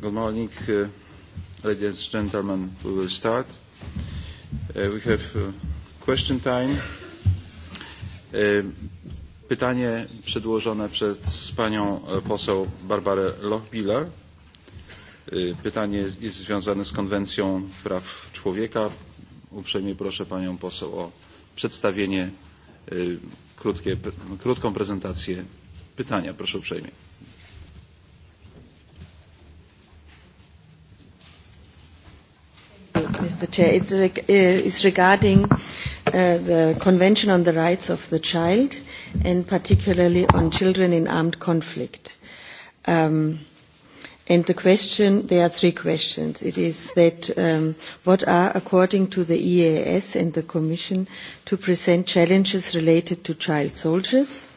Good morning, uh, ladies and gentlemen. We will start. Uh, we have uh, question time. Pytanie przedłożone przez panią poseł Barbarę Lochbiller. Pytanie jest związane z Konwencją Praw Człowieka. Uprzejmie proszę panią poseł o przedstawienie, krótkie, krótką prezentację pytania. Proszę uprzejmie. the Chair. It's, reg- it's regarding uh, the Convention on the Rights of the Child and particularly on children in armed conflict. Um, and the question, there are three questions. It is that um, what are, according to the EAS and the Commission, to present challenges related to child soldiers?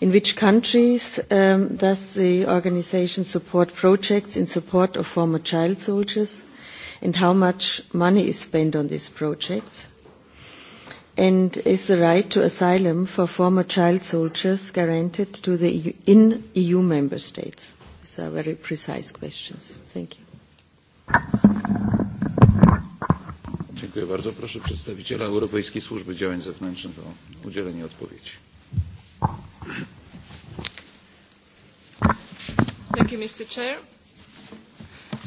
In which countries um, does the organization support projects in support of former child soldiers? and how much money is spent on these projects? And is the right to asylum for former child soldiers guaranteed to the EU, in EU member states? These are very precise questions. Thank you. Dziękuję bardzo. Proszę przedstawiciela Europejskiej Służby Działań Zewnętrznych o udzielenie odpowiedzi. Thank you, Mr. Chair.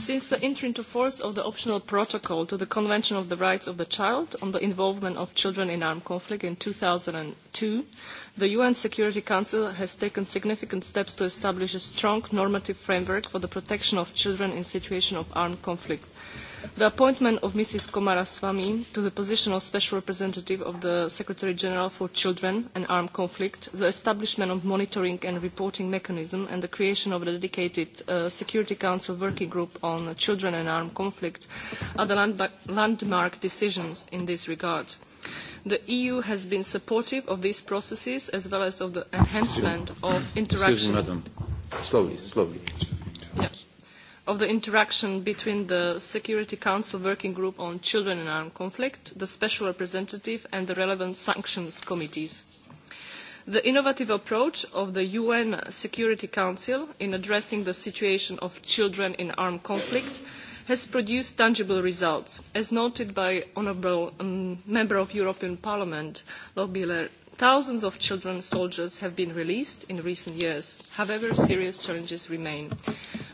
Since the entry into force of the optional protocol to the Convention on the Rights of the Child on the Involvement of Children in Armed Conflict in two thousand two, The UN Security Council has taken significant steps to establish a strong normative framework for the protection of children in situations of armed conflict. The appointment of Mrs. Swami to the position of Special Representative of the Secretary General for Children and Armed Conflict, the establishment of monitoring and reporting mechanism, and the creation of a dedicated Security Council working group on children and armed conflict are the landmark decisions in this regard. The EU has been supportive of these processes as well as of the enhancement of interaction. Slowly, slowly. Yeah. Of the interaction between the Security Council Working Group on Children in Armed Conflict, the Special Representative, and the relevant sanctions committees. The innovative approach of the UN Security Council in addressing the situation of children in armed conflict has produced tangible results, as noted by honourable Member of European Parliament, Lochbihler. Thousands of children soldiers have been released in recent years. However, serious challenges remain.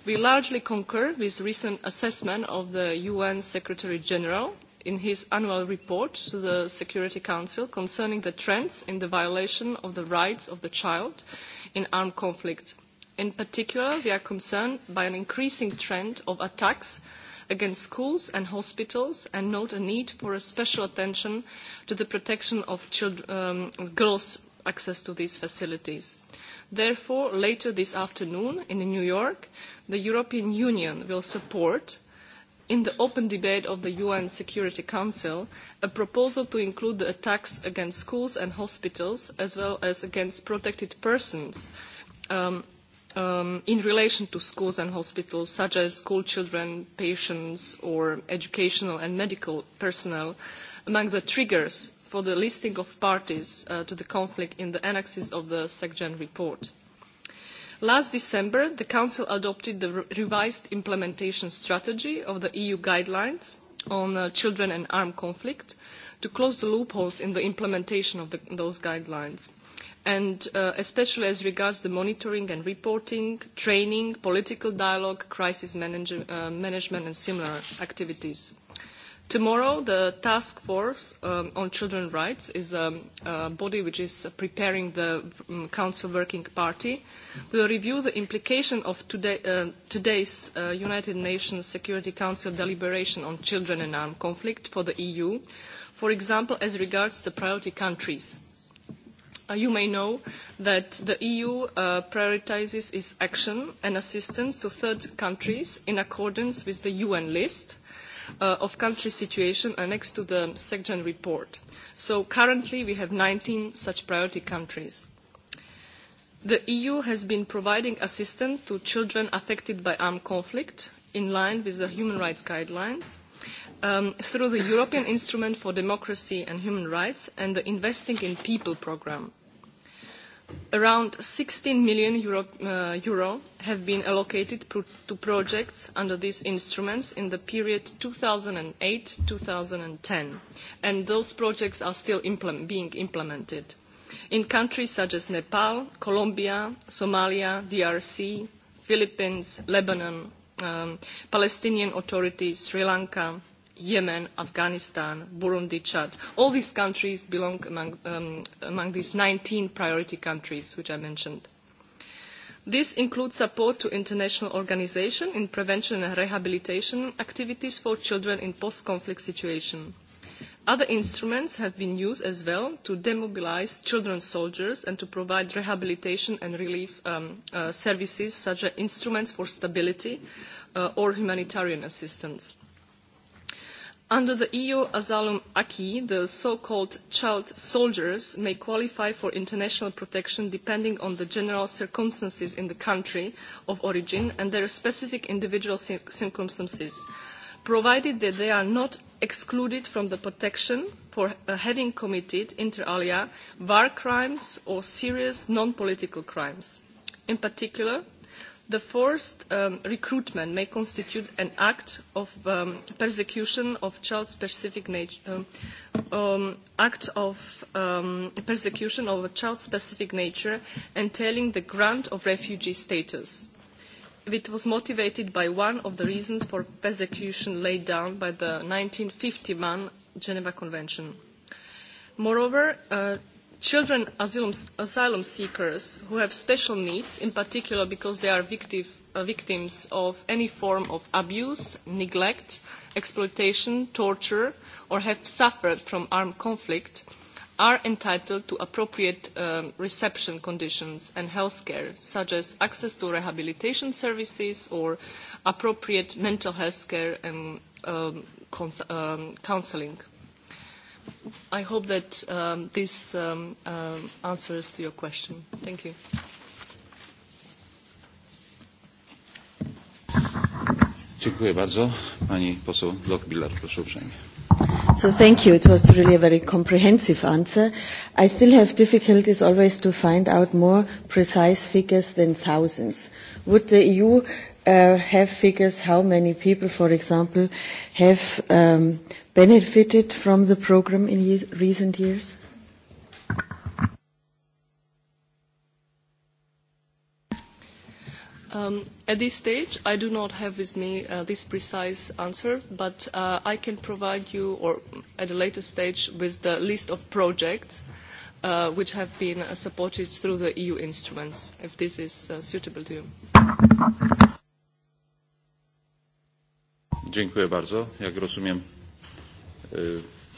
We largely concur with recent assessment of the UN Secretary General in his annual report to the Security Council concerning the trends in the violation of the rights of the child in armed conflict. In particular, we are concerned by an increasing trend of attacks against schools and hospitals and note a need for a special attention to the protection of children, um, girls' access to these facilities. Therefore, later this afternoon in New York, the European Union will support in the open debate of the UN Security Council a proposal to include the attacks against schools and hospitals as well as against protected persons um, in relation to schools and hospitals, such as school children, patients, or educational and medical personnel, among the triggers for the listing of parties to the conflict in the annexes of the SecGen report. Last December, the Council adopted the revised implementation strategy of the EU guidelines on children and armed conflict to close the loopholes in the implementation of those guidelines and especially as regards the monitoring and reporting, training, political dialogue, crisis management and similar activities. Tomorrow, the Task Force on Children's Rights is a, body which is preparing the Council Working Party. will review the implication of today's United Nations Security Council deliberation on children and armed conflict for the EU, for example, as regards the priority countries you may know that the EU prioritises its action and assistance to third countries in accordance with the UN list of country situation annexed to the SECGEN report. So currently we have nineteen such priority countries. The EU has been providing assistance to children affected by armed conflict in line with the human rights guidelines through the European Instrument for Democracy and Human Rights and the Investing in People programme. Around EUR sixteen million have been allocated to projects under these instruments in the period two thousand eight 2008 ten, and those projects are still being implemented in countries such as Nepal, Colombia, Somalia, DRC, Philippines, Lebanon, um, Palestinian Authority, Sri Lanka, Yemen, Afghanistan, Burundi, Chad. All these countries belong among, um, among these 19 priority countries which I mentioned. This includes support to international organisations in prevention and rehabilitation activities for children in post-conflict situations Other instruments have been used as well to demobilize children soldiers and to provide rehabilitation and relief services, such as instruments for stability or humanitarian assistance. Under the EU asylum acquis, the so-called child soldiers may qualify for international protection depending on the general circumstances in the country of origin and their specific individual circumstances provided that they are not excluded from the protection for having committed, inter alia, war crimes or serious non-political crimes. In particular, the forced recruitment may constitute an act of persecution of child-specific nature, act of persecution of a child-specific nature entailing the grant of refugee status it was motivated by one of the reasons for persecution laid down by the 1951 Geneva Convention. Moreover, uh, children asylum, asylum seekers who have special needs, in particular because they are victim, uh, victims of any form of abuse, neglect, exploitation, torture, or have suffered from armed conflict, are entitled to appropriate reception conditions and health care, such as access to rehabilitation services or appropriate mental health care and counselling. I hope that this answers to your question. Thank you. Dziękuję bardzo. Pani poseł Lochbiller, proszę uprzejmie. So Thank you. It was really a very comprehensive answer. I still have difficulties always to find out more precise figures than thousands. Would the EU have figures how many people, for example, have benefited from the program in recent years? Um At this stage, I do not have with me this precise answer, but I can provide you, or at a later stage, with the list of projects which have been supported through the EU instruments, if this is suitable to you. Dziękuję bardzo. Jak rozumiem,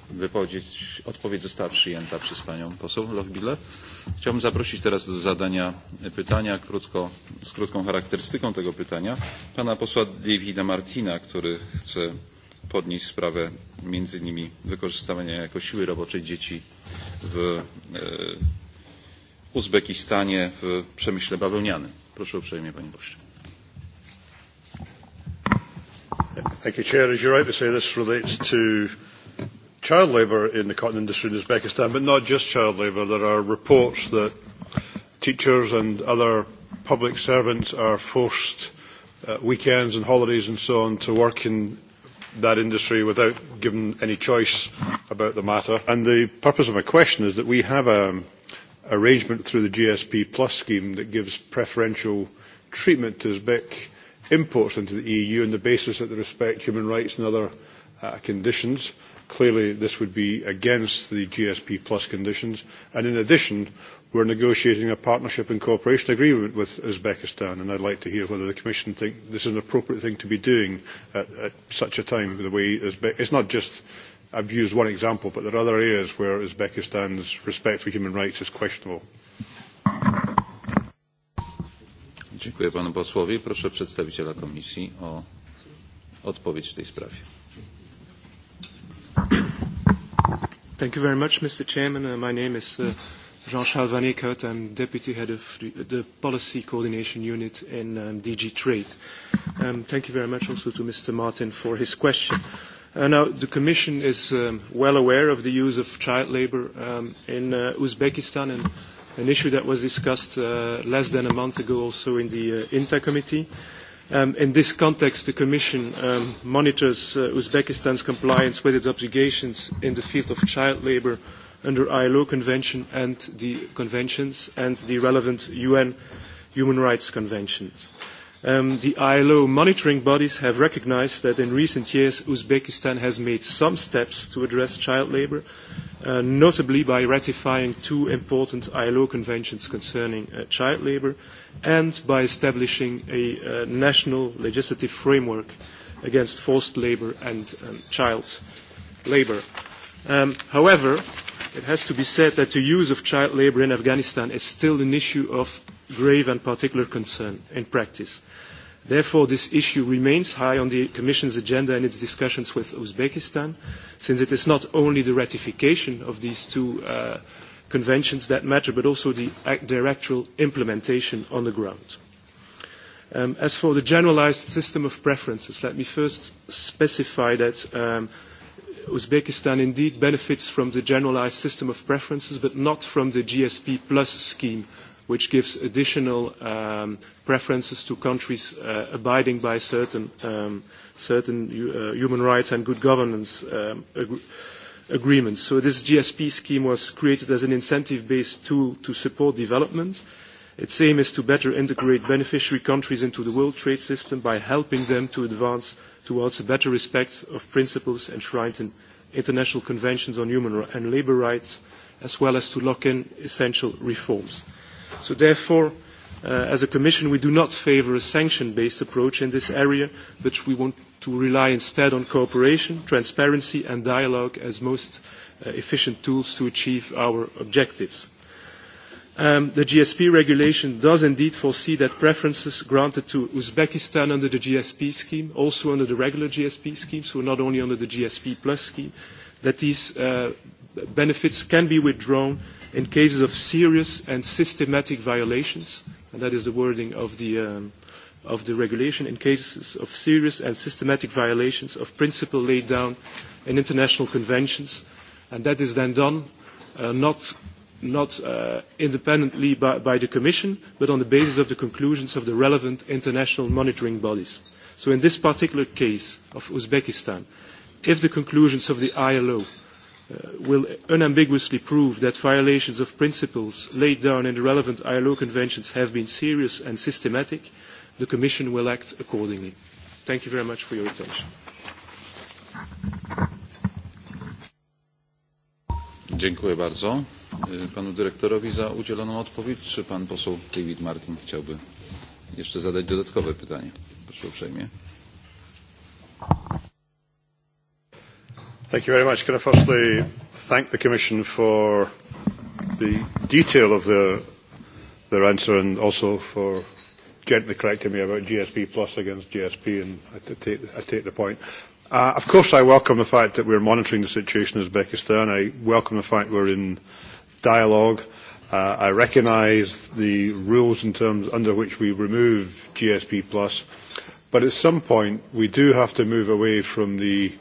wypowiedź, odpowiedź została przyjęta przez panią poseł Lochbiller. Chciałbym zaprosić teraz do zadania pytania krótko, z krótką charakterystyką tego pytania pana posła Davida Martina, który chce podnieść sprawę między innymi wykorzystywania jako siły roboczej dzieci w Uzbekistanie w przemyśle bawełnianym. Proszę uprzejmie, panie pośle. Thank you, Chair. As you rightly say, this relates to child labour in the cotton industry in Uzbekistan, but not just child labour. There are reports that teachers and other public servants are forced uh, weekends and holidays and so on to work in that industry without given any choice about the matter. And the purpose of my question is that we have an arrangement through the GSP Plus scheme that gives preferential treatment to Uzbek imports into the EU on the basis that they respect human rights and other uh, conditions. Clearly, this would be against the GSP Plus conditions. And in addition, we are negotiating a partnership and cooperation agreement with Uzbekistan, and I would like to hear whether the Commission thinks this is an appropriate thing to be doing at, such a time. The way Uzbek- it's not just I've used one example, but there are other areas where Uzbekistan's respect for human rights is questionable. Dziękuję panu posłowi. Proszę przedstawiciela komisji o odpowiedź w tej sprawie. Thank you very much, Mr. Chairman. Uh, my name is uh, Jean-Charles Van Eekhout. I'm Deputy Head of the, the Policy Coordination Unit in um, DG Trade. Um, thank you very much also to Mr. Martin for his question. Uh, now, the Commission is um, well aware of the use of child labour um, in uh, Uzbekistan, and an issue that was discussed uh, less than a month ago also in the uh, INTA Committee in this context, the Commission monitors Uzbekistan's compliance with its obligations in the field of child labour under ILO convention and the conventions and the relevant UN human rights conventions. the ILO monitoring bodies have recognised that in recent years Uzbekistan has made some steps to address child labour, notably by ratifying two important ILO conventions concerning child labour and by establishing a national legislative framework against forced labour and child labour. however, it has to be said that the use of child labour in Afghanistan is still an issue of grave and particular concern in practice Therefore, this issue remains high on the Commission's agenda in its discussions with Uzbekistan, since it is not only the ratification of these two conventions that matter, but also the, their actual implementation on the ground. as for the generalised system of preferences, let me first specify that Uzbekistan indeed benefits from the generalised system of preferences, but not from the GSP plus scheme which gives additional preferences to countries abiding by certain, human rights and good governance agreements. So this GSP scheme was created as an incentive-based tool to support development. Its aim is to better integrate beneficiary countries into the world trade system by helping them to advance towards a better respect of principles enshrined in international conventions on human and labour rights, as well as to lock in essential reforms. So therefore, as a Commission, we do not favour a sanction-based approach in this area, but we want to rely instead on cooperation, transparency and dialogue as most efficient tools to achieve our objectives. the GSP regulation does indeed foresee that preferences granted to Uzbekistan under the GSP scheme, also under the regular GSP scheme, so not only under the GSP plus scheme, that these benefits can be withdrawn in cases of serious and systematic violations, and that is the wording of the, um, of the regulation, in cases of serious and systematic violations of principle laid down in international conventions, and that is then done uh, not not uh, independently by, by the Commission, but on the basis of the conclusions of the relevant international monitoring bodies. So in this particular case of Uzbekistan, if the conclusions of the ILO will unambiguously prove that violations of principles laid down in the relevant ILO conventions have been serious and systematic, the Commission will act accordingly. Thank you very much for your attention. Dziękuję bardzo panu dyrektorowi za udzieloną odpowiedź. Czy pan poseł David Martin chciałby jeszcze zadać dodatkowe pytanie? Proszę uprzejmie. Thank you very much. Can I firstly thank the Commission for the detail of their, their answer and also for gently correcting me about GSP plus against GSP, and I take, I take the point. Uh, of course, I welcome the fact that we're monitoring the situation in Uzbekistan. I welcome the fact we're in dialogue. Uh, I recognise the rules in terms under which we remove GSP plus, but at some point we do have to move away from the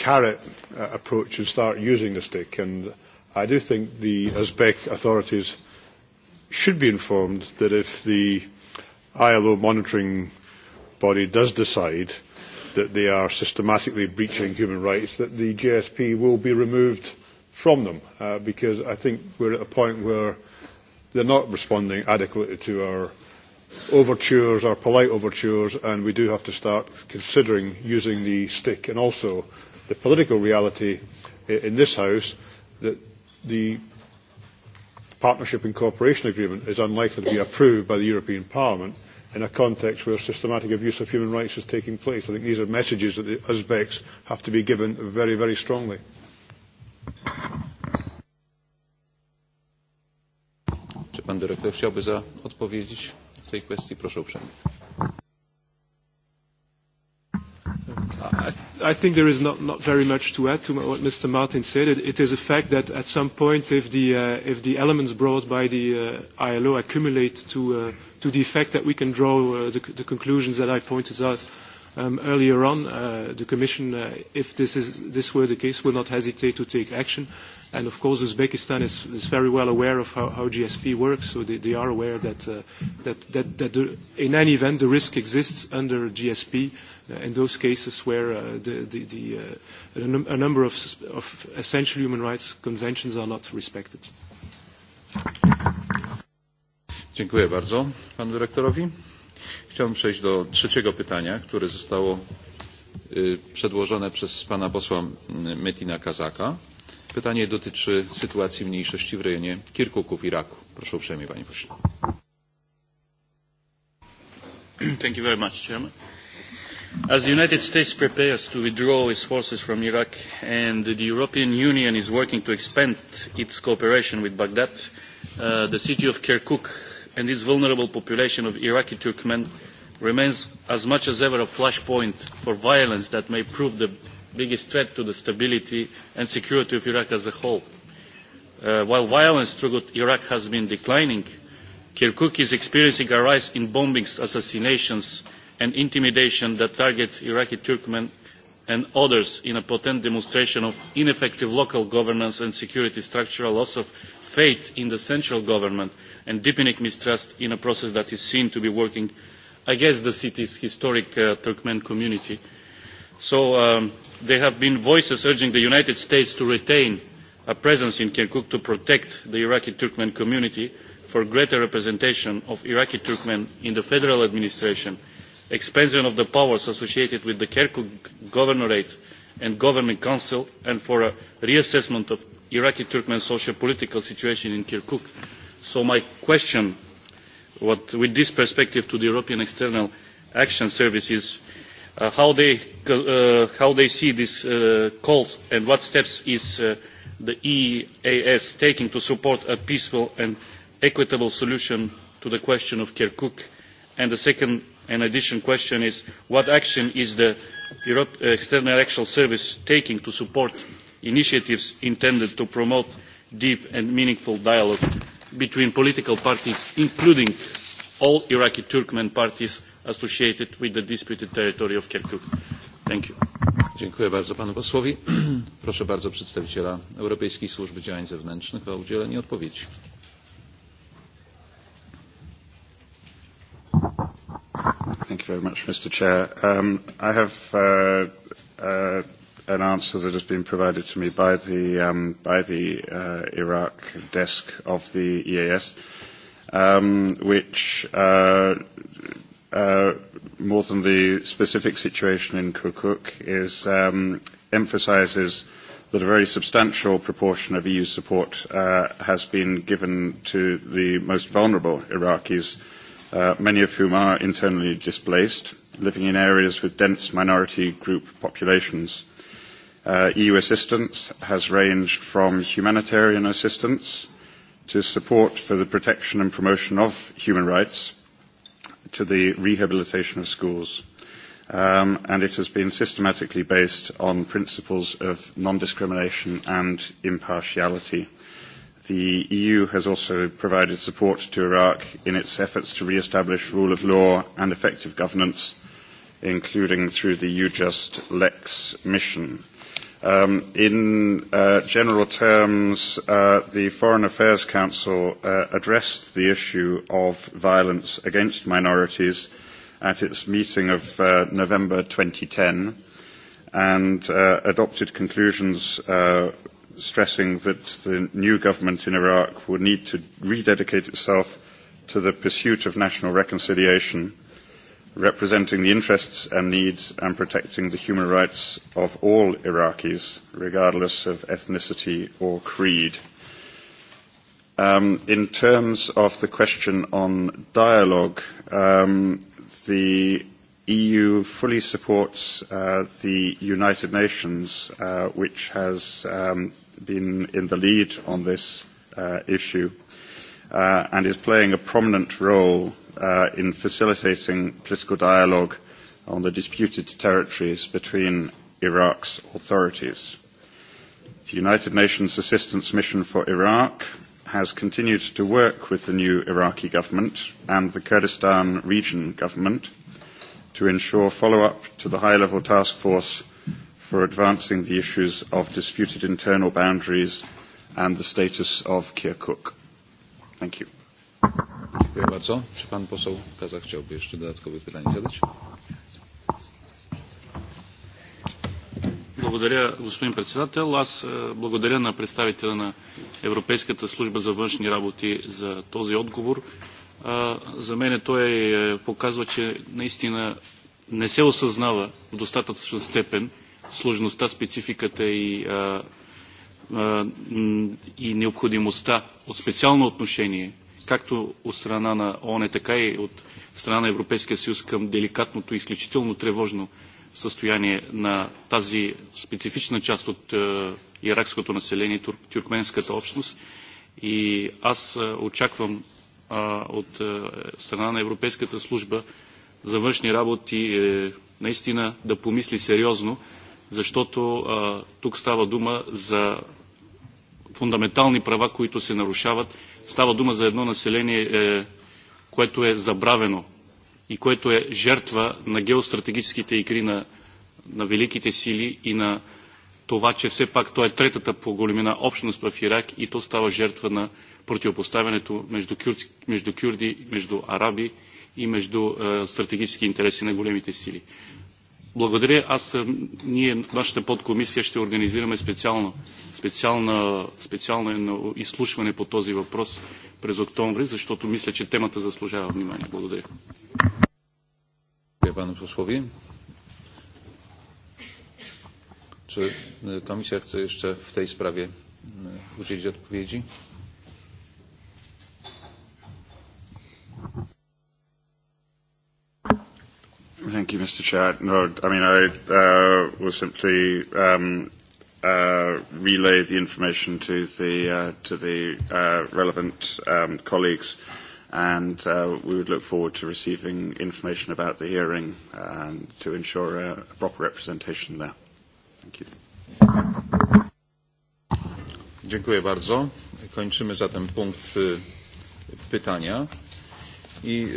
carrot uh, approach and start using the stick. And I do think the Uzbek authorities should be informed that if the ILO monitoring body does decide that they are systematically breaching human rights, that the GSP will be removed from them, uh, because I think we're at a point where they're not responding adequately to our overtures, our polite overtures, and we do have to start considering using the stick and also the political reality in this House that the partnership and cooperation agreement is unlikely to be approved by the European Parliament in a context where systematic abuse of human rights is taking place. I think these are messages that the Uzbeks have to be given very, very strongly. Czy pan dyrektor chciałby odpowiedzieć w tej kwestii? Proszę uprzejmie. I think there is not, not very much to add to what Mr. Martin said. It, it is a fact that at some point, if the, uh, if the elements brought by the uh, ILO accumulate to, uh, to the effect that we can draw uh, the, the conclusions that I pointed out earlier on, the Commission, if this were the case, would not hesitate to take action. And Of course, Uzbekistan is very well aware of how GSP works, so they are aware that in any event, the risk exists under GSP in those cases where a number of essential human rights conventions are not respected. Dziękuję bardzo panu dyrektorowi. Chciałbym przejść do trzeciego pytania, które zostało przedłożone przez pana posła Metina Kazaka. Pytanie dotyczy sytuacji mniejszości w rejonie Kirkuku w Iraku. Proszę uprzejmie, panie pośle. Thank you very much, Chairman. As the United States prepares to withdraw its forces from Iraq and the European Union is working to expand its cooperation with Baghdad, uh, the city of Kirkuk and its vulnerable population of Iraqi Turkmen remains as much as ever a flashpoint for violence that may prove the biggest threat to the stability and security of Iraq as a whole. while violence throughout Iraq has been declining, Kirkuk is experiencing a rise in bombings, assassinations, and intimidation that target Iraqi Turkmen and others in a potent demonstration of ineffective local governance and security structure, a loss of faith in the central government, and deepening mistrust in a process that is seen to be working against the city's historic Turkmen community. So there have been voices urging the United States to retain a presence in Kirkuk to protect the Iraqi Turkmen community for greater representation of Iraqi Turkmen in the federal administration, expansion of the powers associated with the Kirkuk governorate and governing council, and for a reassessment of Iraqi Turkmen socio-political situation in Kirkuk So my question what, with this perspective to the European External Action Service is how, they, see these calls and what steps is the EEAS taking to support a peaceful and equitable solution to the question of Kirkuk? And the second and additional question is what action is the European External Action Service taking to support initiatives intended to promote deep and meaningful dialogue between political parties, including all Iraqi Turkmen parties associated with the disputed territory of Kirkuk. Thank you. Dziękuję bardzo panu posłowi. Proszę bardzo przedstawiciela Europejskiej Służby Działań Zewnętrznych o udzielenie odpowiedzi. Thank you very much, Mr. Chair. Um, I have uh, uh, an answer that has been provided to me by the, um, by the uh, Iraq desk of the EAS, um, which uh, uh, more than the specific situation in Kirkuk is um, emphasizes that a very substantial proportion of EU support uh, has been given to the most vulnerable Iraqis, uh, many of whom are internally displaced, living in areas with dense minority group populations. Uh, EU assistance has ranged from humanitarian assistance to support for the protection and promotion of human rights to the rehabilitation of schools. Um, and it has been systematically based on principles of non-discrimination and impartiality. The EU has also provided support to Iraq in its efforts to re-establish rule of law and effective governance, including through the UJust Lex mission in general terms, the Foreign Affairs Council addressed the issue of violence against minorities at its meeting of uh, November ten and adopted conclusions stressing that the new government in Iraq would need to rededicate itself to the pursuit of national reconciliation representing the interests and needs and protecting the human rights of all Iraqis, regardless of ethnicity or creed. in terms of the question on dialogue, the EU fully supports the United Nations, which has been in the lead on this issue and is playing a prominent role uh, in facilitating political dialogue on the disputed territories between Iraq's authorities. The United Nations Assistance Mission for Iraq has continued to work with the new Iraqi government and the Kurdistan region government to ensure follow-up to the high-level task force for advancing the issues of disputed internal boundaries and the status of Kirkuk. Thank you. Dziękuję bardzo. Czy pan poseł Kaza chciałby jeszcze dodatkowe pytanie zadać? Благодаря, господин председател. Аз е, благодаря на представителя на Европейската служба за външни работи за този отговор. Е, за мен е, той показва, че наистина не се осъзнава в достатъчна степен сложността, спецификата и, и необходимостта от специално отношение както от страна на ООН, така и от страна на Европейския съюз към деликатното и изключително тревожно състояние на тази специфична част от е, иракското население, тюркменската общност. И аз е, очаквам от е, страна на Европейската служба за външни работи наистина да помисли сериозно, защото тук става дума за фундаментални права, които се нарушават Става дума за едно население, е, което е забравено и което е жертва на геостратегическите игри на, на великите сили и на това, че все пак той е третата по големина общност в Ирак и то става жертва на противопоставянето между, кюр, между кюрди, между араби и между е, стратегически интереси на големите сили. Благодаря. Аз, е, ние, нашата подкомисия ще организираме специално, специално, специално изслушване по този въпрос през октомври, защото мисля, че темата заслужава внимание. Благодаря. Dziękuję panu posłowi. Czy komisja chce jeszcze w tej sprawie e, udzielić odpowiedzi? Thank you, Mr. Chair. No, I mean, I uh, will simply um, uh, relay the information to the, uh, to the uh, relevant um, colleagues, and uh, we would look forward to receiving information about the hearing and to ensure a, a proper representation there. Thank you. Dziękuję bardzo. Kończymy zatem punkt pytania. I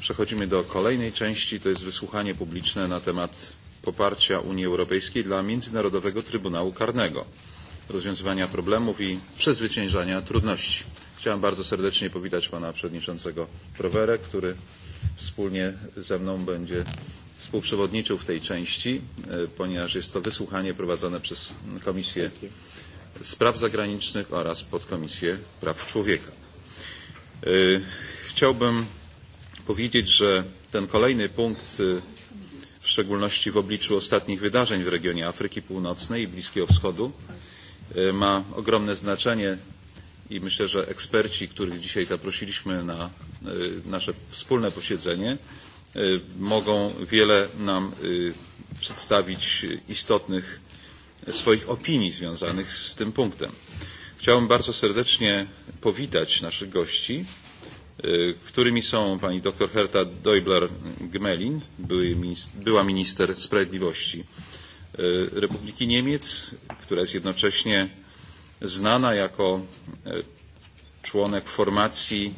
przechodzimy do kolejnej części, to jest wysłuchanie publiczne na temat poparcia Unii Europejskiej dla Międzynarodowego Trybunału Karnego, rozwiązywania problemów i przezwyciężania trudności. Chciałem bardzo serdecznie powitać pana przewodniczącego Prowerę, który wspólnie ze mną będzie współprzewodniczył w tej części, ponieważ jest to wysłuchanie prowadzone przez Komisję Spraw Zagranicznych oraz Podkomisję Praw Człowieka. Chciałbym powiedzieć, że ten kolejny punkt, w szczególności w obliczu ostatnich wydarzeń w regionie Afryki Północnej i Bliskiego Wschodu, ma ogromne znaczenie i myślę, że eksperci, których dzisiaj zaprosiliśmy na nasze wspólne posiedzenie, mogą wiele nam przedstawić istotnych swoich opinii związanych z tym punktem. Chciałbym bardzo serdecznie powitać naszych gości którymi są pani dr Herta Deubler gmelin była minister sprawiedliwości Republiki Niemiec, która jest jednocześnie znana jako członek formacji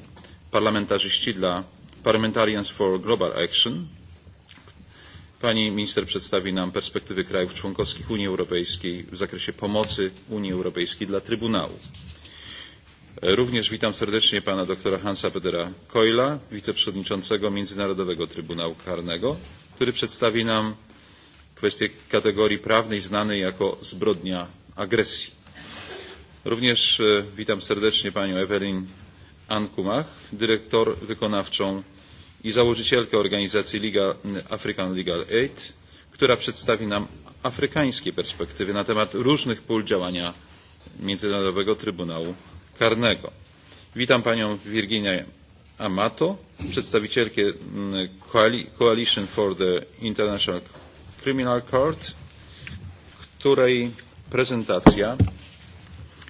parlamentarzyści dla Parliamentarians for Global Action. Pani minister przedstawi nam perspektywy krajów członkowskich Unii Europejskiej w zakresie pomocy Unii Europejskiej dla Trybunału Również witam serdecznie pana doktora Hansa Pedera Coila, wiceprzewodniczącego Międzynarodowego Trybunału Karnego, który przedstawi nam kwestię kategorii prawnej znanej jako zbrodnia agresji. Również witam serdecznie panią Ewelin Ankumach, dyrektor wykonawczą i założycielkę organizacji Liga African Legal Aid, która przedstawi nam afrykańskie perspektywy na temat różnych pól działania Międzynarodowego Trybunału karnego. Witam panią Virginię Amato, przedstawicielkę Coalition for the International Criminal Court, której prezentacja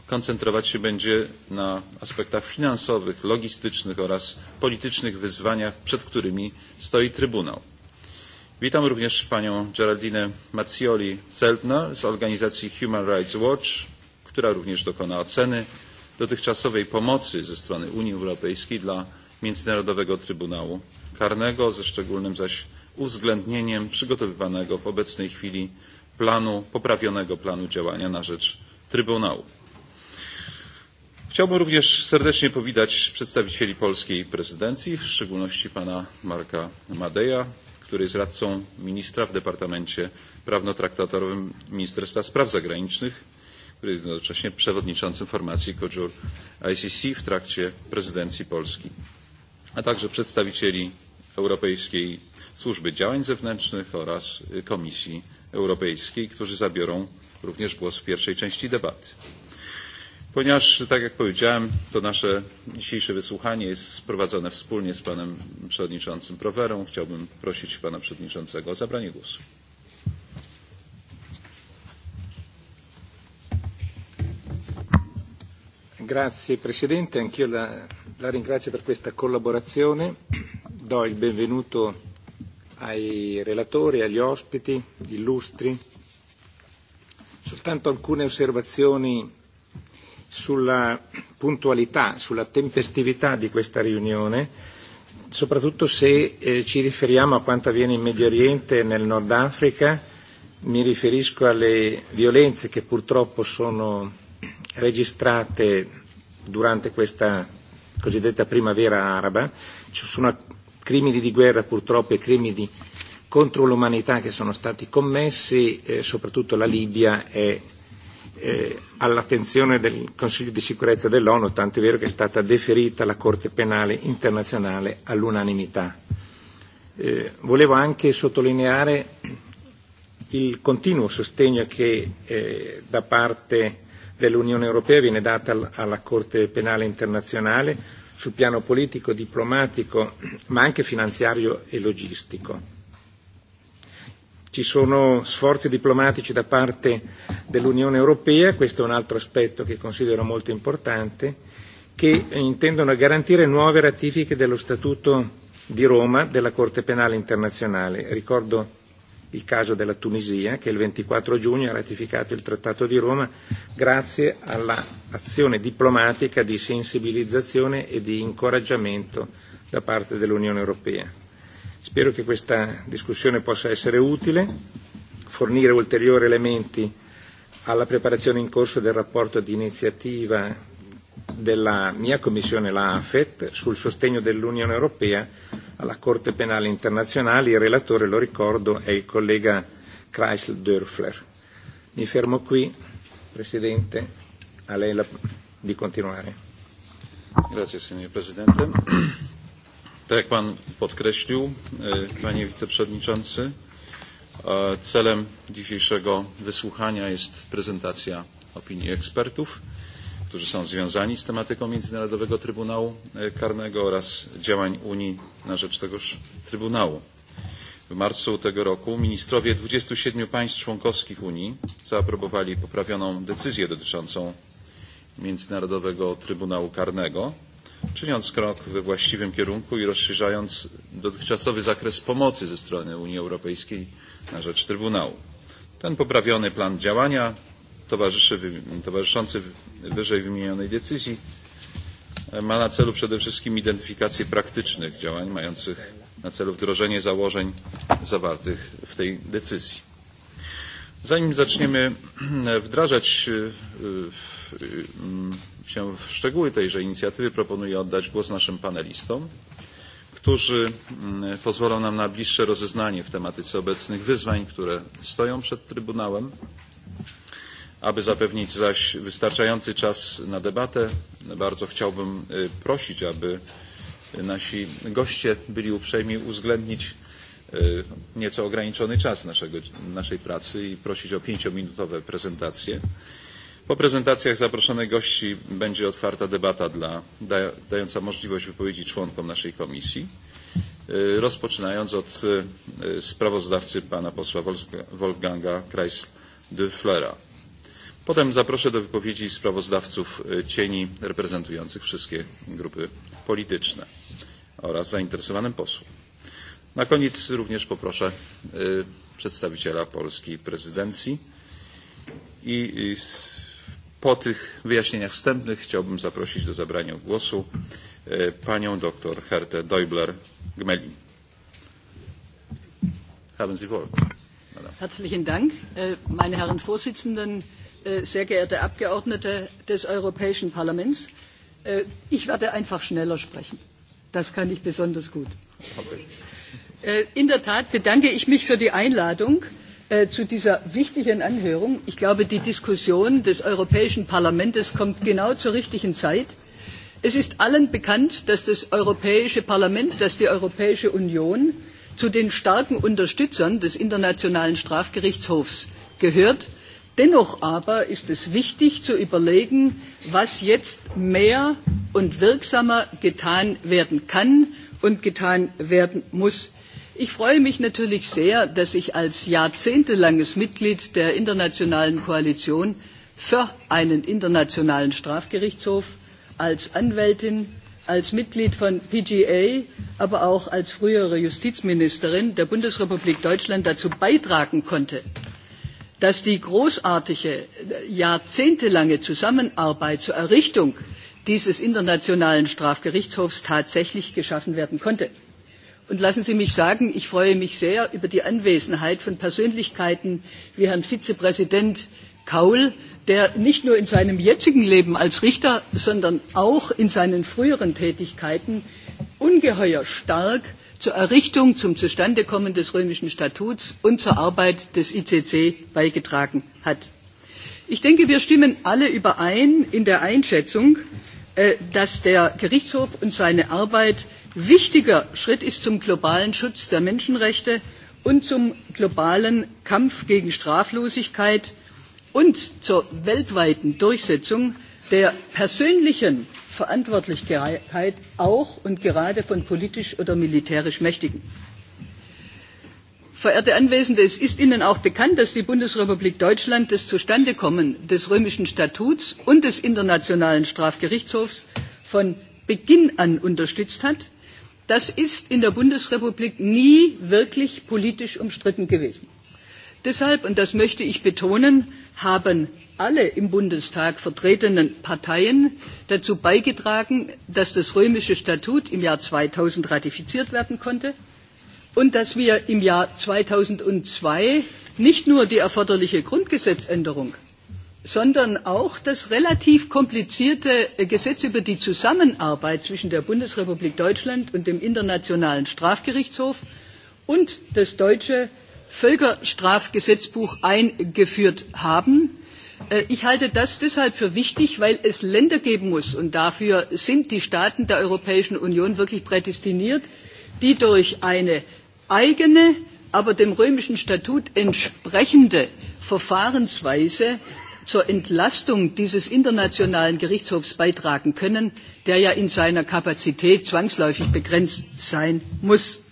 koncentrować się będzie na aspektach finansowych, logistycznych oraz politycznych wyzwaniach, przed którymi stoi Trybunał. Witam również panią Geraldine Mazzioli Zeltner z organizacji Human Rights Watch, która również dokona oceny dotychczasowej pomocy ze strony Unii Europejskiej dla Międzynarodowego Trybunału Karnego, ze szczególnym zaś uwzględnieniem przygotowywanego w obecnej chwili planu, poprawionego planu działania na rzecz Trybunału. Chciałbym również serdecznie powitać przedstawicieli polskiej prezydencji, w szczególności pana Marka Madeja, który jest radcą ministra w Departamencie Prawno-Traktatowym Ministerstwa Spraw Zagranicznych który jest jednocześnie przewodniczącym formacji COJUR ICC w trakcie prezydencji Polski, a także przedstawicieli Europejskiej Służby Działań Zewnętrznych oraz Komisji Europejskiej, którzy zabiorą również głos w pierwszej części debaty. Ponieważ, tak jak powiedziałem, to nasze dzisiejsze wysłuchanie jest prowadzone wspólnie z panem przewodniczącym Prowerą, chciałbym prosić pana przewodniczącego o zabranie głosu. Grazie Presidente, anch'io la, la ringrazio per questa collaborazione. Do il benvenuto ai relatori, agli ospiti illustri. Soltanto alcune osservazioni sulla puntualità, sulla tempestività di questa riunione, soprattutto se eh, ci riferiamo a quanto avviene in Medio Oriente e nel Nord Africa, mi riferisco alle violenze che purtroppo sono registrate durante questa cosiddetta primavera araba. Ci sono crimini di guerra purtroppo e crimini contro l'umanità che sono stati commessi, eh, soprattutto la Libia è eh, all'attenzione del Consiglio di sicurezza dell'ONU, tanto è vero che è stata deferita la Corte penale internazionale all'unanimità. Eh, volevo anche sottolineare il continuo sostegno che eh, da parte dell'Unione Europea viene data alla Corte Penale Internazionale sul piano politico, diplomatico, ma anche finanziario e logistico. Ci sono sforzi diplomatici da parte dell'Unione Europea, questo è un altro aspetto che considero molto importante, che intendono garantire nuove ratifiche dello Statuto di Roma della Corte Penale Internazionale. Ricordo il caso della Tunisia, che il 24 giugno ha ratificato il Trattato di Roma grazie all'azione diplomatica di sensibilizzazione e di incoraggiamento da parte dell'Unione Europea. Spero che questa discussione possa essere utile, fornire ulteriori elementi alla preparazione in corso del rapporto di iniziativa della mia commissione, la AFET, sul sostegno dell'Unione Europea alla Corte Penale Internazionale. Il relatore, lo ricordo, è il collega Kreisel Dörfler. Mi fermo qui, Presidente, a lei la, di continuare. Grazie, signor Presidente. Tak jak Pan podkreślił, Panie Wiceprzewodniczący, celem dzisiejszego wysłuchania jest prezentacja opinii ekspertów którzy są związani z tematyką Międzynarodowego Trybunału Karnego oraz działań Unii na rzecz tegoż Trybunału. W marcu tego roku ministrowie 27 państw członkowskich Unii zaaprobowali poprawioną decyzję dotyczącą Międzynarodowego Trybunału Karnego, czyniąc krok we właściwym kierunku i rozszerzając dotychczasowy zakres pomocy ze strony Unii Europejskiej na rzecz Trybunału. Ten poprawiony plan działania towarzyszący wyżej wymienionej decyzji ma na celu przede wszystkim identyfikację praktycznych działań mających na celu wdrożenie założeń zawartych w tej decyzji. Zanim zaczniemy wdrażać się w szczegóły tejże inicjatywy, proponuję oddać głos naszym panelistom, którzy pozwolą nam na bliższe rozeznanie w tematyce obecnych wyzwań, które stoją przed Trybunałem Aby zapewnić zaś wystarczający czas na debatę, bardzo chciałbym prosić, aby nasi goście byli uprzejmi uwzględnić nieco ograniczony czas naszego, naszej pracy i prosić o pięciominutowe prezentacje. Po prezentacjach zaproszonych gości będzie otwarta debata dla, dająca możliwość wypowiedzi członkom naszej komisji, rozpoczynając od sprawozdawcy pana posła Wolfganga Kreis de Flera. Potem zaproszę do wypowiedzi sprawozdawców cieni reprezentujących wszystkie grupy polityczne oraz zainteresowanych posłów. Na koniec również poproszę przedstawiciela polskiej prezydencji i po tych wyjaśnieniach wstępnych chciałbym zaprosić do zabrania głosu panią dr Hertę Deubler-Gmelin. Haben Sie Wort. Herzlichen Dank, meine Herren Vorsitzenden, sehr geehrte Abgeordnete des Europäischen Parlaments, ich werde einfach schneller sprechen. Das kann ich besonders gut. In der Tat bedanke ich mich für die Einladung zu dieser wichtigen Anhörung. Ich glaube, die Diskussion des Europäischen Parlaments kommt genau zur richtigen Zeit. Es ist allen bekannt, dass das Europäische Parlament, dass die Europäische Union zu den starken Unterstützern des Internationalen Strafgerichtshofs gehört Dennoch aber ist es wichtig zu überlegen, was jetzt mehr und wirksamer getan werden kann und getan werden muss. Ich freue mich natürlich sehr, dass ich als jahrzehntelanges Mitglied der internationalen Koalition für einen internationalen Strafgerichtshof als Anwältin, als Mitglied von PGA, aber auch als frühere Justizministerin der Bundesrepublik Deutschland dazu beitragen konnte, dass die großartige jahrzehntelange Zusammenarbeit zur Errichtung dieses internationalen Strafgerichtshofs tatsächlich geschaffen werden konnte. Und lassen Sie mich sagen, ich freue mich sehr über die Anwesenheit von Persönlichkeiten wie Herrn Vizepräsident Kaul, der nicht nur in seinem jetzigen Leben als Richter, sondern auch in seinen früheren Tätigkeiten ungeheuer stark zur Errichtung, zum Zustandekommen des römischen Statuts und zur Arbeit des ICC beigetragen hat. Ich denke, wir stimmen alle überein in der Einschätzung, dass der Gerichtshof und seine Arbeit wichtiger Schritt ist zum globalen Schutz der Menschenrechte und zum globalen Kampf gegen Straflosigkeit und zur weltweiten Durchsetzung der persönlichen Verantwortlichkeit auch und gerade von politisch oder militärisch Mächtigen. Verehrte Anwesende, es ist Ihnen auch bekannt, dass die Bundesrepublik Deutschland das Zustandekommen des römischen Statuts und des Internationalen Strafgerichtshofs von Beginn an unterstützt hat. Das ist in der Bundesrepublik nie wirklich politisch umstritten gewesen. Deshalb, und das möchte ich betonen, haben alle im Bundestag vertretenen Parteien dazu beigetragen, dass das römische Statut im Jahr 2000 ratifiziert werden konnte und dass wir im Jahr 2002 nicht nur die erforderliche Grundgesetzänderung, sondern auch das relativ komplizierte Gesetz über die Zusammenarbeit zwischen der Bundesrepublik Deutschland und dem Internationalen Strafgerichtshof und das deutsche Völkerstrafgesetzbuch eingeführt haben. Ich halte das deshalb für wichtig, weil es Länder geben muss, und dafür sind die Staaten der Europäischen Union wirklich prädestiniert, die durch eine eigene, aber dem römischen Statut entsprechende Verfahrensweise zur Entlastung dieses internationalen Gerichtshofs beitragen können, der ja in seiner Kapazität zwangsläufig begrenzt sein muss.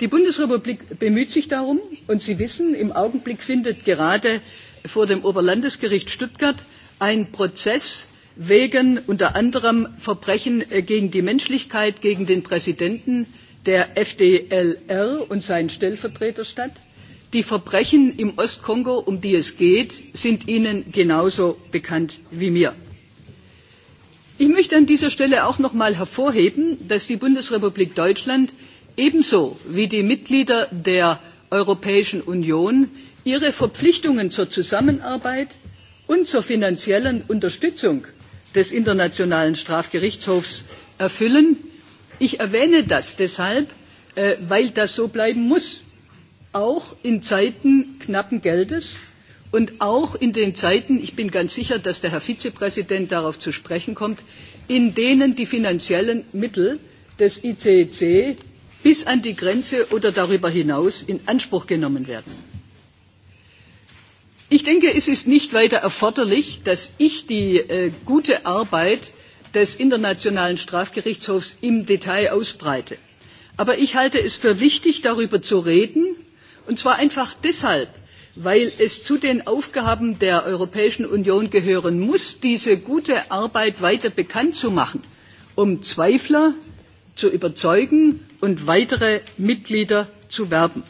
Die Bundesrepublik bemüht sich darum, und Sie wissen, im Augenblick findet gerade vor dem Oberlandesgericht Stuttgart ein Prozess wegen unter anderem Verbrechen gegen die Menschlichkeit gegen den Präsidenten der FDLR und seinen Stellvertreter statt. Die Verbrechen im Ostkongo, um die es geht, sind Ihnen genauso bekannt wie mir. Ich möchte an dieser Stelle auch noch einmal hervorheben, dass die Bundesrepublik Deutschland ebenso wie die Mitglieder der Europäischen Union ihre Verpflichtungen zur Zusammenarbeit und zur finanziellen Unterstützung des Internationalen Strafgerichtshofs erfüllen. Ich erwähne das deshalb, weil das so bleiben muss, auch in Zeiten knappen Geldes und auch in den Zeiten, ich bin ganz sicher, dass der Herr Vizepräsident darauf zu sprechen kommt, in denen die finanziellen Mittel des ICC bis an die Grenze oder darüber hinaus in Anspruch genommen werden. Ich denke, es ist nicht weiter erforderlich, dass ich die gute Arbeit des Internationalen Strafgerichtshofs im Detail ausbreite. Aber ich halte es für wichtig, darüber zu reden, und zwar einfach deshalb, weil es zu den Aufgaben der Europäischen Union gehören muss, diese gute Arbeit weiter bekannt zu machen, um Zweifler zu überzeugen und weitere Mitglieder zu werben.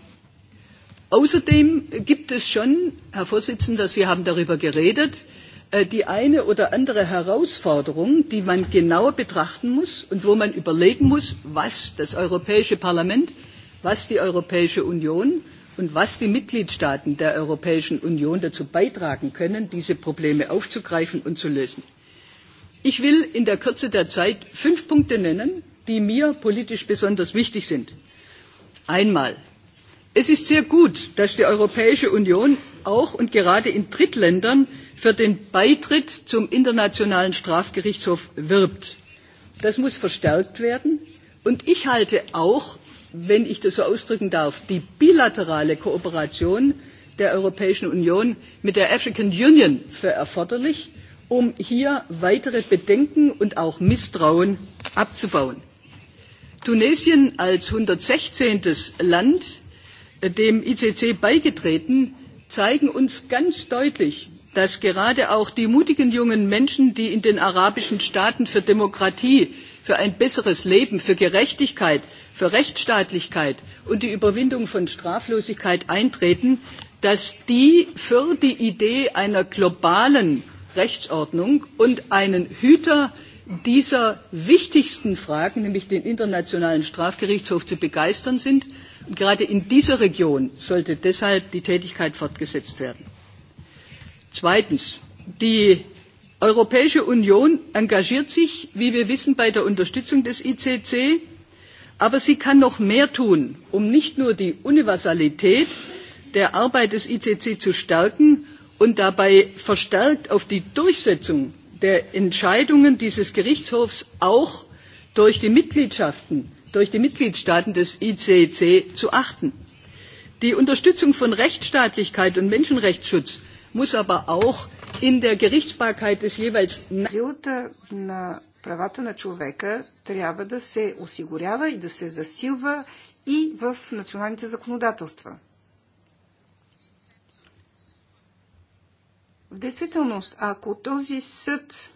Außerdem gibt es schon, Herr Vorsitzender, Sie haben darüber geredet, die eine oder andere Herausforderung, die man genauer betrachten muss und wo man überlegen muss, was das Europäische Parlament, was die Europäische Union und was die Mitgliedstaaten der Europäischen Union dazu beitragen können, diese Probleme aufzugreifen und zu lösen. Ich will in der Kürze der Zeit fünf Punkte nennen, die mir politisch besonders wichtig sind. Einmal Es ist sehr gut, dass die Europäische Union auch und gerade in Drittländern für den Beitritt zum Internationalen Strafgerichtshof wirbt. Das muss verstärkt werden. Und ich halte auch, wenn ich das so ausdrücken darf, die bilaterale Kooperation der Europäischen Union mit der African Union für erforderlich, um hier weitere Bedenken und auch Misstrauen abzubauen. Tunesien als 116. Land dem ICC beigetreten, zeigen uns ganz deutlich, dass gerade auch die mutigen jungen Menschen, die in den arabischen Staaten für Demokratie, für ein besseres Leben, für Gerechtigkeit, für Rechtsstaatlichkeit und die Überwindung von Straflosigkeit eintreten, dass die für die Idee einer globalen Rechtsordnung und einen Hüter dieser wichtigsten Fragen, nämlich den Internationalen Strafgerichtshof, zu begeistern sind. Und gerade in dieser Region sollte deshalb die Tätigkeit fortgesetzt werden. Zweitens. Die Europäische Union engagiert sich, wie wir wissen, bei der Unterstützung des ICC, aber sie kann noch mehr tun, um nicht nur die Universalität der Arbeit des ICC zu stärken und dabei verstärkt auf die Durchsetzung der Entscheidungen dieses Gerichtshofs auch durch die Mitgliedschaften, durch die Mitgliedstaaten des ICC zu achten. Die Unterstützung von Rechtsstaatlichkeit und Menschenrechtsschutz muss aber auch in der Gerichtsbarkeit des jeweils правата на човека трябва да се осигурява и да се засилва и в националните законодателства. В действителност, ако този съд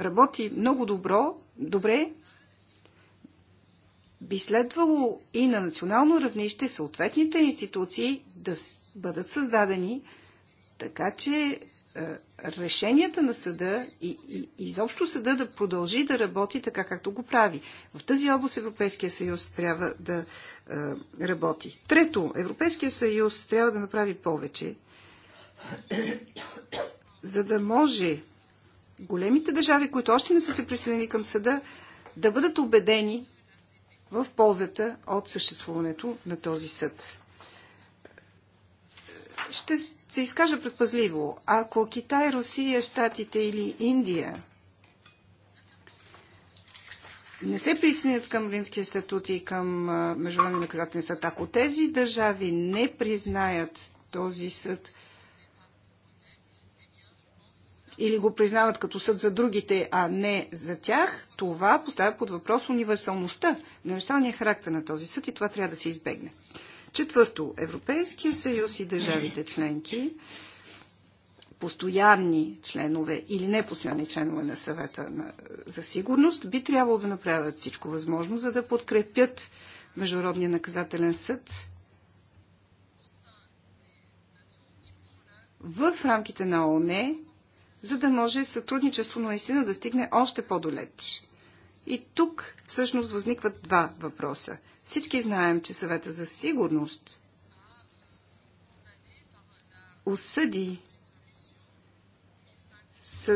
работи много добро, добре, би следвало и на национално равнище съответните институции да бъдат създадени, така че е, решенията на съда и, и изобщо съда да продължи да работи така, както го прави. В тази област Европейския съюз трябва да е, работи. Трето, Европейския съюз трябва да направи повече за да може големите държави, които още не са се присъединили към съда, да бъдат убедени в ползата от съществуването на този съд. Ще се изкажа предпазливо. Ако Китай, Русия, Штатите или Индия не се присъединят към Римския статут и към Международния наказателен съд, ако тези държави не признаят този съд или го признават като съд за другите, а не за тях, това поставя под въпрос универсалността, универсалния характер на този съд и това трябва да се избегне. Четвърто, Европейския съюз и държавите членки, постоянни членове или непостоянни членове на съвета на, за сигурност, би трябвало да направят всичко възможно, за да подкрепят Международния наказателен съд в рамките на ОНЕ за да може сътрудничество наистина да стигне още по-долеч. И тук всъщност възникват два въпроса. Всички знаем, че съвета за сигурност осъди с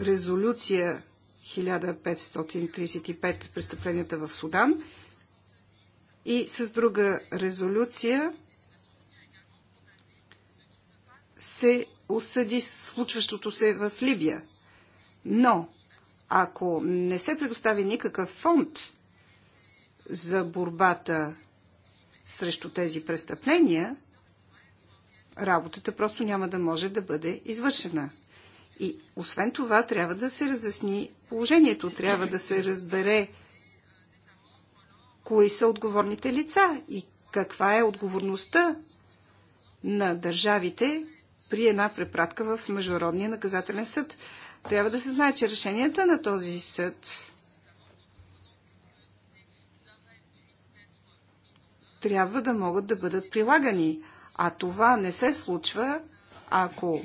резолюция 1535 престъпленията в Судан и с друга резолюция се осъди случващото се в Либия. Но, ако не се предостави никакъв фонд за борбата срещу тези престъпления, работата просто няма да може да бъде извършена. И освен това, трябва да се разясни положението, трябва да се разбере кои са отговорните лица и каква е отговорността на държавите, при една препратка в Международния наказателен съд. Трябва да се знае, че решенията на този съд трябва да могат да бъдат прилагани. А това не се случва, ако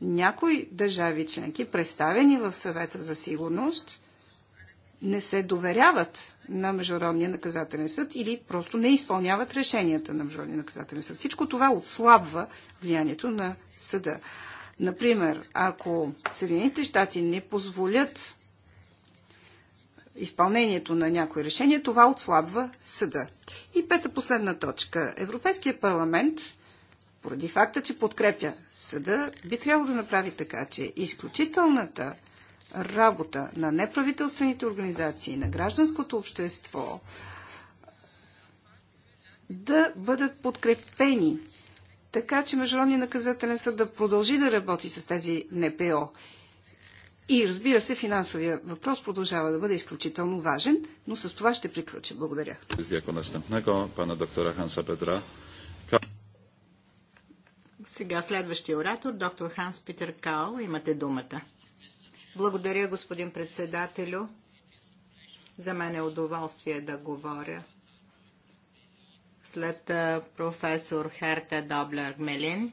някои държави членки, представени в съвета за сигурност, не се доверяват на Международния наказателен съд или просто не изпълняват решенията на Международния наказателен съд. Всичко това отслабва влиянието на съда. Например, ако Съединените щати не позволят изпълнението на някои решения, това отслабва съда. И пета последна точка. Европейския парламент, поради факта, че подкрепя съда, би трябвало да направи така, че изключителната работа на неправителствените организации, на гражданското общество да бъдат подкрепени, така че Международния наказателен съд да продължи да работи с тези НПО. И разбира се, финансовия въпрос продължава да бъде изключително важен, но с това ще приключа. Благодаря. Сега следващия оратор, доктор Ханс Питер Као. Имате думата. Благодаря, господин председателю. За мен е удоволствие да говоря след професор Херта Доблер Мелин,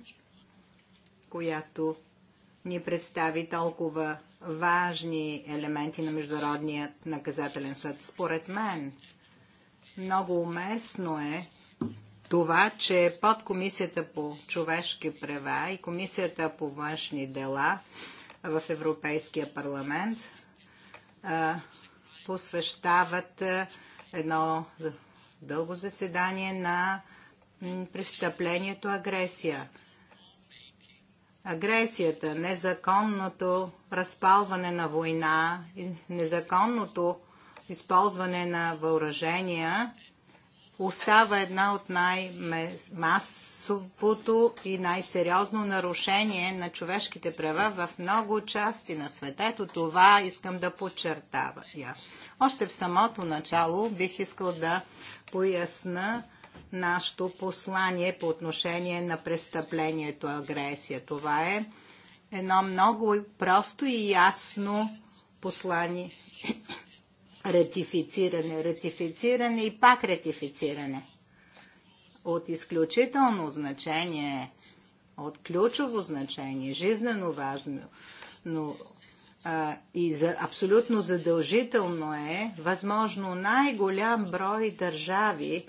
която ни представи толкова важни елементи на Международният наказателен съд. Според мен, много уместно е това, че под Комисията по човешки права и Комисията по външни дела в Европейския парламент посвещават едно дълго заседание на престъплението агресия. Агресията, незаконното разпалване на война, незаконното използване на въоръжения остава една от най-масовото и най-сериозно нарушение на човешките права в много части на света. Ето това искам да подчертава. Още в самото начало бих искал да поясна нашето послание по отношение на престъплението агресия. Това е едно много просто и ясно послание ратифициране, ратифициране и пак ратифициране. От изключително значение, от ключово значение, жизнено важно, но а, и за, абсолютно задължително е, възможно най-голям брой държави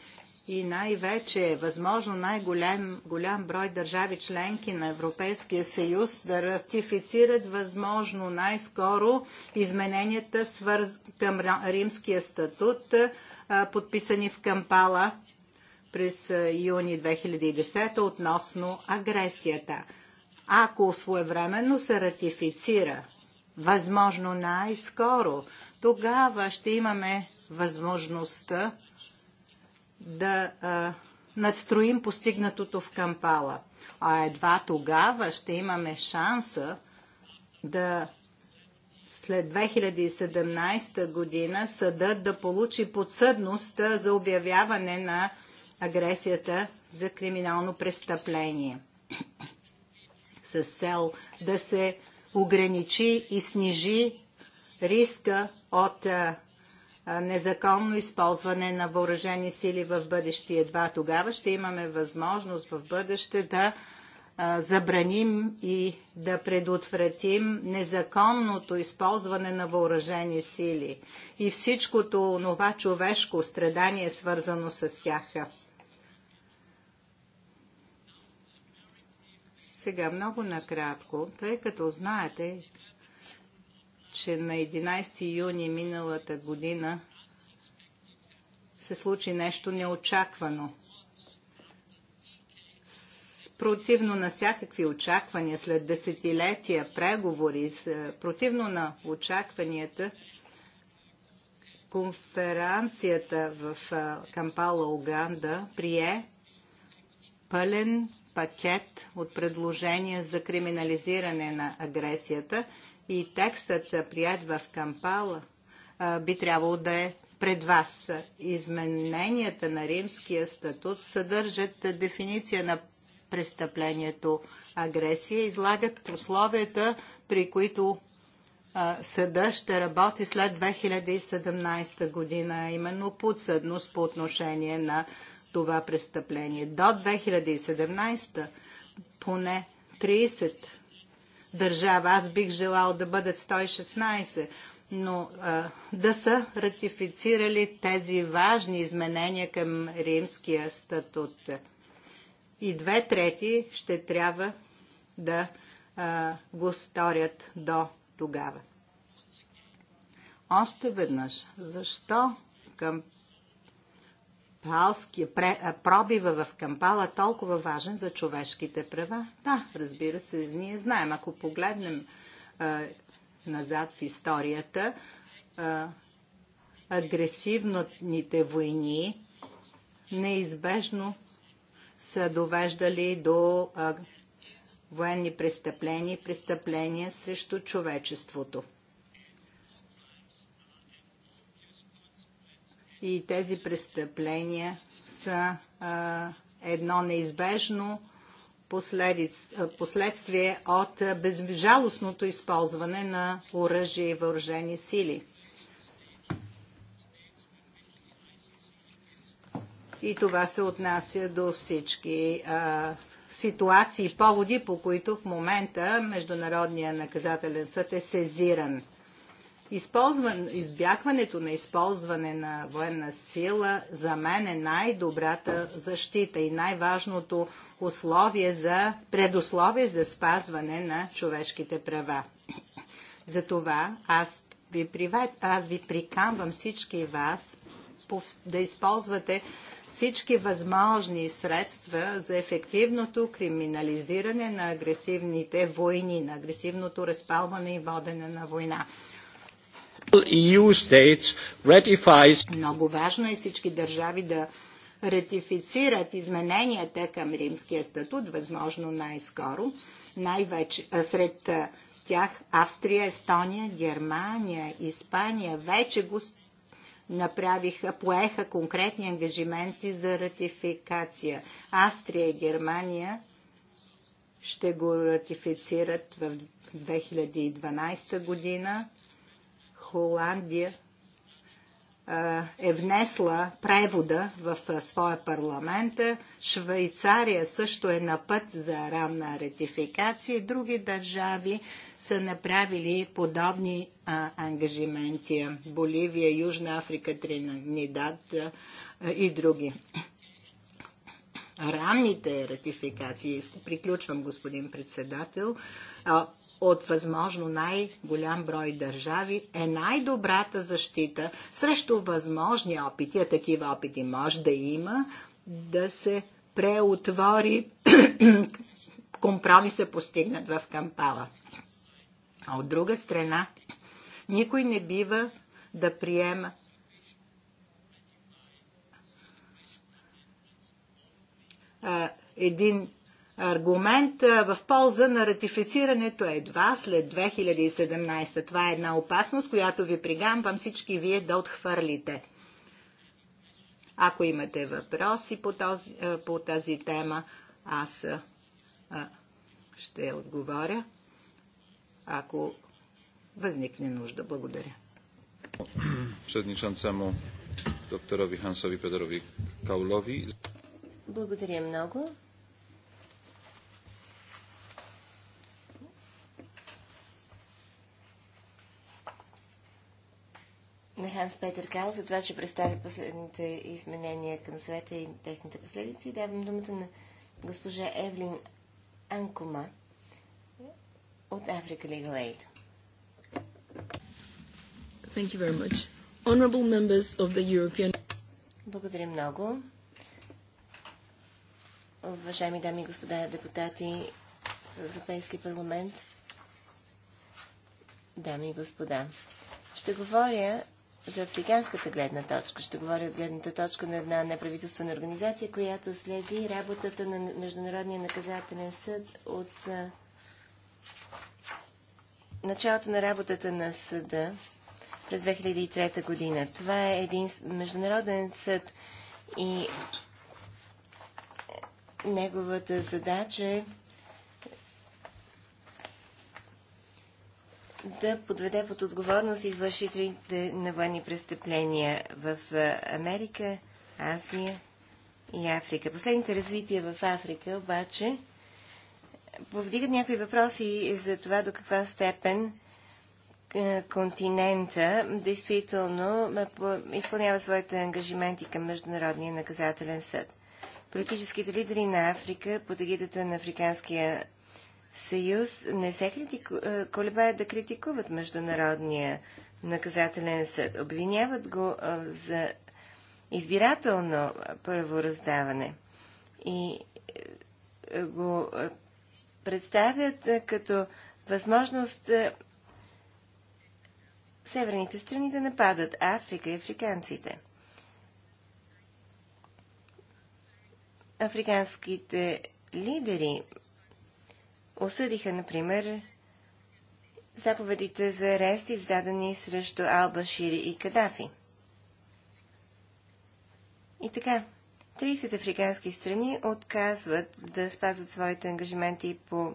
и най-вече е възможно най-голям голям брой държави членки на Европейския съюз да ратифицират възможно най-скоро измененията свърз... към Римския статут, подписани в Кампала през юни 2010 относно агресията. Ако своевременно се ратифицира, възможно най-скоро, тогава ще имаме възможността да а, надстроим постигнатото в Кампала. А едва тогава ще имаме шанса да след 2017 година съдът да получи подсъдност за обявяване на агресията за криминално престъпление с цел да се ограничи и снижи риска от незаконно използване на въоръжени сили в бъдеще. Едва тогава ще имаме възможност в бъдеще да забраним и да предотвратим незаконното използване на въоръжени сили и всичкото това човешко страдание, свързано с тях. Сега много накратко, тъй като знаете, че на 11 юни миналата година се случи нещо неочаквано. Противно на всякакви очаквания след десетилетия преговори, е, противно на очакванията, конференцията в е, Кампала, Уганда, прие пълен пакет от предложения за криминализиране на агресията – и текстът, прият в Кампала, би трябвало да е пред вас. Измененията на римския статут съдържат дефиниция на престъплението агресия, излагат условията, при които съда ще работи след 2017 година, именно подсъдност по отношение на това престъпление. До 2017 поне 30 държава. Аз бих желал да бъдат 116, но а, да са ратифицирали тези важни изменения към римския статут. И две трети ще трябва да а, го сторят до тогава. Още веднъж, защо към кампалския пробива в Кампала толкова важен за човешките права? Да, разбира се, ние знаем. Ако погледнем а, назад в историята, а, агресивните войни неизбежно са довеждали до а, военни престъпления и престъпления срещу човечеството. и тези престъпления са а, едно неизбежно последиц, последствие от безжалостното използване на оръжие и въоръжени сили. И това се отнася до всички а, ситуации и поводи, по които в момента Международния наказателен съд е сезиран. Използван, избягването на използване на военна сила за мен е най-добрата защита и най-важното условие за, предусловие за спазване на човешките права. Затова аз ви, привед, аз ви приканвам всички вас да използвате всички възможни средства за ефективното криминализиране на агресивните войни, на агресивното разпалване и водене на война. E Много важно е всички държави да ратифицират измененията към римския статут, възможно най-скоро, най-вече сред тях Австрия, Естония, Германия, Испания вече го направиха, поеха конкретни ангажименти за ратификация. Австрия и Германия ще го ратифицират в 2012 година Холандия е внесла превода в своя парламент. Швейцария също е на път за ранна ратификация. Други държави са направили подобни а, ангажименти. Боливия, Южна Африка, Тринидад и други. Ранните ратификации, приключвам господин председател, а, от възможно най-голям брой държави е най-добрата защита срещу възможни опити, а такива опити може да има, да се преотвори компромиса постигнат в Кампала. А от друга страна, никой не бива да приема един аргумент в полза на ратифицирането едва след 2017. Това е една опасност, която ви пригамвам всички вие да отхвърлите. Ако имате въпроси по, този, по тази тема, аз а, ще отговоря, ако възникне нужда. Благодаря. докторови Хансови Педорови Каулови. Благодаря много. на Ханс Петър Кал за това, че представи последните изменения към света и техните последици. Давам думата на госпожа Евлин Анкома от Africa Legal Aid. Thank you very much. Honorable members of the European... Благодаря много. Уважаеми дами и господа депутати в Европейски парламент, дами и господа, ще говоря за африканската гледна точка. Ще говоря от гледната точка на една неправителствена организация, която следи работата на Международния наказателен съд от а, началото на работата на съда през 2003 година. Това е един международен съд и неговата задача е да подведе под отговорност извършителите на военни престъпления в Америка, Азия и Африка. Последните развития в Африка обаче повдигат някои въпроси за това до каква степен континента действително изпълнява своите ангажименти към Международния наказателен съд. Политическите лидери на Африка под егидата на Африканския съюз не се критику... Е, колебаят да критикуват Международния наказателен съд. Обвиняват го е, за избирателно правораздаване и е, го представят като възможност северните страни да нападат Африка и африканците. Африканските лидери осъдиха, например, заповедите за арест, издадени срещу Алба Шири и Кадафи. И така, 30 африкански страни отказват да спазват своите ангажименти по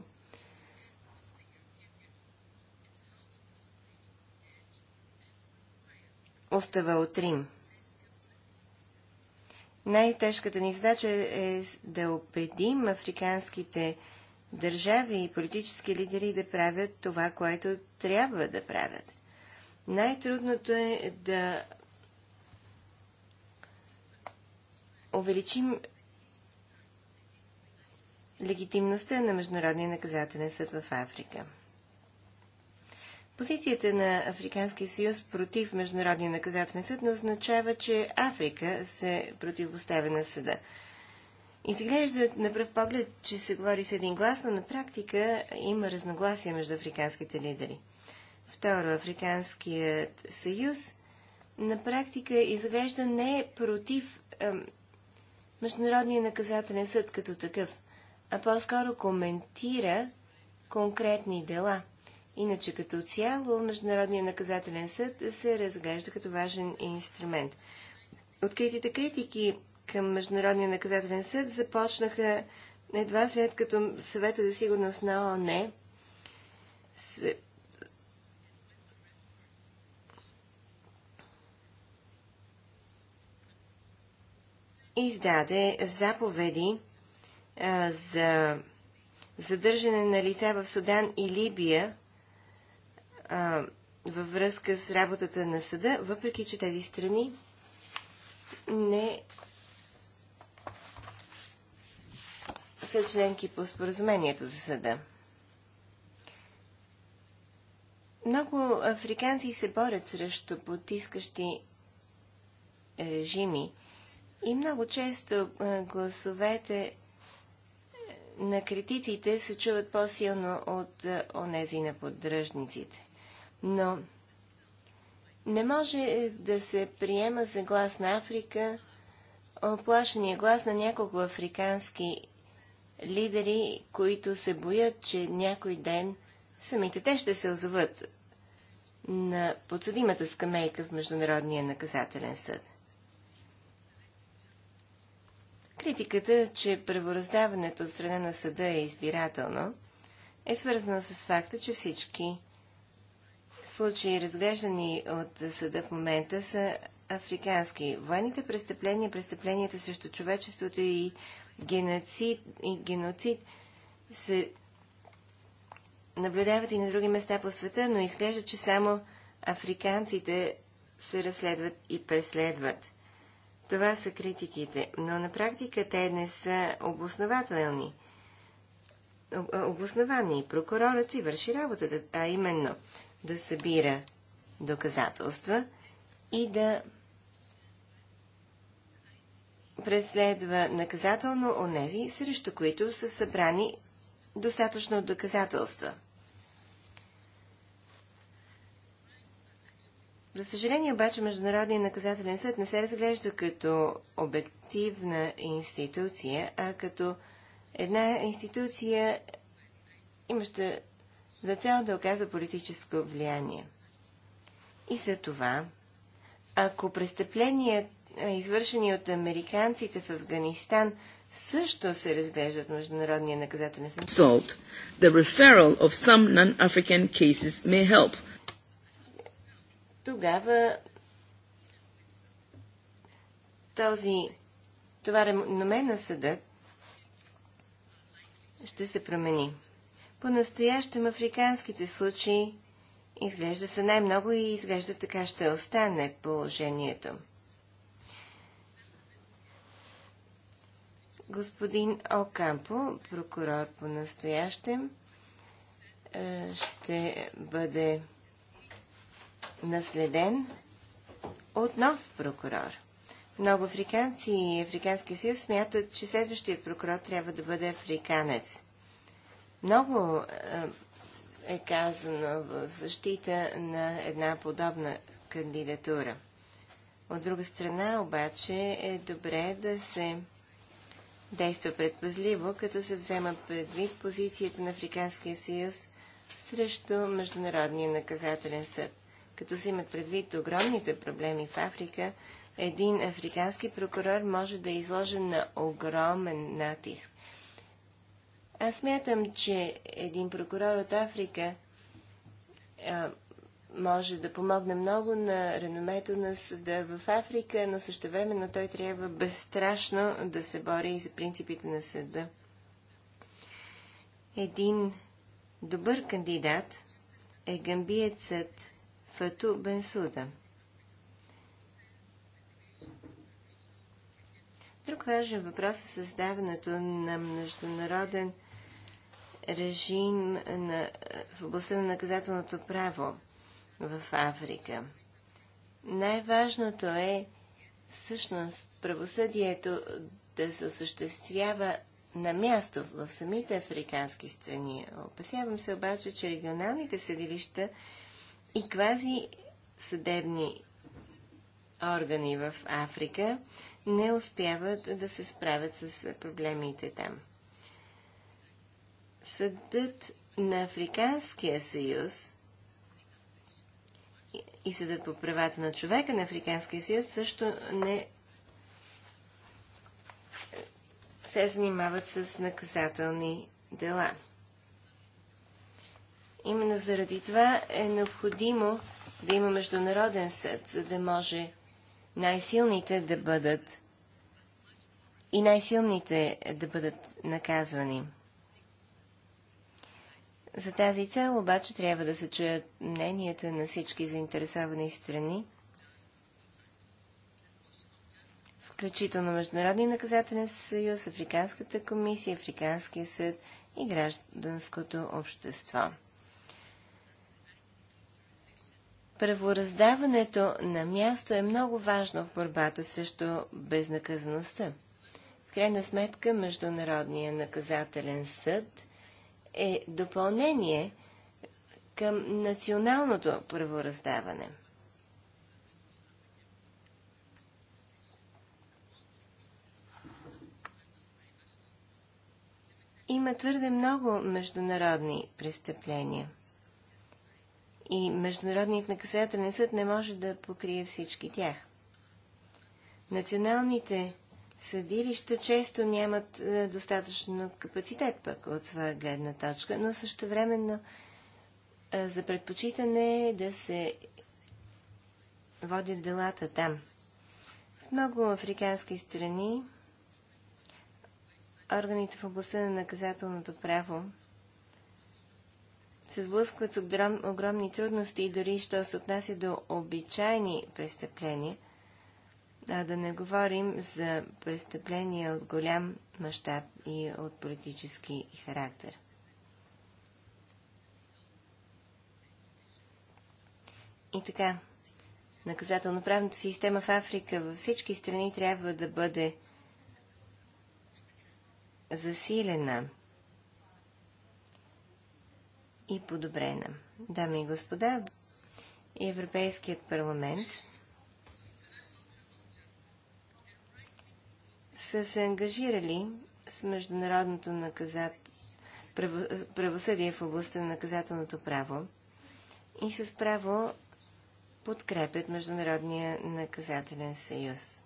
Остава от Рим. Най-тежката ни задача е да убедим африканските държави и политически лидери да правят това, което трябва да правят. Най-трудното е да увеличим легитимността на Международния наказателен съд в Африка. Позицията на Африканския съюз против Международния наказателен съд не означава, че Африка се противоставя на съда. Изглежда на пръв поглед, че се говори с един глас, но на практика има разногласия между африканските лидери. Второ, Африканският съюз на практика изглежда не е против е, Международния наказателен съд като такъв, а по-скоро коментира конкретни дела. Иначе като цяло Международния наказателен съд се разглежда като важен инструмент. Откритите критики към Международния наказателен съд започнаха едва след като съвета за сигурност на ООН издаде заповеди за задържане на лица в Судан и Либия във връзка с работата на съда, въпреки че тези страни не са членки по споразумението за съда. Много африканци се борят срещу потискащи режими и много често е, гласовете е, на критиците се чуват по-силно от е, онези на поддръжниците. Но не може да се приема за глас на Африка оплашения глас на няколко африкански лидери, които се боят, че някой ден самите те ще се озоват на подсъдимата скамейка в Международния наказателен съд. Критиката, че правораздаването от страна на съда е избирателно, е свързано с факта, че всички случаи, разглеждани от съда в момента, са африкански. Военните престъпления, престъпленията срещу човечеството и геноцид и геноцид се наблюдават и на други места по света, но изглежда, че само африканците се разследват и преследват. Това са критиките, но на практика те не са обоснователни. Обосновани. Прокурорът си върши работата, а именно да събира доказателства и да преследва наказателно онези, срещу които са събрани достатъчно доказателства. За съжаление обаче Международният наказателен съд не се разглежда като обективна институция, а като една институция, имаща за цел да оказва политическо влияние. И за това, ако престъпленият извършени от американците в Афганистан, също се разглеждат Международния наказателен съд. The referral of some non-African cases may help. Тогава този, това реноме на съдът ще се промени. По-настоящем африканските случаи изглежда са най-много и изглежда така ще остане положението. Господин Окампо, прокурор по настоящем, е, ще бъде наследен от нов прокурор. Много африканци и Африкански съюз смятат, че следващият прокурор трябва да бъде африканец. Много е, е казано в защита на една подобна кандидатура. От друга страна обаче е добре да се действа предпазливо, като се взема предвид позицията на Африканския съюз срещу Международния наказателен съд. Като се имат предвид огромните проблеми в Африка, един африкански прокурор може да е изложен на огромен натиск. Аз смятам, че един прокурор от Африка а, може да помогне много на реномето на съда в Африка, но също същевременно той трябва безстрашно да се бори и за принципите на съда. Един добър кандидат е гамбиецът Фату Бенсуда. Друг важен въпрос е създаването на международен режим на, в областта на наказателното право – в Африка. Най-важното е всъщност правосъдието да се осъществява на място в самите африкански страни. Опасявам се обаче, че регионалните съдилища и квази съдебни органи в Африка не успяват да се справят с проблемите там. Съдът на Африканския съюз и Съдът по правата на човека на Африканския съюз също не се занимават с наказателни дела. Именно заради това е необходимо да има международен съд, за да може най-силните да бъдат и най-силните да бъдат наказвани. За тази цел обаче трябва да се чуят мненията на всички заинтересовани страни, включително Международния наказателен съюз, Африканската комисия, Африканския съд и гражданското общество. Правораздаването на място е много важно в борбата срещу безнаказаността. В крайна сметка Международния наказателен съд – е допълнение към националното правораздаване. Има твърде много международни престъпления. И Международният наказателен съд не може да покрие всички тях. Националните съдилища често нямат е, достатъчно капацитет пък от своя гледна точка, но също времено е, за предпочитане е да се водят делата там. В много африкански страни органите в областта на наказателното право се сблъскват с огром, огромни трудности и дори, що се отнася до обичайни престъпления – а да не говорим за престъпления от голям мащаб и от политически характер. И така, наказателно-правната система в Африка във всички страни трябва да бъде засилена и подобрена. Дами и господа, Европейският парламент – са се ангажирали с международното наказат... правосъдие в областта на наказателното право и с право подкрепят Международния наказателен съюз.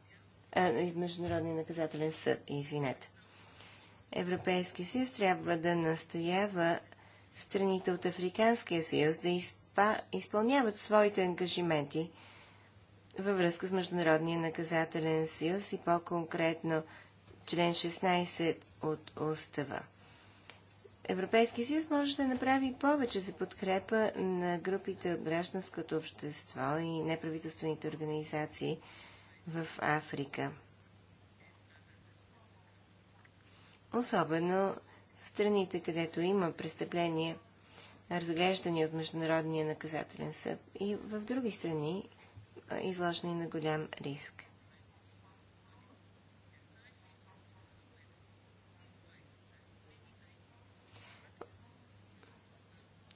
А, Международния наказателен съд, извинете. Европейския съюз трябва да настоява страните от Африканския съюз да изпълняват своите ангажименти – във връзка с Международния наказателен съюз и по-конкретно член 16 от устава. Европейския съюз може да направи повече за подкрепа на групите от гражданското общество и неправителствените организации в Африка. Особено в страните, където има престъпления, разглеждани от Международния наказателен съд и в други страни, изложени на голям риск.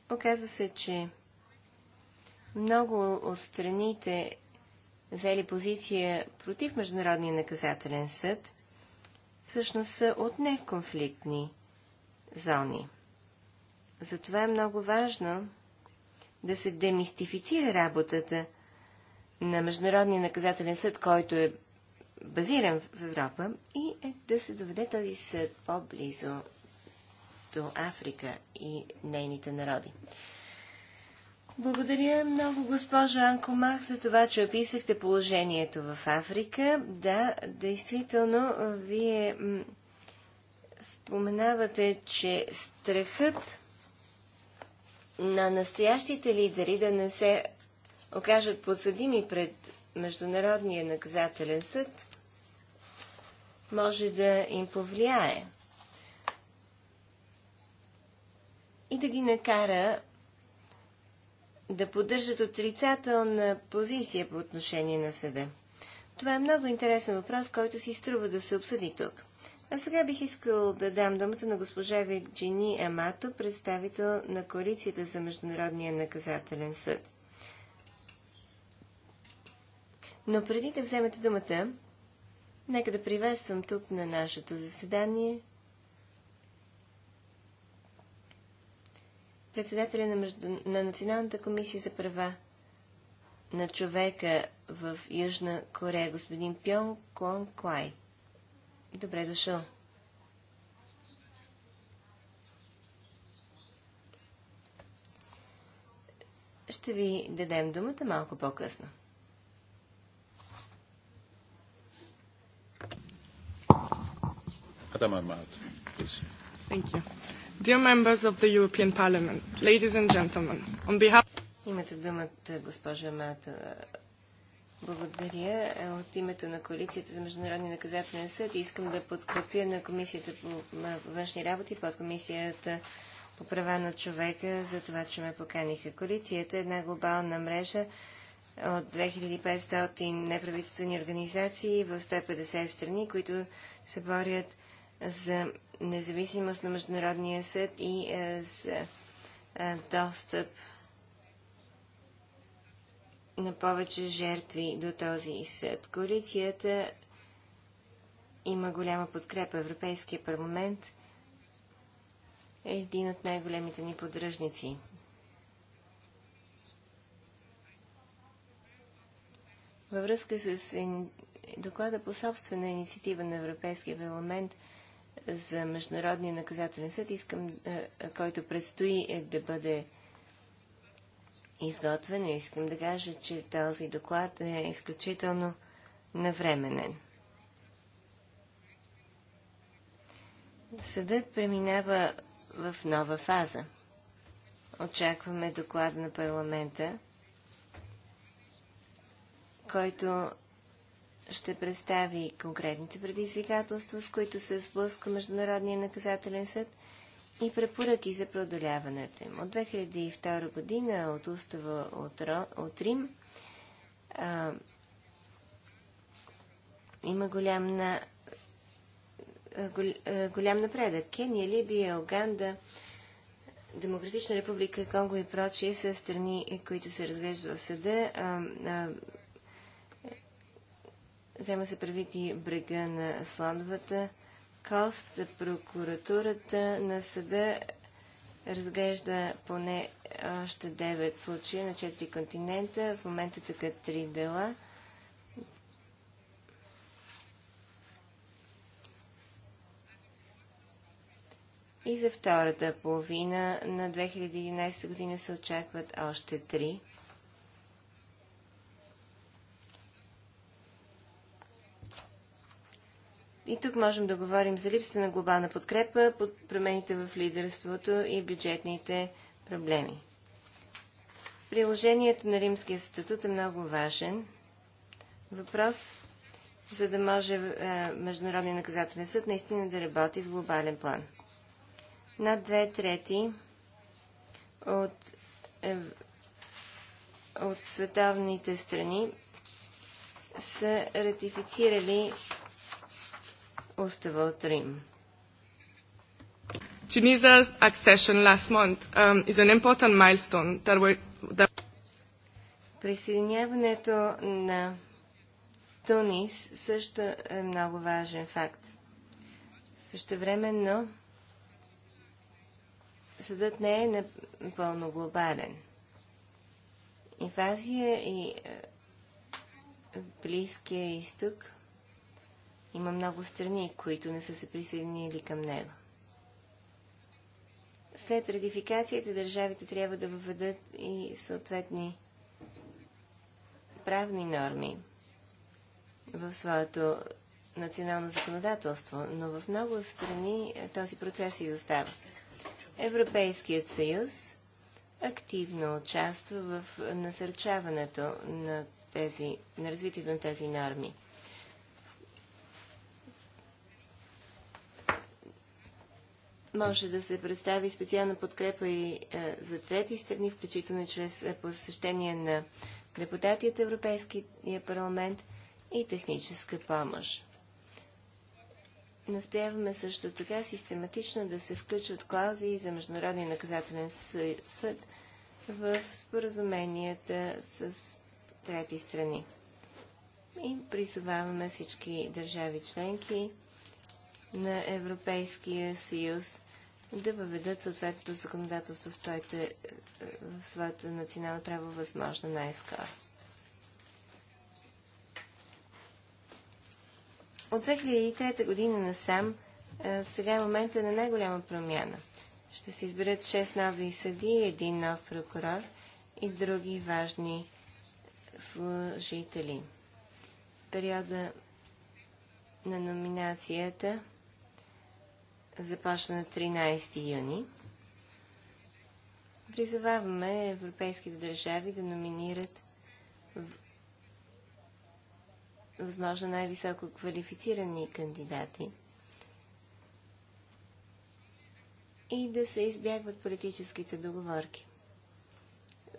Оказва се, че много от страните взели позиция против Международния наказателен съд, всъщност са от неконфликтни зони. Затова е много важно да се демистифицира работата на Международния наказателен съд, който е базиран в Европа и е да се доведе този съд по-близо до Африка и нейните народи. Благодаря много, госпожо Анкомах, за това, че описахте положението в Африка. Да, действително, вие споменавате, че страхът на настоящите лидери да не се окажат подсъдими пред Международния наказателен съд, може да им повлияе и да ги накара да поддържат отрицателна позиция по отношение на съда. Това е много интересен въпрос, който си струва да се обсъди тук. А сега бих искал да дам думата на госпожа Вирджини Амато, представител на Коалицията за Международния наказателен съд. Но преди да вземете думата, нека да приветствам тук на нашето заседание председателя на, Между... на Националната комисия за права на човека в Южна Корея, господин Пьон Клон Куай. Добре дошъл. Ще ви дадем думата малко по-късно. Madam Ahmad, please. Thank you. Dear members of the European Parliament, ladies and gentlemen, on behalf... Имате думата, госпожа Мата. Благодаря. От името на Коалицията за Международния наказателен съд искам да подкрепя на Комисията по външни работи, под Комисията по права на човека, за това, че ме поканиха. Коалицията е една глобална мрежа от 2500 неправителствени организации в 150 страни, които се борят за независимост на Международния съд и е, за е, достъп на повече жертви до този съд. Коалицията има голяма подкрепа. Европейския парламент е един от най-големите ни поддръжници. Във връзка с доклада по собствена инициатива на Европейския парламент – за Международния наказателен съд, искам, е, е, който предстои е да бъде изготвен. Искам да кажа, че този доклад е изключително навременен. Съдът преминава в нова фаза. Очакваме доклад на парламента, който ще представи конкретните предизвикателства, с които се сблъска Международния наказателен съд и препоръки за преодоляването им. От 2002 година от устава от, Ро, от Рим а, има голям, на, гол, а, голям напредък. Кения, Либия, Оганда, Демократична република, Конго и прочие са страни, които се разглеждат в съда. А, а, взема се предвид и брега на сландовата кост. Прокуратурата на съда разглежда поне още 9 случая на 4 континента. В момента така 3 дела. И за втората половина на 2011 година се очакват още 3. И тук можем да говорим за липсата на глобална подкрепа, под промените в лидерството и бюджетните проблеми. Приложението на Римския статут е много важен въпрос, за да може е, Международния наказателен съд наистина да работи в глобален план. Над две трети от, е, от световните страни са ратифицирали устава от Рим. Tunisia's accession last month um, is an important milestone that we, that... Присъединяването на Тунис също е много важен факт. Също Същевременно съдът не е напълно глобален. И в Азия и Близкия изток – има много страни, които не са се присъединили към него. След ратификацията държавите трябва да въведат и съответни правни норми в своето национално законодателство, но в много страни е, този процес изостава. Европейският съюз активно участва в насърчаването на, тези, на развитието на тези норми. може да се представи специална подкрепа и е, за трети страни, включително чрез е, посещение на депутати от Европейския парламент и техническа помощ. Настояваме също така систематично да се включват клаузи за Международния наказателен съд в споразуменията с трети страни. И призоваваме всички държави членки на Европейския съюз да въведат съответното законодателство в, твоите, в своето национално право възможно най-скоро. От 2003 година насам сега е момента на най-голяма промяна. Ще се изберат 6 нови съди, един нов прокурор и други важни служители. Периода на номинацията – започна на 13 юни. Призоваваме европейските държави да номинират възможно най-високо квалифицирани кандидати и да се избягват политическите договорки.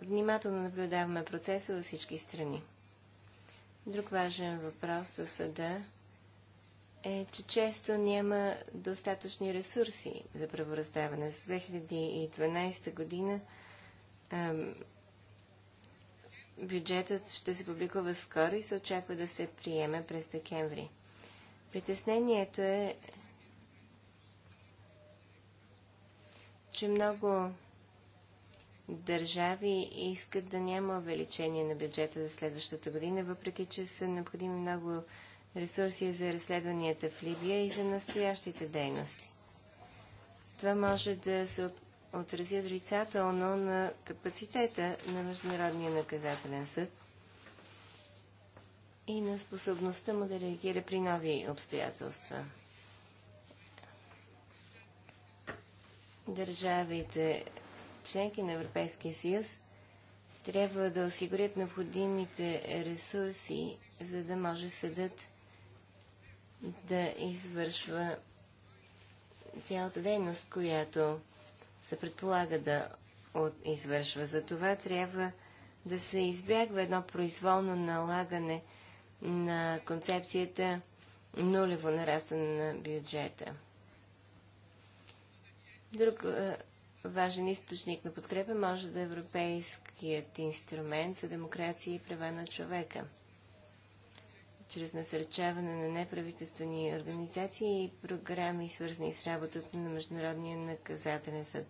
Внимателно наблюдаваме процеса във всички страни. Друг важен въпрос за съда е, че често няма достатъчни ресурси за правораздаване. С 2012 година бюджетът ще се публикува скоро и се очаква да се приеме през декември. Притеснението е, че много държави искат да няма увеличение на бюджета за следващата година, въпреки че са необходими много ресурси за разследванията в Либия и за настоящите дейности. Това може да се отрази отрицателно на капацитета на Международния наказателен съд и на способността му да реагира при нови обстоятелства. Държавите членки на Европейския съюз трябва да осигурят необходимите ресурси, за да може съдът да извършва цялата дейност, която се предполага да извършва. За това трябва да се избягва едно произволно налагане на концепцията нулево нарастване на бюджета. Друг е, важен източник на подкрепа може да е Европейският инструмент за демокрация и права на човека – чрез насърчаване на неправителствени организации и програми, свързани с работата на Международния наказателен съд.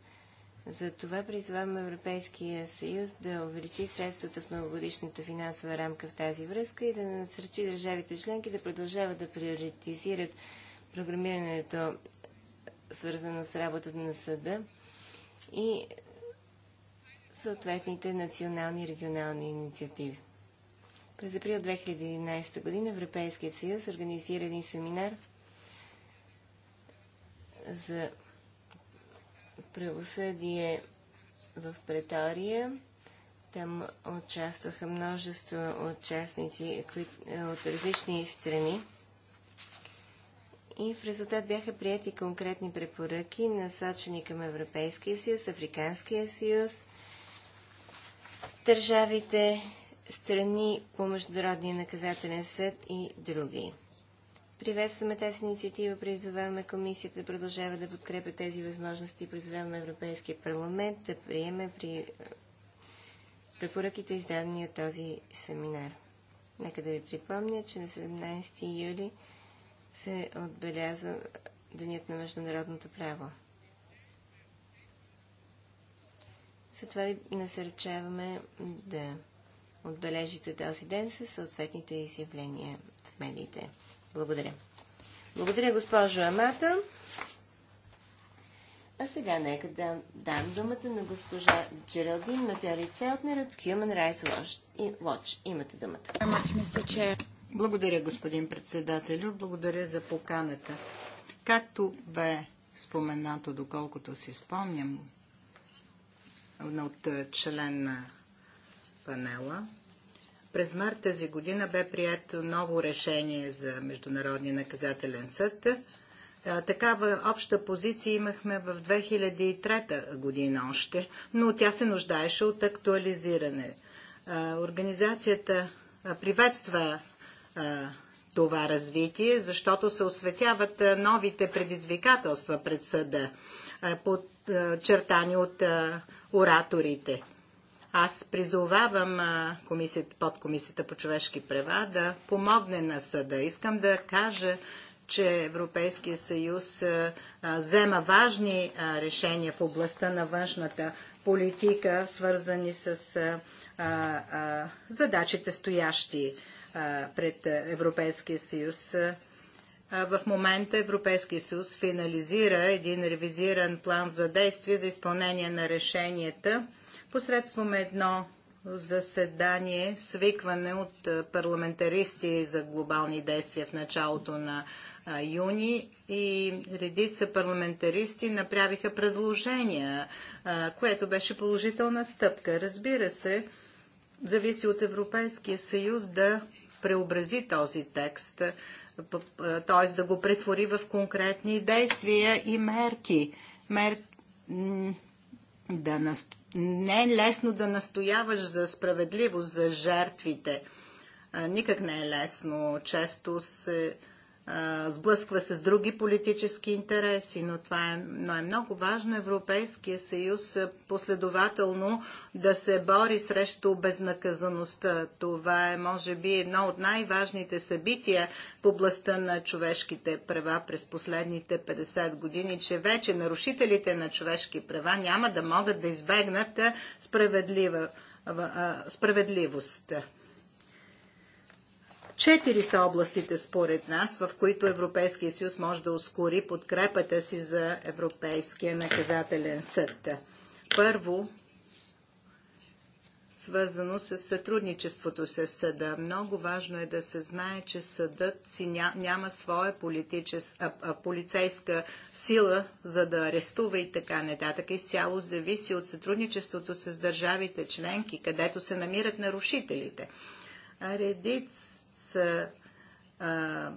За това призваваме Европейския съюз да увеличи средствата в многогодишната финансова рамка в тази връзка и да насърчи държавите членки да продължават да приоритизират програмирането, свързано с работата на съда и съответните национални и регионални инициативи. През април 2011 година Европейският съюз организира един семинар за правосъдие в Претория. Там участваха множество участници от различни страни. И в резултат бяха прияти конкретни препоръки, насочени към Европейския съюз, Африканския съюз, държавите страни по Международния наказателен съд и други. Приветстваме тази инициатива, призоваваме комисията да продължава да подкрепя тези възможности и призоваваме Европейския парламент да приеме при е, препоръките издадени от този семинар. Нека да ви припомня, че на 17 юли се отбеляза Денят на международното право. Затова ви насърчаваме да отбележите тази ден с съответните изявления в медиите. Благодаря. Благодаря, госпожо Амата. А сега нека да дам думата на госпожа Джералдин Матери Целтнер от Human Rights Watch. Имате думата. Благодаря, господин председателю. Благодаря за поканата. Както бе споменато, доколкото си спомням, от член на панела. През март тази година бе прието ново решение за Международния наказателен съд. Такава обща позиция имахме в 2003 година още, но тя се нуждаеше от актуализиране. Организацията приветства това развитие, защото се осветяват новите предизвикателства пред съда, подчертани от ораторите. Аз призовавам комисията, подкомисията по човешки права да помогне на съда. Искам да кажа, че Европейския съюз взема важни решения в областта на външната политика, свързани с задачите, стоящи пред Европейския съюз. В момента Европейския съюз финализира един ревизиран план за действие за изпълнение на решенията посредством едно заседание, свикване от парламентаристи за глобални действия в началото на юни и редица парламентаристи направиха предложения, което беше положителна стъпка. Разбира се, зависи от Европейския съюз да преобрази този текст, т.е. да го претвори в конкретни действия и мерки. Мер... Да наст не е лесно да настояваш за справедливост за жертвите. Никак не е лесно. Често се сблъсква се с други политически интереси, но това е, но е много важно Европейския съюз последователно да се бори срещу безнаказаността. Това е, може би, едно от най-важните събития в областта на човешките права през последните 50 години, че вече нарушителите на човешки права няма да могат да избегнат справедлива, справедливост. Четири са областите според нас, в които Европейския съюз може да ускори подкрепата си за Европейския наказателен съд. Първо, свързано с сътрудничеството с съда. Много важно е да се знае, че съдът си няма своя а, а, полицейска сила, за да арестува и така нататък. Изцяло зависи от сътрудничеството с държавите членки, където се намират нарушителите. Редиц а,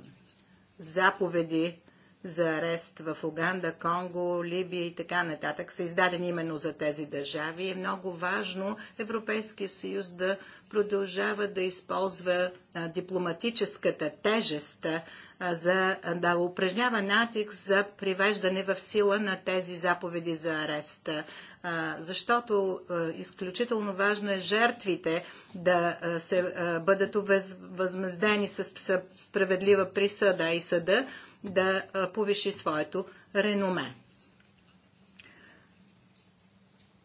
заповеди за арест в Уганда, Конго, Либия и така нататък са издадени именно за тези държави. Е много важно Европейския съюз да продължава да използва а, дипломатическата тежест а, за да упражнява натиск за привеждане в сила на тези заповеди за арест защото изключително важно е жертвите да се бъдат възмездени с справедлива присъда и съда да повиши своето реноме.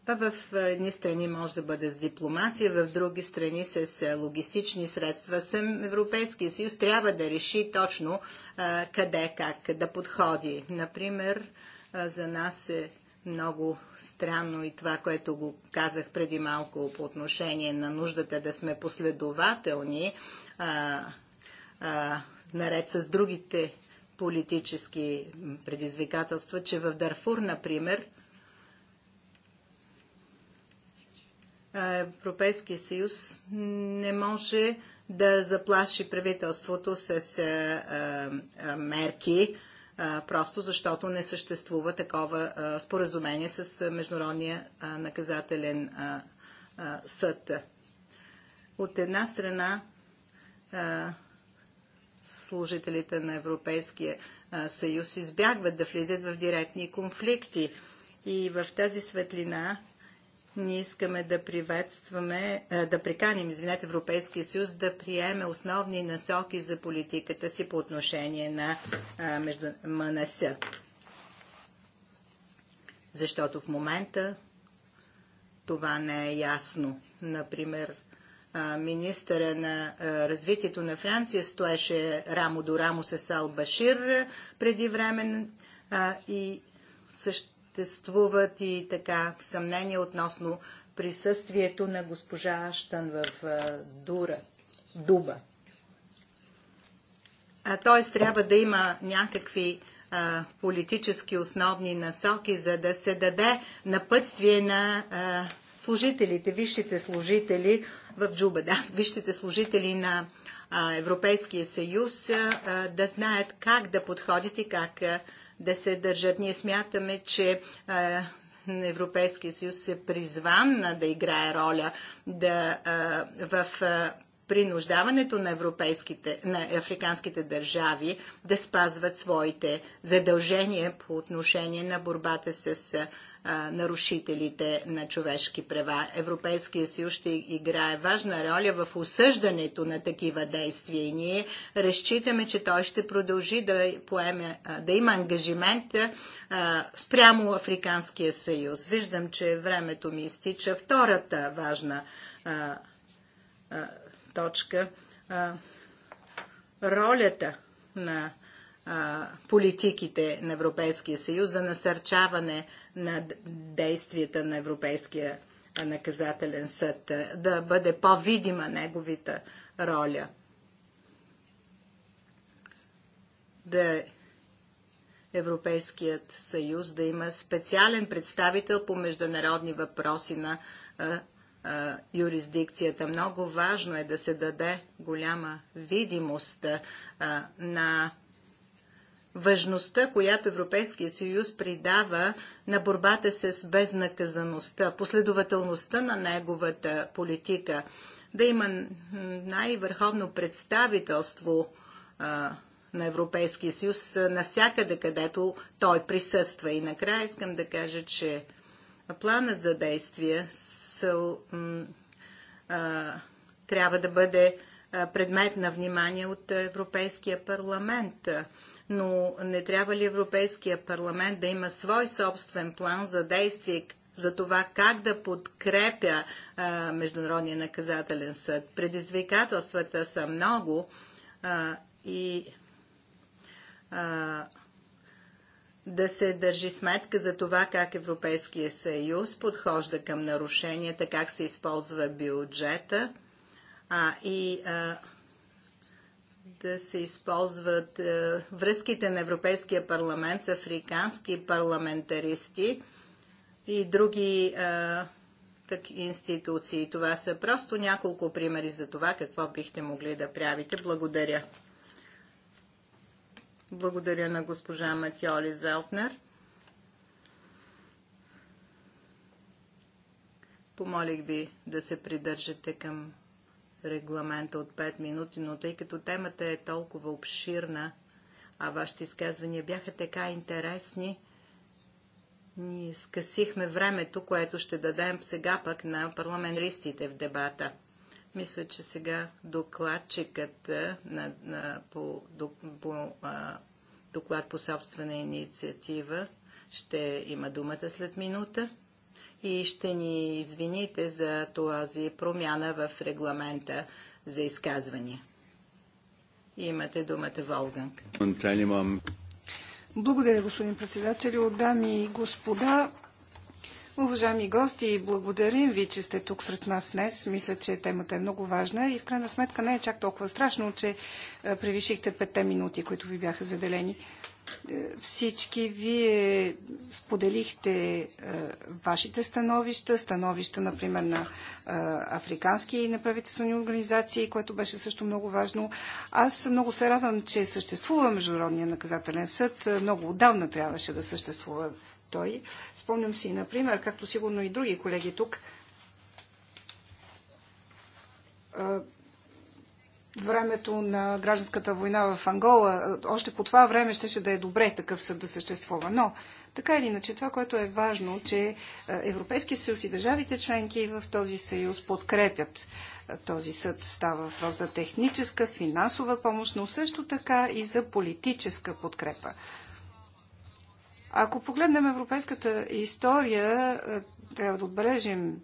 В едни страни може да бъде с дипломация, в други страни с логистични средства. Съм Европейския съюз трябва да реши точно къде, как да подходи. Например, за нас е много странно и това, което го казах преди малко по отношение на нуждата да сме последователни а, а, наред с другите политически предизвикателства, че в Дарфур, например, Европейския съюз не може да заплаши правителството с а, а, мерки, просто защото не съществува такова споразумение с Международния наказателен съд. От една страна, служителите на Европейския съюз избягват да влизат в директни конфликти. И в тази светлина ние искаме да приветстваме, е, да приканим, извинете, Европейския съюз да приеме основни насоки за политиката си по отношение на е, между... МНС. Защото в момента това не е ясно. Например, е, министъра на развитието на Франция стоеше рамо до рамо с Ал Башир преди време и също съществуват и така съмнения относно присъствието на госпожа Аштан в Дура, Дуба. А, т.е. трябва да има някакви а, политически основни насоки, за да се даде напътствие на а, служителите, висшите служители в Джуба. Да, висшите служители на Европейския съюз, да знаят как да подходят и как да се държат. Ние смятаме, че Европейския съюз е призван да играе роля да, в принуждаването на, европейските, на африканските държави да спазват своите задължения по отношение на борбата с нарушителите на човешки права. Европейския съюз ще играе важна роля в осъждането на такива действия и ние разчитаме, че той ще продължи да, поеме, да има ангажимент спрямо Африканския съюз. Виждам, че времето ми изтича. Втората важна а, а, точка ролята на политиките на Европейския съюз за насърчаване на действията на Европейския наказателен съд, да бъде по-видима неговите роля. Да Европейският съюз да има специален представител по международни въпроси на а, а, юрисдикцията. Много важно е да се даде голяма видимост а, на важността, която Европейския съюз придава на борбата с безнаказаността, последователността на неговата политика, да има най-върховно представителство а, на Европейския съюз насякъде, където той присъства. И накрая искам да кажа, че плана за действие са, а, трябва да бъде предмет на внимание от Европейския парламент но не трябва ли Европейския парламент да има свой собствен план за действие за това как да подкрепя а, Международния наказателен съд. Предизвикателствата са много а, и а, да се държи сметка за това как Европейския съюз подхожда към нарушенията, как се използва бюджета а, и а, да се използват е, връзките на Европейския парламент с африкански парламентаристи и други е, так, институции. Това са просто няколко примери за това какво бихте могли да правите. Благодаря. Благодаря на госпожа Матиоли Зелтнер. Помолих ви да се придържате към регламента от 5 минути, но тъй като темата е толкова обширна, а вашите изказвания бяха така интересни, ние скъсихме времето, което ще дадем сега пък на парламентаристите в дебата. Мисля, че сега докладчикът на, на, по, по а, доклад по собствена инициатива ще има думата след минута и ще ни извините за тази промяна в регламента за изказвания. Имате думата, Волганг. Благодаря, господин председател, Дами и господа, уважаеми гости, благодарим ви, че сте тук сред нас днес. Мисля, че темата е много важна и в крайна сметка не е чак толкова страшно, че превишихте петте минути, които ви бяха заделени. Всички вие споделихте е, вашите становища, становища, например, на е, африкански неправителствени организации, което беше също много важно. Аз много се радвам, че съществува Международния наказателен съд. Е, много отдавна трябваше да съществува той. Спомням си, например, както сигурно и други колеги тук, времето на гражданската война в Ангола, още по това време щеше да е добре такъв съд да съществува. Но, така или иначе, това, което е важно, че е, Европейския съюз и държавите членки в този съюз подкрепят е, този съд. Става въпрос за техническа, финансова помощ, но също така и за политическа подкрепа. Ако погледнем европейската история, е, трябва да отбележим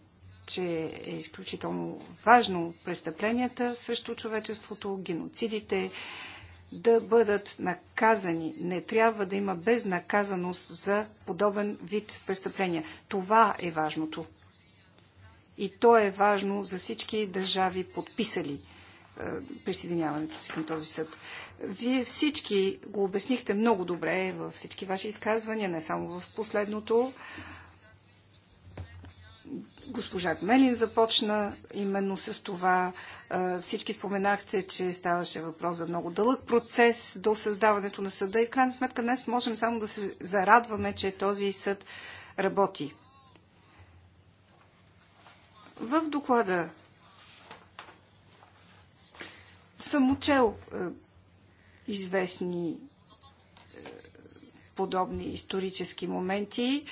че е изключително важно престъпленията срещу човечеството, геноцидите да бъдат наказани. Не трябва да има безнаказаност за подобен вид престъпления. Това е важното. И то е важно за всички държави, подписали е, присъединяването си към този съд. Вие всички го обяснихте много добре във всички ваши изказвания, не само в последното. Госпожа Кмелин започна именно с това. Всички споменахте, че ставаше въпрос за много дълъг процес до създаването на съда и в крайна сметка днес можем само да се зарадваме, че този съд работи. В доклада съм учел известни подобни исторически моменти.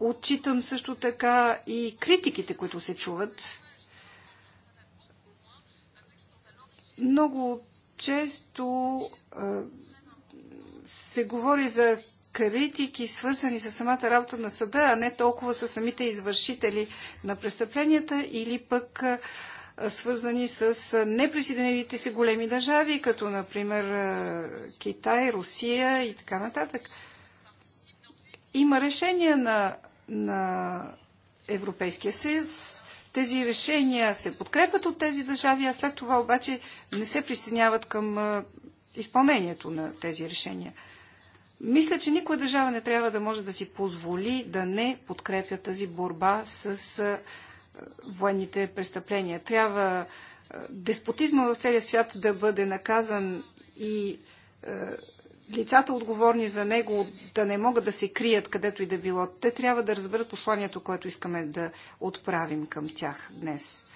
Отчитам също така и критиките, които се чуват. Много често се говори за критики, свързани с самата работа на съда, а не толкова с самите извършители на престъпленията или пък свързани с неприсъединените се големи държави, като например Китай, Русия и така нататък. Има решения на, на Европейския съюз. Тези решения се подкрепят от тези държави, а след това обаче не се присъединяват към изпълнението на тези решения. Мисля, че никоя държава не трябва да може да си позволи да не подкрепя тази борба с военните престъпления. Трябва е, деспотизма в целия свят да бъде наказан и е, лицата отговорни за него да не могат да се крият където и да било. Те трябва да разберат посланието, което искаме да отправим към тях днес.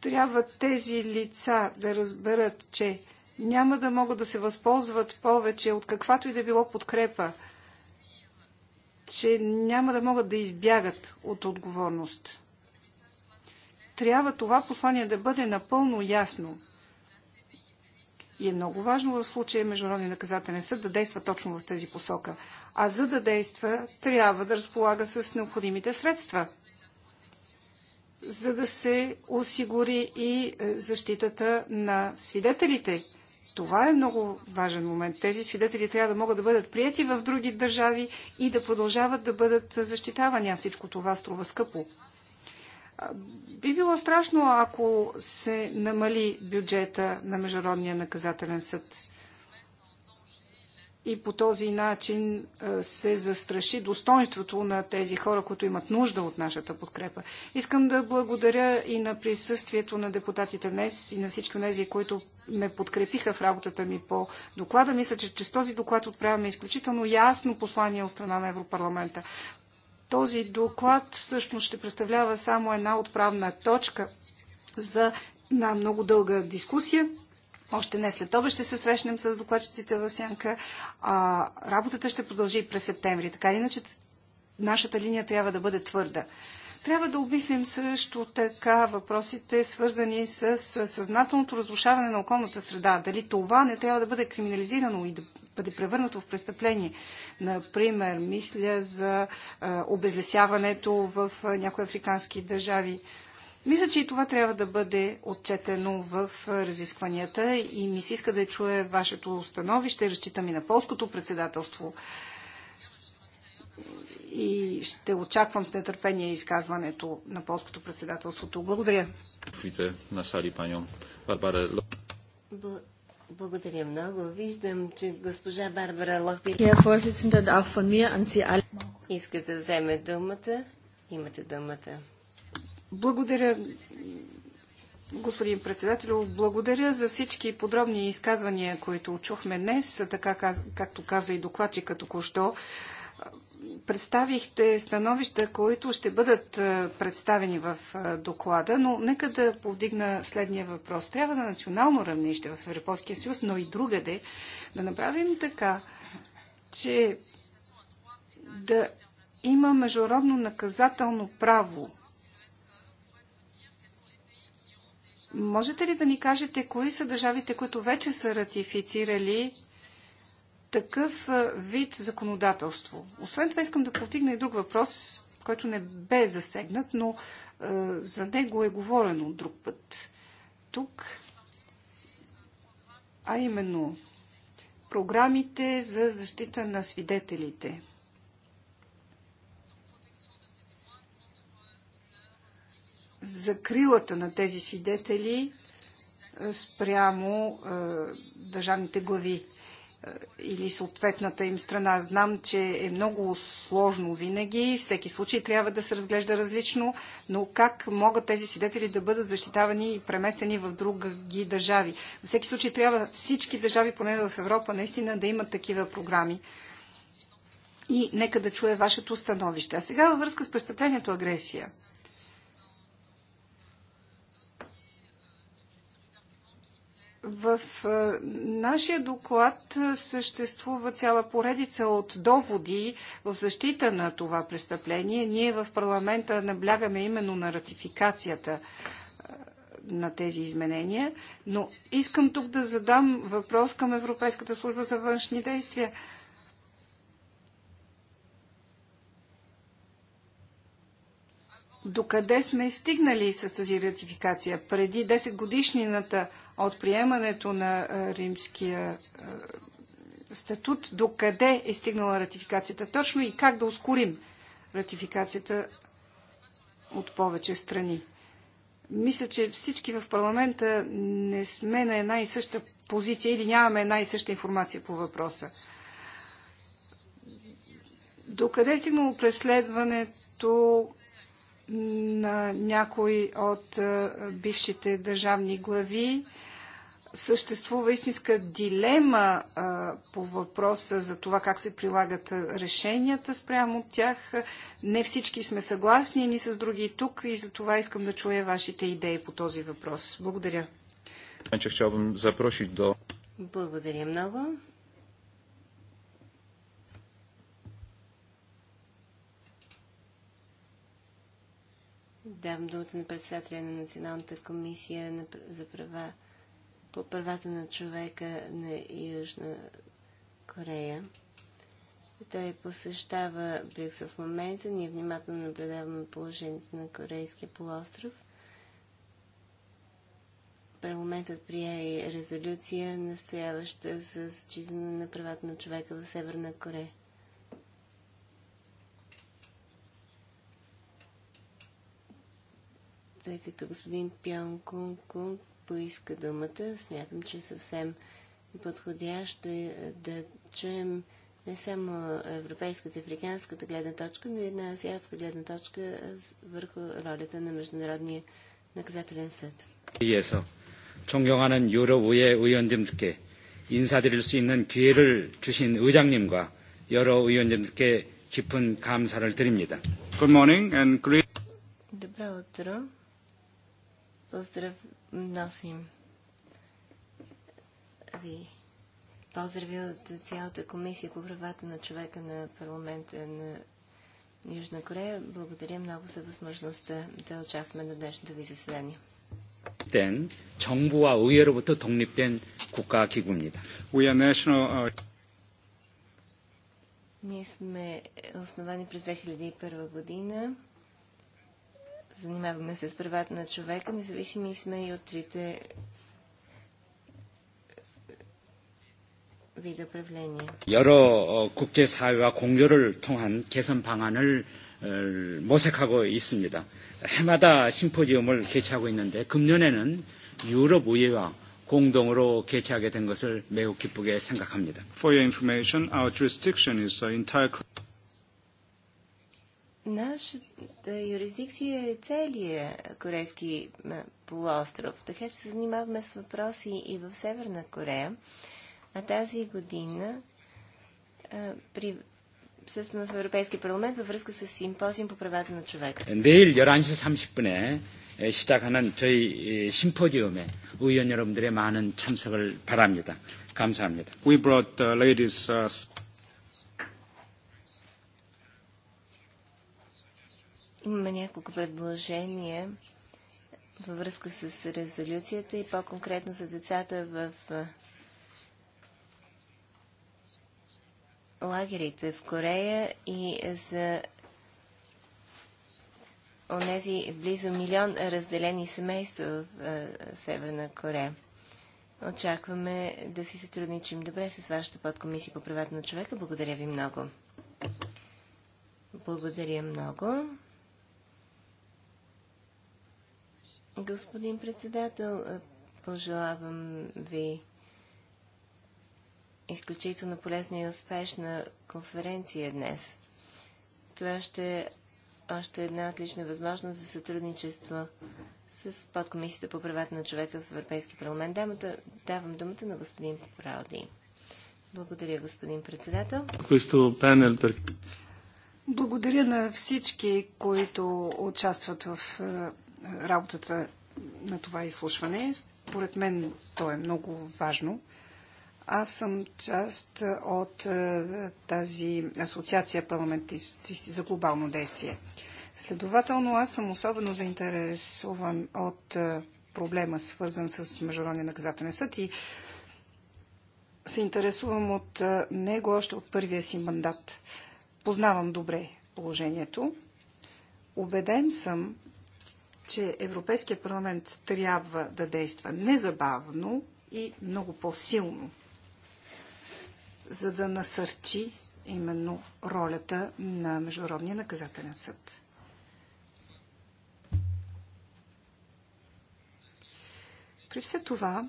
Трябва тези лица да разберат, че няма да могат да се възползват повече от каквато и да било подкрепа, че няма да могат да избягат от отговорност трябва това послание да бъде напълно ясно. И е много важно в случая Международния наказателен съд да действа точно в тази посока. А за да действа, трябва да разполага с необходимите средства, за да се осигури и е, защитата на свидетелите. Това е много важен момент. Тези свидетели трябва да могат да бъдат прияти в други държави и да продължават да бъдат е, защитавани. А всичко това струва скъпо. Би било страшно, ако се намали бюджета на Международния наказателен съд и по този начин се застраши достоинството на тези хора, които имат нужда от нашата подкрепа. Искам да благодаря и на присъствието на депутатите днес и на всички тези, които ме подкрепиха в работата ми по доклада. Мисля, че, чрез с този доклад отправяме изключително ясно послание от страна на Европарламента. Този доклад всъщност ще представлява само една отправна точка за на много дълга дискусия. Още не след това ще се срещнем с докладчиците в Сянка. А, работата ще продължи през септември. Така или иначе, нашата линия трябва да бъде твърда. Трябва да обмислим също така въпросите, свързани с съзнателното разрушаване на околната среда. Дали това не трябва да бъде криминализирано и да бъде превърнато в престъпление. Например, мисля за обезлесяването в някои африкански държави. Мисля, че и това трябва да бъде отчетено в разискванията и ми се иска да чуя вашето становище. Разчитам и на полското председателство и ще очаквам с нетърпение изказването на полското председателството. Благодаря. Благодаря много. Виждам, че госпожа Барбара Лохбир... Иска да вземе думата. Имате думата. Благодаря, господин председател. Благодаря за всички подробни изказвания, които чухме днес, така както каза и докладчикът току-що представихте становища, които ще бъдат е, представени в е, доклада, но нека да повдигна следния въпрос. Трябва на национално равнище в Европейския съюз, но и другаде, да направим така, че да има международно наказателно право. Можете ли да ни кажете кои са държавите, които вече са ратифицирали такъв вид законодателство. Освен това искам да повдигна и друг въпрос, който не бе засегнат, но е, за него е говорено друг път. Тук, а именно програмите за защита на свидетелите. Закрилата на тези свидетели спрямо е, държавните глави. Е, или съответната им страна. Знам, че е много сложно винаги, всеки случай трябва да се разглежда различно, но как могат тези свидетели да бъдат защитавани и преместени в други държави? В всеки случай трябва всички държави, поне в Европа, наистина да имат такива програми. И нека да чуя вашето становище. А сега във връзка с престъплението агресия – В е, нашия доклад е, съществува цяла поредица от доводи в защита на това престъпление. Ние в парламента наблягаме именно на ратификацията е, на тези изменения, но искам тук да задам въпрос към Европейската служба за външни действия. докъде сме стигнали с тази ратификация. Преди 10 годишнината от приемането на римския статут, докъде е стигнала ратификацията точно и как да ускорим ратификацията от повече страни. Мисля, че всички в парламента не сме на една и съща позиция или нямаме една и съща информация по въпроса. Докъде е стигнало преследването на някои от е, бившите държавни глави съществува истинска дилема е, по въпроса за това как се прилагат е, решенията спрямо от тях. Не всички сме съгласни ни с други и тук и за това искам да чуя вашите идеи по този въпрос. Благодаря. Значи, Благодаря много. Давам думата на председателя на Националната комисия на, за права по правата на човека на Южна Корея. Той посещава Брюксел в момента. Ние внимателно наблюдаваме положението на Корейския полуостров. Парламентът прие и резолюция, настояваща за зачитане на правата на човека в Северна Корея. Тъй като господин Пьон Кунг Кунг поиска думата, смятам, че съвсем подходящо е, е да чуем не само европейската и африканската гледна точка, но и една азиатска гледна точка е, върху ролята на Международния наказателен съд. Добро утро. Поздрав... Носим ви поздрави от цялата комисия по правата на човека на парламента на Южна Корея. Благодаря много за възможността да участваме на днешното ви заседание. Ден, 정부와 의회로부터 독립된 국가 기구입니다. Uh, Ние сме основани през 2001 година занимаваме с правата на човека, независими сме и от трите вида правления. 여러 국제사회와 공조를 통한 개선 방안을 모색하고 있습니다. 해마다 심포지움을 개최하고 있는데 금년에는 유럽 의회와 공동으로 개최하게 된 것을 매우 기쁘게 생각합니다. For your information, our jurisdiction is entire Нашата юрисдикция е целият корейски полуостров, така че се занимаваме с въпроси и в Северна Корея. А тази година а, при присъстваме в Европейския парламент във връзка с симпозиум по правата на човека. 내일 1130시 분에 시작하는 저희 심포지엄에 의원 여러분들의 많은 참석을 바랍니다. 감사합니다. We brought uh, ladies uh... Имаме няколко предложения във връзка с резолюцията и по-конкретно за децата в лагерите в Корея и за онези близо милион разделени семейства в Северна Корея. Очакваме да си сътрудничим добре с вашата подкомисия по правата на човека. Благодаря ви много. Благодаря много. Господин председател, пожелавам ви изключително полезна и успешна конференция днес. Това ще е още една отлична възможност за сътрудничество с подкомисията по правата на човека в Европейски парламент. Дамата, давам думата на господин Прауди. Благодаря, господин председател. Благодаря на всички, които участват в е, работата на това изслушване. Според мен то е много важно. Аз съм част от е, тази асоциация парламентисти за глобално действие. Следователно, аз съм особено заинтересован от е, проблема, свързан с Международния наказателен съд и се интересувам от е, него още от първия си мандат. Познавам добре положението. Обеден съм, че Европейския парламент трябва да действа незабавно и много по-силно, за да насърчи именно ролята на Международния наказателен съд. При все това,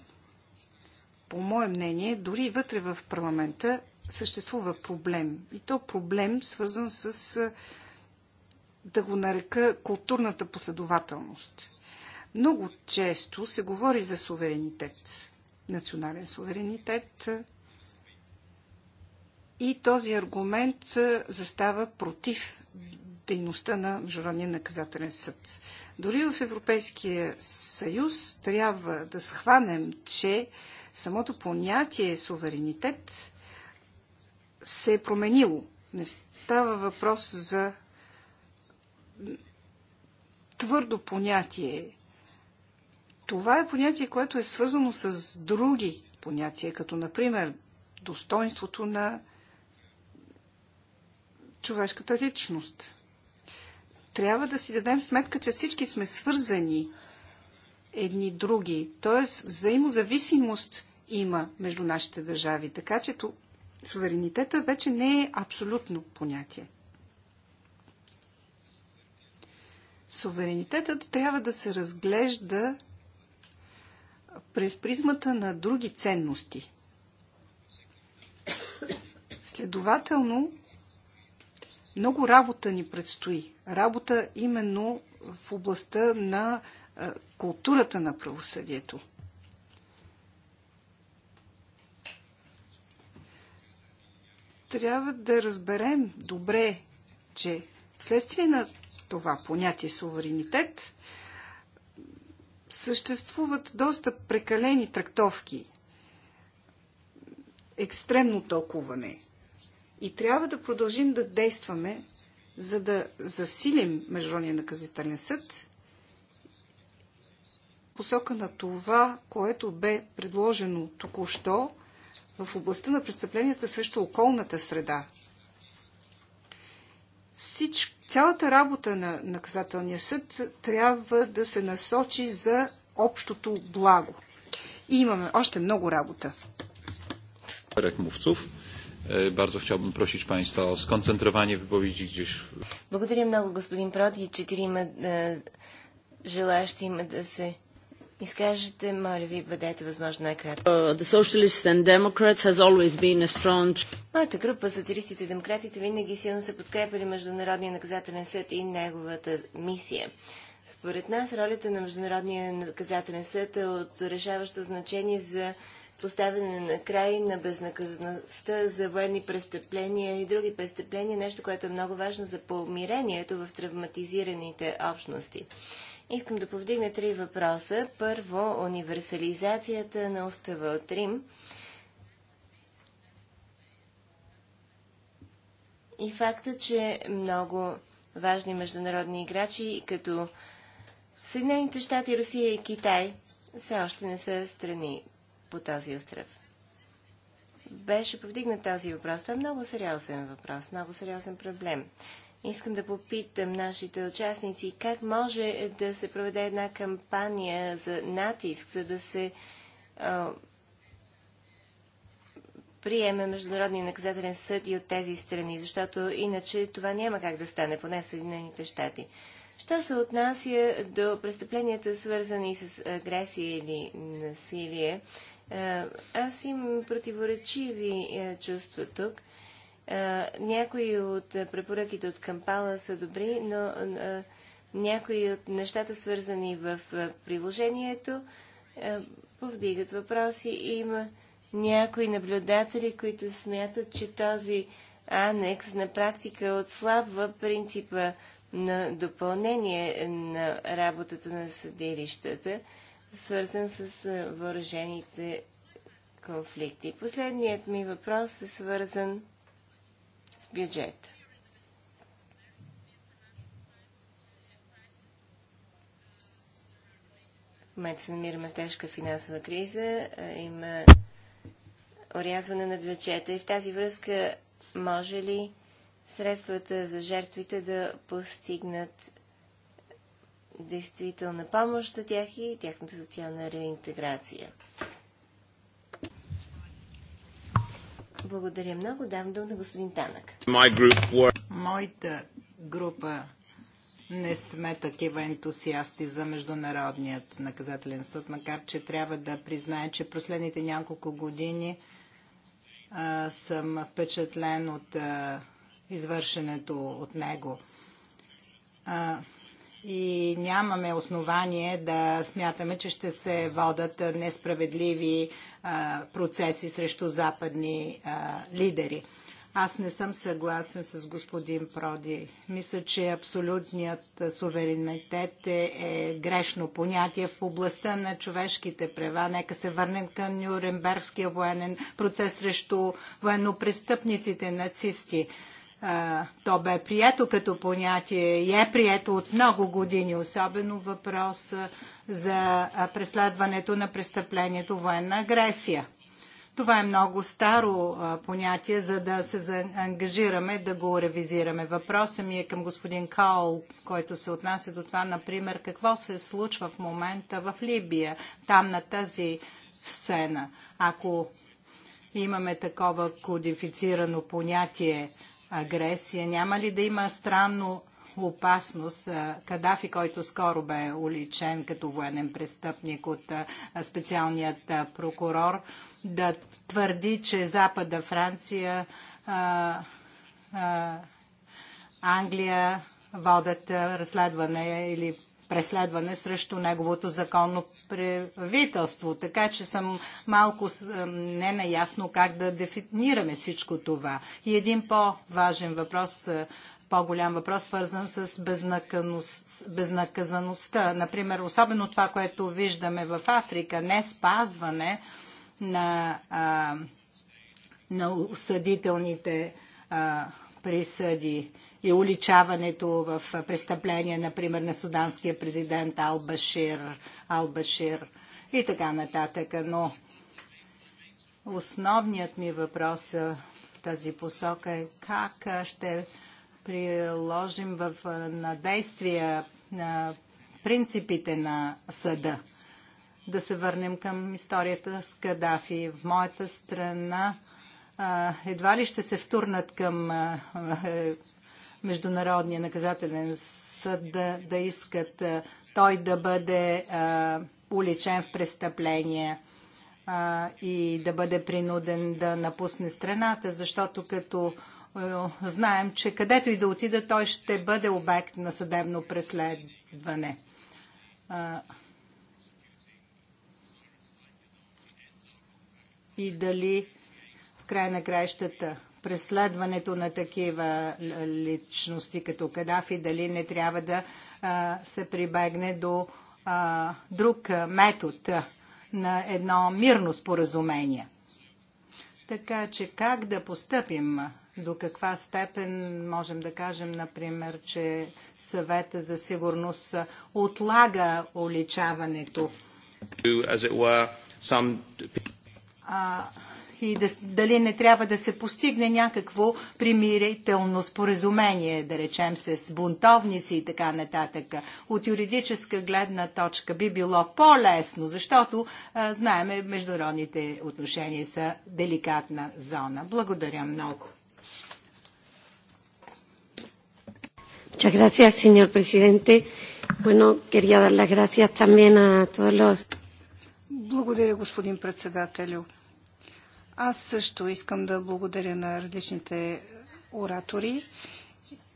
по мое мнение, дори вътре в парламента съществува проблем. И то проблем, свързан с да го нарека културната последователност. Много често се говори за суверенитет, национален суверенитет, и този аргумент застава против дейността на Международния наказателен съд. Дори в Европейския съюз трябва да схванем, че самото понятие суверенитет се е променило. Не става въпрос за твърдо понятие. Това е понятие, което е свързано с други понятия, като например достоинството на човешката личност. Трябва да си дадем сметка, че всички сме свързани едни други, т.е. взаимозависимост има между нашите държави, така че суверенитета вече не е абсолютно понятие. суверенитетът трябва да се разглежда през призмата на други ценности. Следователно, много работа ни предстои. Работа именно в областта на културата на правосъдието. Трябва да разберем добре, че вследствие на това понятие суверенитет, съществуват доста прекалени трактовки, екстремно тълкуване. И трябва да продължим да действаме, за да засилим Международния наказателен съд посока на това, което бе предложено току-що в областта на престъпленията срещу околната среда, Всич, цялата работа на наказателния съд трябва да се насочи за общото благо. И имаме още много работа. Bardzo е, chciałbym prosić Państwa o skoncentrowanie wypowiedzi gdzieś. Благодаря много, господин Проди. Проти. има е, желаящи има да се изкажете, моля ви, бъдете възможно най-кратко. Uh, strong... Моята група, социалистите и демократите, винаги силно са подкрепили Международния наказателен съд и неговата мисия. Според нас ролята на Международния наказателен съд е от решаващо значение за поставяне на край на безнаказаността за военни престъпления и други престъпления, нещо, което е много важно за помирението в травматизираните общности. Искам да повдигна три въпроса. Първо, универсализацията на устава от Рим и факта, че много важни международни играчи, като Съединените щати, Русия и Китай, все още не са страни по този остров. Беше повдигнат този въпрос. Това е много сериозен въпрос, много сериозен проблем. Искам да попитам нашите участници как може да се проведе една кампания за натиск, за да се а, приеме Международния наказателен съд и от тези страни, защото иначе това няма как да стане, поне в Съединените щати. Що се отнася до престъпленията, свързани с агресия или насилие, аз им противоречиви чувства тук – е, някои от препоръките от Кампала са добри, но е, някои от нещата, свързани в е, приложението, повдигат въпроси. Има някои наблюдатели, които смятат, че този анекс на практика отслабва принципа на допълнение на работата на съдилищата, свързан с въоръжените конфликти. Последният ми въпрос е свързан с бюджета. В момента се намираме в тежка финансова криза. Има орязване на бюджета и в тази връзка може ли средствата за жертвите да постигнат действителна помощ за тях и тяхната социална реинтеграция? Благодаря много. Давам дума на господин Танък. Моята група не сме такива ентусиасти за Международният наказателен съд, макар че трябва да призная, че последните няколко години а, съм впечатлен от а, извършенето от него. А, и нямаме основание да смятаме, че ще се водат несправедливи процеси срещу западни лидери. Аз не съм съгласен с господин Проди. Мисля, че абсолютният суверенитет е, е грешно понятие в областта на човешките права. Нека се върнем към Нюрнбергския военен процес срещу военнопрестъпниците, нацисти то бе прието като понятие и е прието от много години, особено въпрос за преследването на престъплението военна агресия. Това е много старо понятие, за да се заангажираме да го ревизираме. Въпросът ми е към господин Каул, който се отнася до това, например, какво се случва в момента в Либия, там на тази сцена. Ако имаме такова кодифицирано понятие, агресия? Няма ли да има странно опасност Кадафи, който скоро бе уличен като военен престъпник от специалният прокурор, да твърди, че Запада, Франция, Англия водят разследване или преследване срещу неговото законно правителство. Така че съм малко е, не наясно как да дефинираме всичко това. И един по-важен въпрос е, по-голям въпрос, свързан с безнаказаността. Например, особено това, което виждаме в Африка, не спазване на, а, на осъдителните а, присъди и уличаването в престъпления, например, на суданския президент Албашир, Албашир и така нататък. Но основният ми въпрос е в тази посока е как ще приложим в, на действия на принципите на съда. Да се върнем към историята с Кадафи. В моята страна едва ли ще се втурнат към е, Международния наказателен съд да, да искат той да бъде уличен в престъпление и да бъде принуден да напусне страната, защото като е, знаем, че където и да отида, той ще бъде обект на съдебно преследване. И дали края на краищата преследването на такива личности като Кадафи, дали не трябва да а, се прибегне до а, друг метод на едно мирно споразумение. Така че как да постъпим? До каква степен можем да кажем, например, че съвета за сигурност отлага уличаването? А, и да, дали не трябва да се постигне някакво примирително споразумение, да речем се с бунтовници и така нататък. От юридическа гледна точка би било по-лесно, защото а, знаеме международните отношения са деликатна зона. Благодаря много. Muchas gracias, señor presidente. Bueno, quería dar las gracias también a todos los. Благодаря, господин председателю. Аз също искам да благодаря на различните оратори.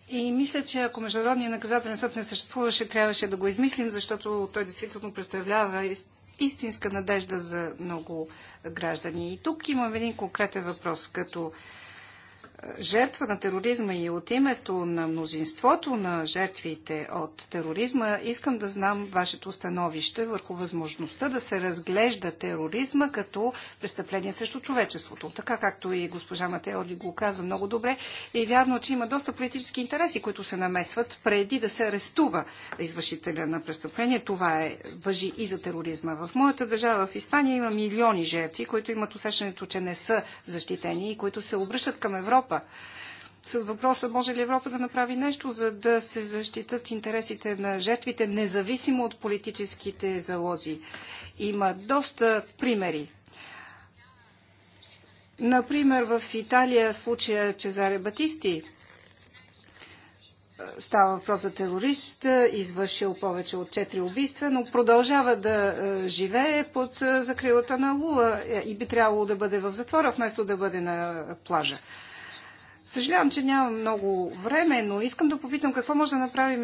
И мисля, че ако Международния наказателен съд не съществуваше, трябваше да го измислим, защото той действително представлява истинска надежда за много граждани. И тук имам един конкретен въпрос. Като жертва на тероризма и от името на мнозинството на жертвите от тероризма, искам да знам вашето становище върху възможността да се разглежда тероризма като престъпление срещу човечеството. Така както и госпожа Матеоли го каза много добре, е вярно, че има доста политически интереси, които се намесват преди да се арестува извършителя на престъпление. Това е въжи и за тероризма. В моята държава, в Испания, има милиони жертви, които имат усещането, че не са защитени и които се обръщат към Европа Европа. С въпроса може ли Европа да направи нещо, за да се защитат интересите на жертвите, независимо от политическите залози. Има доста примери. Например, в Италия случая Чезаре Батисти става въпрос за терорист, извършил повече от 4 убийства, но продължава да е, живее под е, закрилата на Лула е, и би трябвало да бъде в затвора, вместо да бъде на плажа. Съжалявам, че нямам много време, но искам да попитам какво може да направи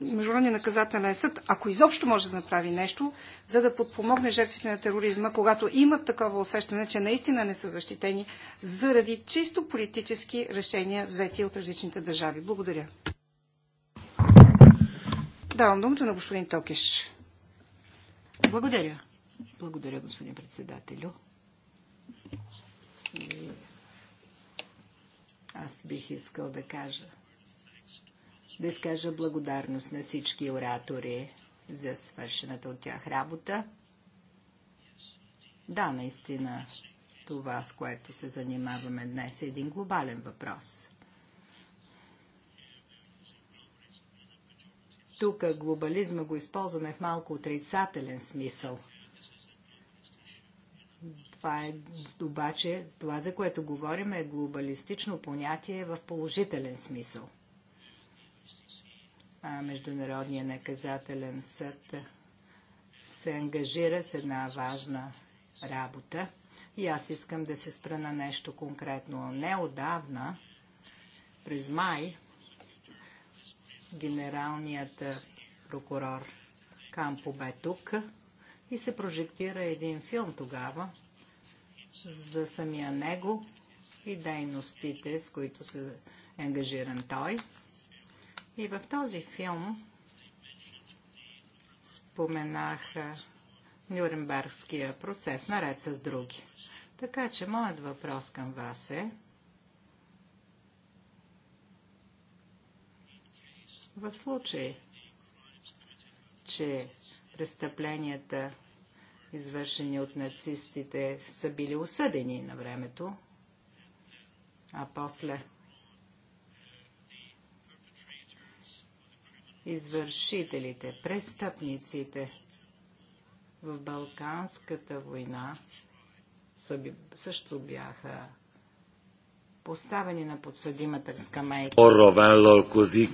Международния наказателен съд, ако изобщо може да направи нещо, за да подпомогне жертвите на тероризма, когато имат такова усещане, че наистина не са защитени заради чисто политически решения, взети от различните държави. Благодаря. Давам думата на господин Токиш. Благодаря. Благодаря, господин председателю. Аз бих искал да кажа. Да изкажа благодарност на всички оратори за свършената от тях работа. Да, наистина, това, с което се занимаваме днес, е един глобален въпрос. Тук глобализма го използваме в малко отрицателен смисъл – това е обаче, това за което говорим е глобалистично понятие в положителен смисъл. А Международният наказателен съд се ангажира с една важна работа. И аз искам да се спра на нещо конкретно. Неодавна, през май, генералният прокурор Кампо бе тук и се прожектира един филм тогава за самия него и дейностите, с които се е ангажиран той. И в този филм споменах Нюрнбергския процес, наред с други. Така че моят въпрос към вас е в случай, че престъпленията извършени от нацистите, са били осъдени на времето, а после извършителите, престъпниците в Балканската война също бяха поставени на подсъдимата скамейка. Arra vállalkozik,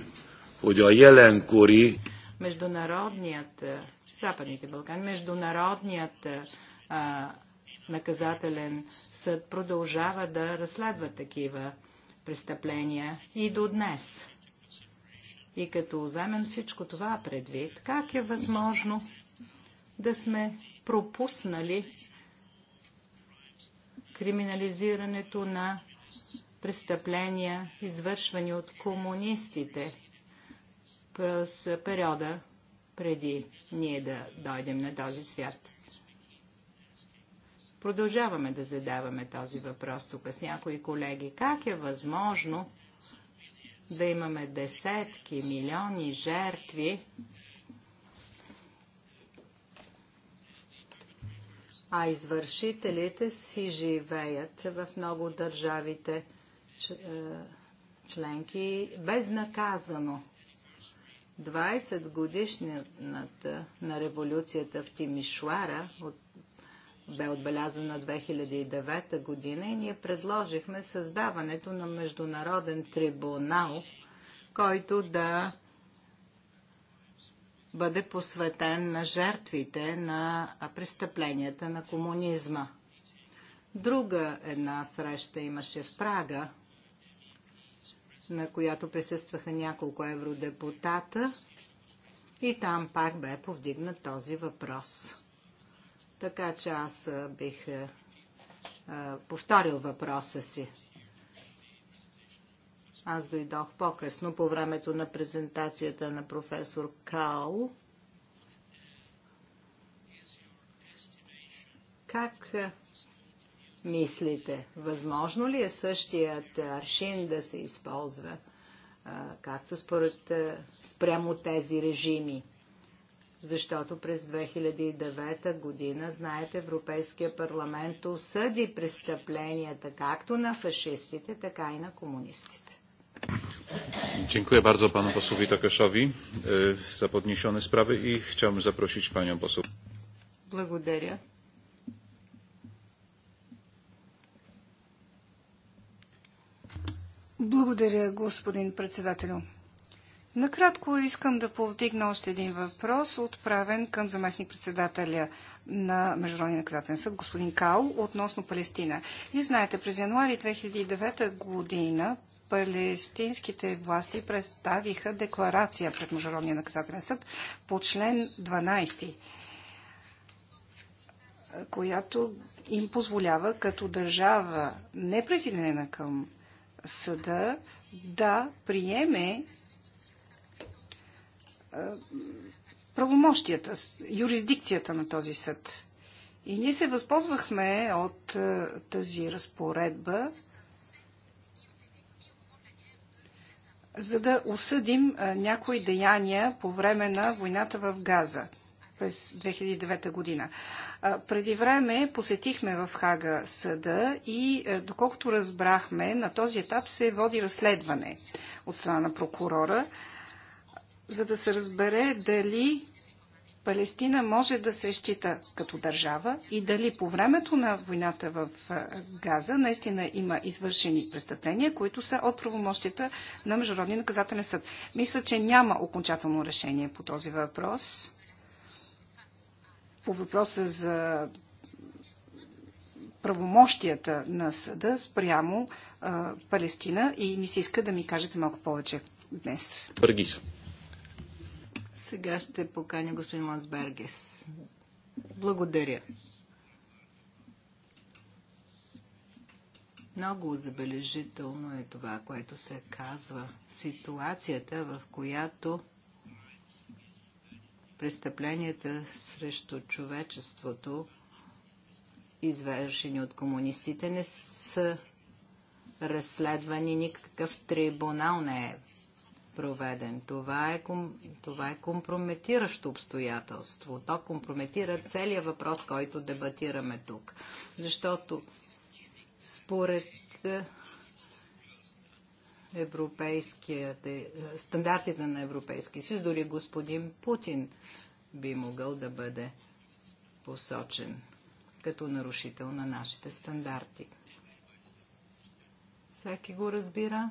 hogy a jelenkori международният, Западните Балкани, международният а, наказателен съд продължава да разследва такива престъпления и до днес. И като вземем всичко това предвид, как е възможно да сме пропуснали криминализирането на престъпления, извършвани от комунистите през периода преди ние да дойдем на този свят. Продължаваме да задаваме този въпрос тук с някои колеги. Как е възможно да имаме десетки милиони жертви, а извършителите си живеят в много държавите членки безнаказано? 20 годишнината на революцията в Тимишуара от, бе отбелязана 2009 година и ние предложихме създаването на международен трибунал, който да бъде посветен на жертвите на престъпленията на комунизма. Друга една среща имаше в Прага на която присъстваха няколко евродепутата и там пак бе повдигнат този въпрос. Така че аз бих повторил въпроса си. Аз дойдох по-късно по времето на презентацията на професор Као. Как мислите? Възможно ли е същият аршин да се използва, както според, спрямо тези режими? Защото през 2009 година, знаете, Европейския парламент осъди престъпленията както на фашистите, така и на комунистите. Dziękuję bardzo panu posłowi Tokeszowi e, za podniesione sprawy i chciałbym zaprosić panią poseł. Благодаря. Благодаря, господин председателю. Накратко искам да повдигна още един въпрос, отправен към заместник-председателя на Международния наказателен съд, господин Као, относно Палестина. И знаете, през януари 2009 година палестинските власти представиха декларация пред Международния наказателен съд по член 12, която им позволява като държава, присъединена към съда да приеме правомощията, юрисдикцията на този съд. И ние се възползвахме от тази разпоредба, за да осъдим някои деяния по време на войната в Газа през 2009 година. Преди време посетихме в Хага съда и е, доколкото разбрахме, на този етап се води разследване от страна на прокурора, за да се разбере дали Палестина може да се счита като държава и дали по времето на войната в е, Газа наистина има извършени престъпления, които са от правомощията на Международния наказателен съд. Мисля, че няма окончателно решение по този въпрос по въпроса за правомощията на съда спрямо а, Палестина и ми се иска да ми кажете малко повече днес. Бъргис. Сега ще поканя господин Лансбергес. Благодаря. Много забележително е това, което се казва. Ситуацията, в която престъпленията срещу човечеството, извършени от комунистите, не са разследвани, никакъв трибунал не е проведен. Това е, това е компрометиращо обстоятелство. То компрометира целият въпрос, който дебатираме тук. Защото според е, европейските, стандартите на Европейския съюз, дори господин Путин би могъл да бъде посочен като нарушител на нашите стандарти. Всеки го разбира.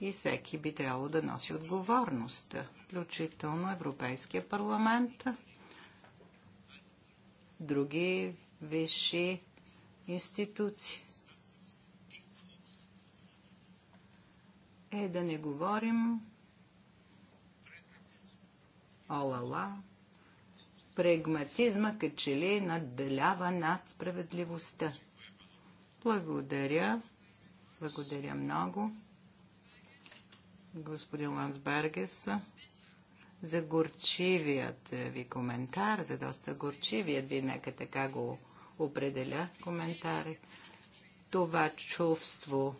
И всеки би трябвало да носи отговорност, включително Европейския парламент, други висши институции. е да не говорим олала. Прагматизма като ли надделява над справедливостта. Благодаря. Благодаря много. Господин Лансбергес, за горчивият ви коментар, за доста горчивият ви, нека така го определя коментар. Това чувство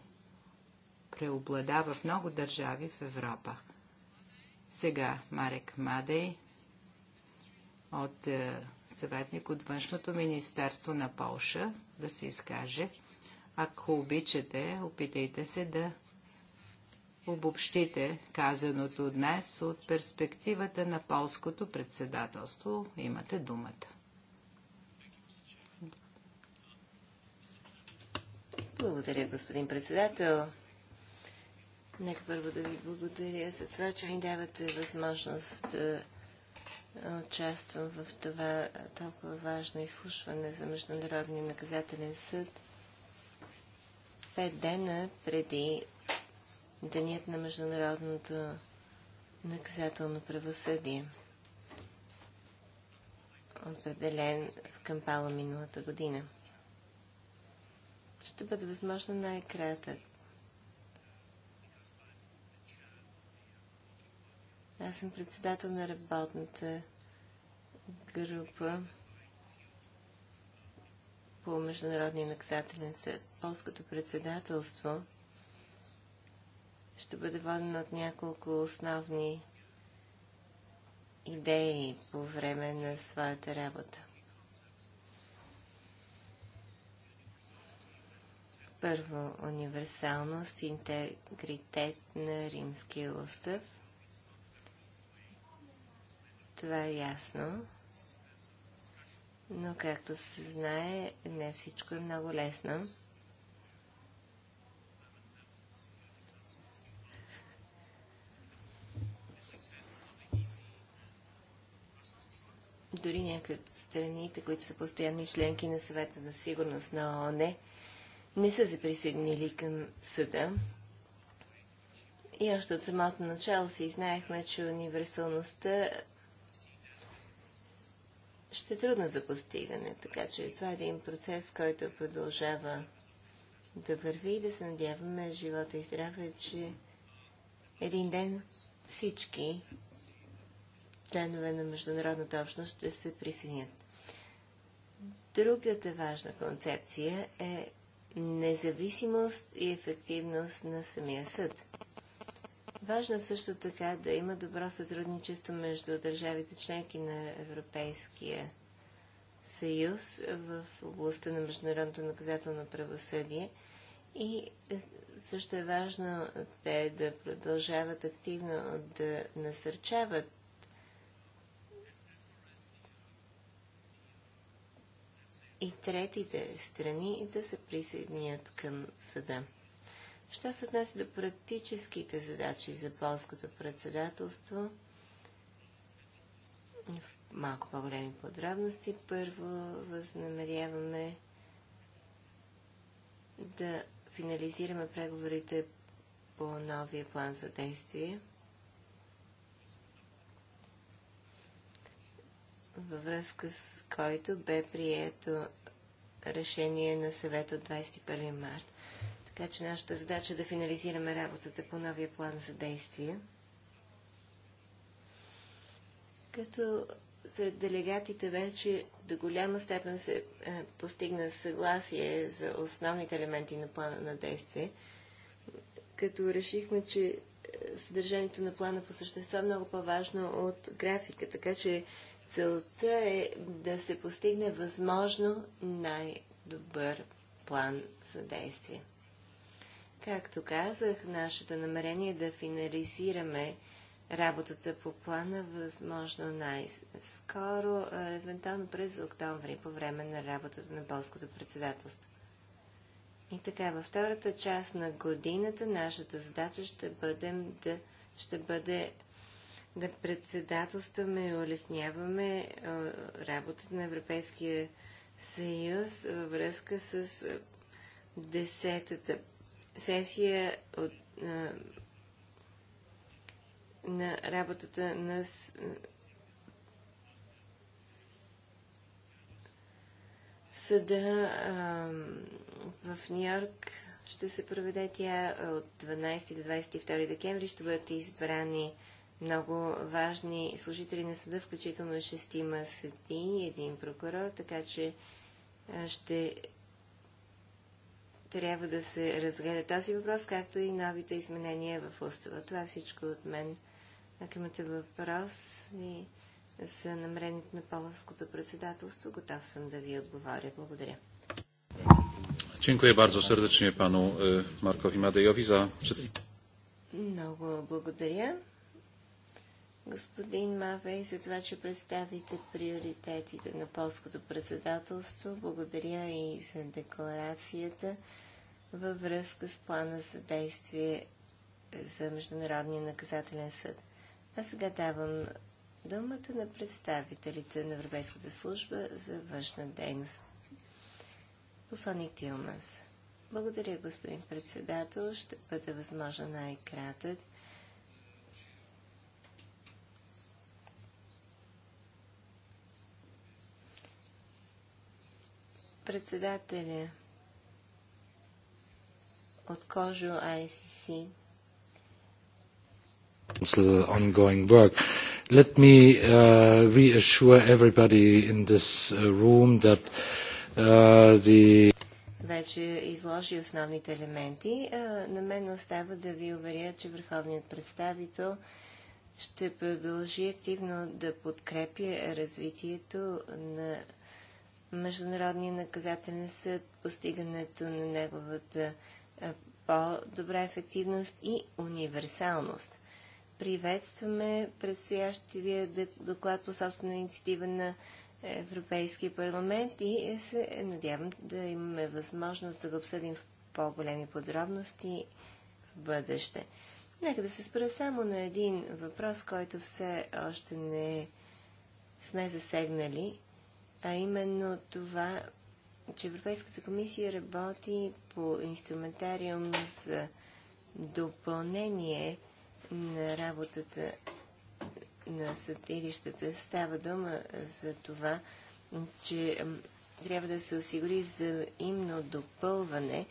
преобладава в много държави в Европа. Сега Марек Мадей от е, съветник от Външното министерство на Полша да се изкаже. Ако обичате, опитайте се да обобщите казаното днес от перспективата на полското председателство. Имате думата. Благодаря, господин председател. Нека първо да ви благодаря за това, че ми давате възможност да участвам в това толкова важно изслушване за Международния наказателен съд. Пет дена преди Денят на Международното наказателно правосъдие, определен в Кампала миналата година. Ще бъде възможно най-кратък. Аз съм председател на работната група по Международния наказателен съд. Полското председателство ще бъде водено от няколко основни идеи по време на своята работа. Първо, универсалност и интегритет на Римския устав – това е ясно. Но както се знае, не всичко е много лесно. Дори някои от страните, които са постоянни членки на съвета на сигурност на ООН, не са се присъединили към съда. И още от самото начало си знаехме, че универсалността ще е трудно за постигане. Така че това е един процес, който продължава да върви и да се надяваме живота и здраве, че един ден всички членове на международната общност ще се присъединят. Другата важна концепция е независимост и ефективност на самия съд. Важно също така да има добро сътрудничество между държавите членки на Европейския съюз в областта на международното наказателно правосъдие и е, също е важно те да продължават активно да насърчават и третите страни да се присъединят към съда. Що се отнася до практическите задачи за полското председателство, в малко по-големи подробности, първо възнамеряваме да финализираме преговорите по новия план за действие във връзка с който бе прието решение на съвет от 21 марта. Така че нашата задача е да финализираме работата по новия план за действие. Като сред делегатите вече до голяма степен се е, постигна съгласие за основните елементи на плана на действие, като решихме, че е, съдържанието на плана по същество е много по-важно от графика, така че целта е да се постигне възможно най-добър план за действие. Както казах, нашето намерение е да финализираме работата по плана възможно най-скоро, евентуално през октомври, по време на работата на полското председателство. И така, във втората част на годината нашата задача ще, бъдем да, ще бъде да председателстваме и улесняваме работата на Европейския съюз във връзка с десетата сесия от, на, на работата на съда а, в Нью-Йорк ще се проведе тя от 12 до 22 декември. Ще бъдат избрани много важни служители на съда, включително 6 съди и един прокурор, така че ще трябва да се разгледа този въпрос, както и новите изменения в устава. Това е всичко от мен. Ако имате въпрос и за намерението на половското председателство, готов съм да ви отговоря. Благодаря. bardzo e, Много благодаря господин Мавей за това, че представите приоритетите на полското председателство. Благодаря и за декларацията във връзка с плана за действие за Международния наказателен съд. А сега давам думата на представителите на Европейската служба за външна дейност. Посланник Тилмас. Благодаря, господин председател. Ще бъде възможно най-кратък. председателя от Кожо ICC. Ongoing work. Let me uh, reassure everybody in this uh, room that uh, the вече изложи основните елементи. На мен остава да ви уверя, че върховният представител ще продължи активно да подкрепи развитието на Международния наказателен съд, постигането на неговата по-добра ефективност и универсалност. Приветстваме предстоящия доклад по собствена инициатива на Европейския парламент и се надявам да имаме възможност да го обсъдим в по-големи подробности в бъдеще. Нека да се спра само на един въпрос, който все още не сме засегнали а именно това, че Европейската комисия работи по инструментариум за допълнение на работата на съдилищата. Става дума за това, че трябва да се осигури взаимно допълване,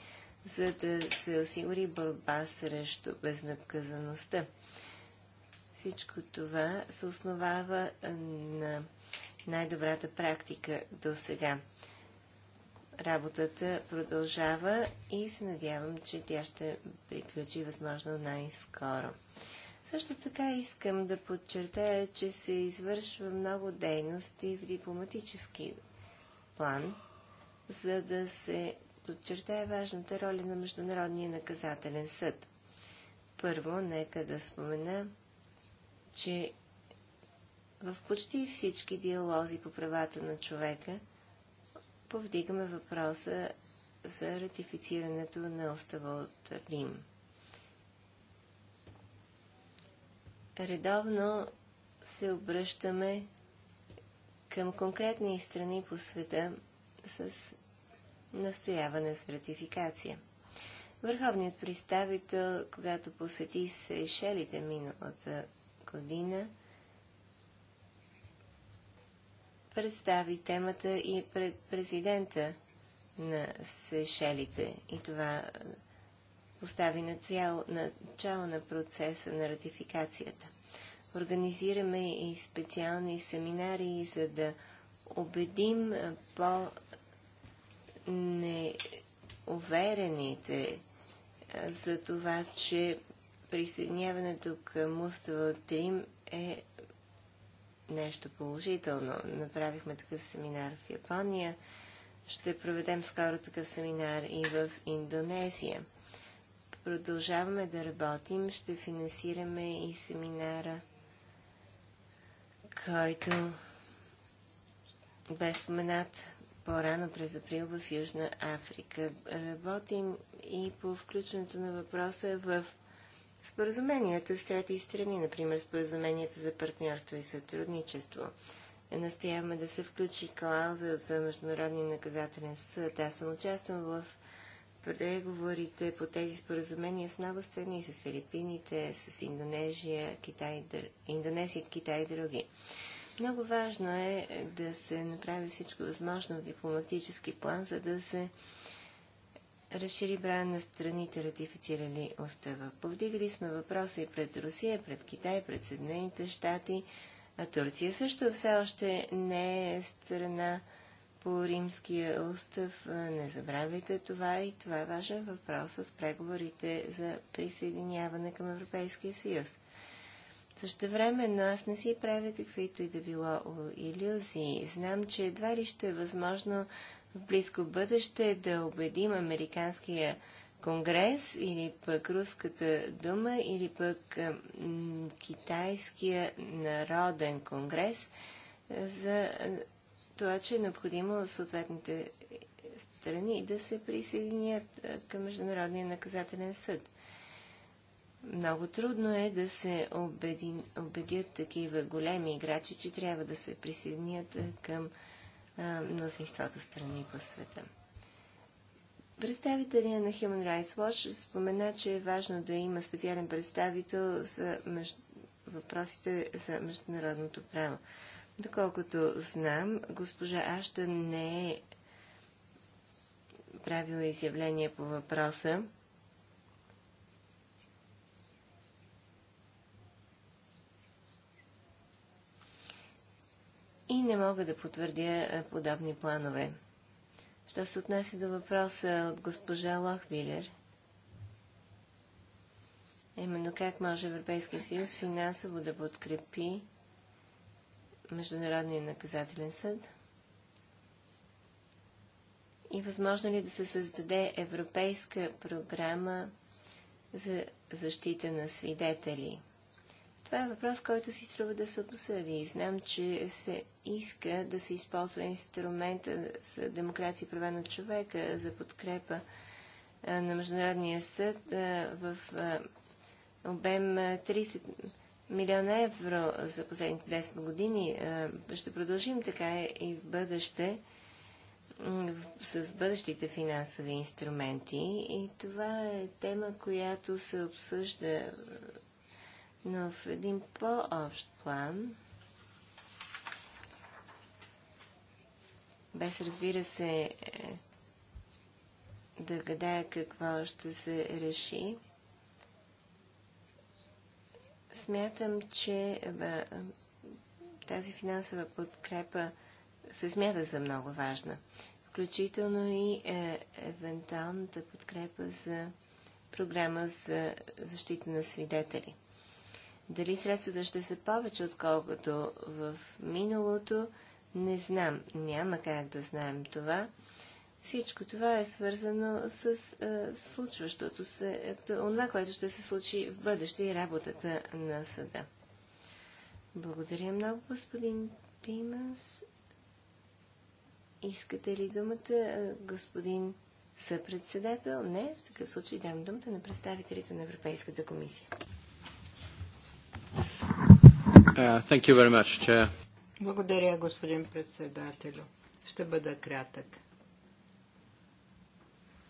за да се осигури борба срещу безнаказаността. Всичко това се основава на най-добрата практика до сега. Работата продължава и се надявам, че тя ще приключи възможно най-скоро. Също така искам да подчертая, че се извършва много дейности в дипломатически план, за да се подчертая важната роля на Международния наказателен съд. Първо, нека да спомена, че в почти всички диалози по правата на човека повдигаме въпроса за ратифицирането на устава от Рим. Редовно се обръщаме към конкретни страни по света с настояване с ратификация. Върховният представител, когато посети Сейшелите миналата година, представи темата и пред президента на Сейшелите. И това е, постави начало на, на процеса на ратификацията. Организираме и специални семинари, за да убедим е, по-неуверените е, за това, че присъединяването към Мустава Трим е нещо положително. Направихме такъв семинар в Япония. Ще проведем скоро такъв семинар и в Индонезия. Продължаваме да работим. Ще финансираме и семинара, който бе споменат по-рано през април в Южна Африка. Работим и по включването на въпроса в споразуменията с трети страни, например споразуменията за партньорство и сътрудничество. Настояваме да се включи клауза за Международния наказателен съд. Аз съм участвам в преговорите по тези споразумения с много страни, с Филипините, с Индонезия, Китай, Индонезия, Китай и други. Много важно е да се направи всичко възможно в дипломатически план, за да се разшири броя на страните, ратифицирали устава. Повдигали сме въпроса и пред Русия, пред Китай, пред Съединените щати, а Турция също все още не е страна по римския устав. Не забравяйте това и това е важен въпрос в преговорите за присъединяване към Европейския съюз. време но аз не си правя каквито и да било иллюзии. Знам, че едва ли ще е възможно в близко бъдеще да убедим Американския конгрес или пък Руската дума или пък Китайския народен конгрес за това, че е необходимо съответните страни да се присъединят към Международния наказателен съд. Много трудно е да се убедят такива големи играчи, че трябва да се присъединят към мнозинството страни по света. Представителя на Human Rights Watch спомена, че е важно да има специален представител за меж... въпросите за международното право. Доколкото знам, госпожа Ашта не е правила изявление по въпроса и не мога да потвърдя е, подобни планове. Що се отнася до въпроса от госпожа Лохбилер, именно как може Европейския съюз финансово да подкрепи Международния наказателен съд и възможно ли да се създаде европейска програма за защита на свидетели – това е въпрос, който си струва да се обсъди. Знам, че се иска да се използва инструмента за демокрация и права на човека за подкрепа на Международния съд в обем 30 милиона евро за последните 10 години. Ще продължим така и в бъдеще с бъдещите финансови инструменти. И това е тема, която се обсъжда но в един по-общ план, без разбира се е, да гадая какво ще се реши, смятам, че е, тази финансова подкрепа се смята за много важна, включително и е, евентуалната подкрепа за програма за защита на свидетели. Дали средствата ще са повече, отколкото в миналото, не знам. Няма как да знаем това. Всичко това е свързано с а, е, случващото се, е, това, което ще се случи в бъдеще и работата на съда. Благодаря много, господин Тимас. Искате ли думата, е, господин съпредседател? Не, в такъв случай дам думата на представителите на Европейската комисия. Uh, much, Благодаря, господин председател, Ще бъда кратък.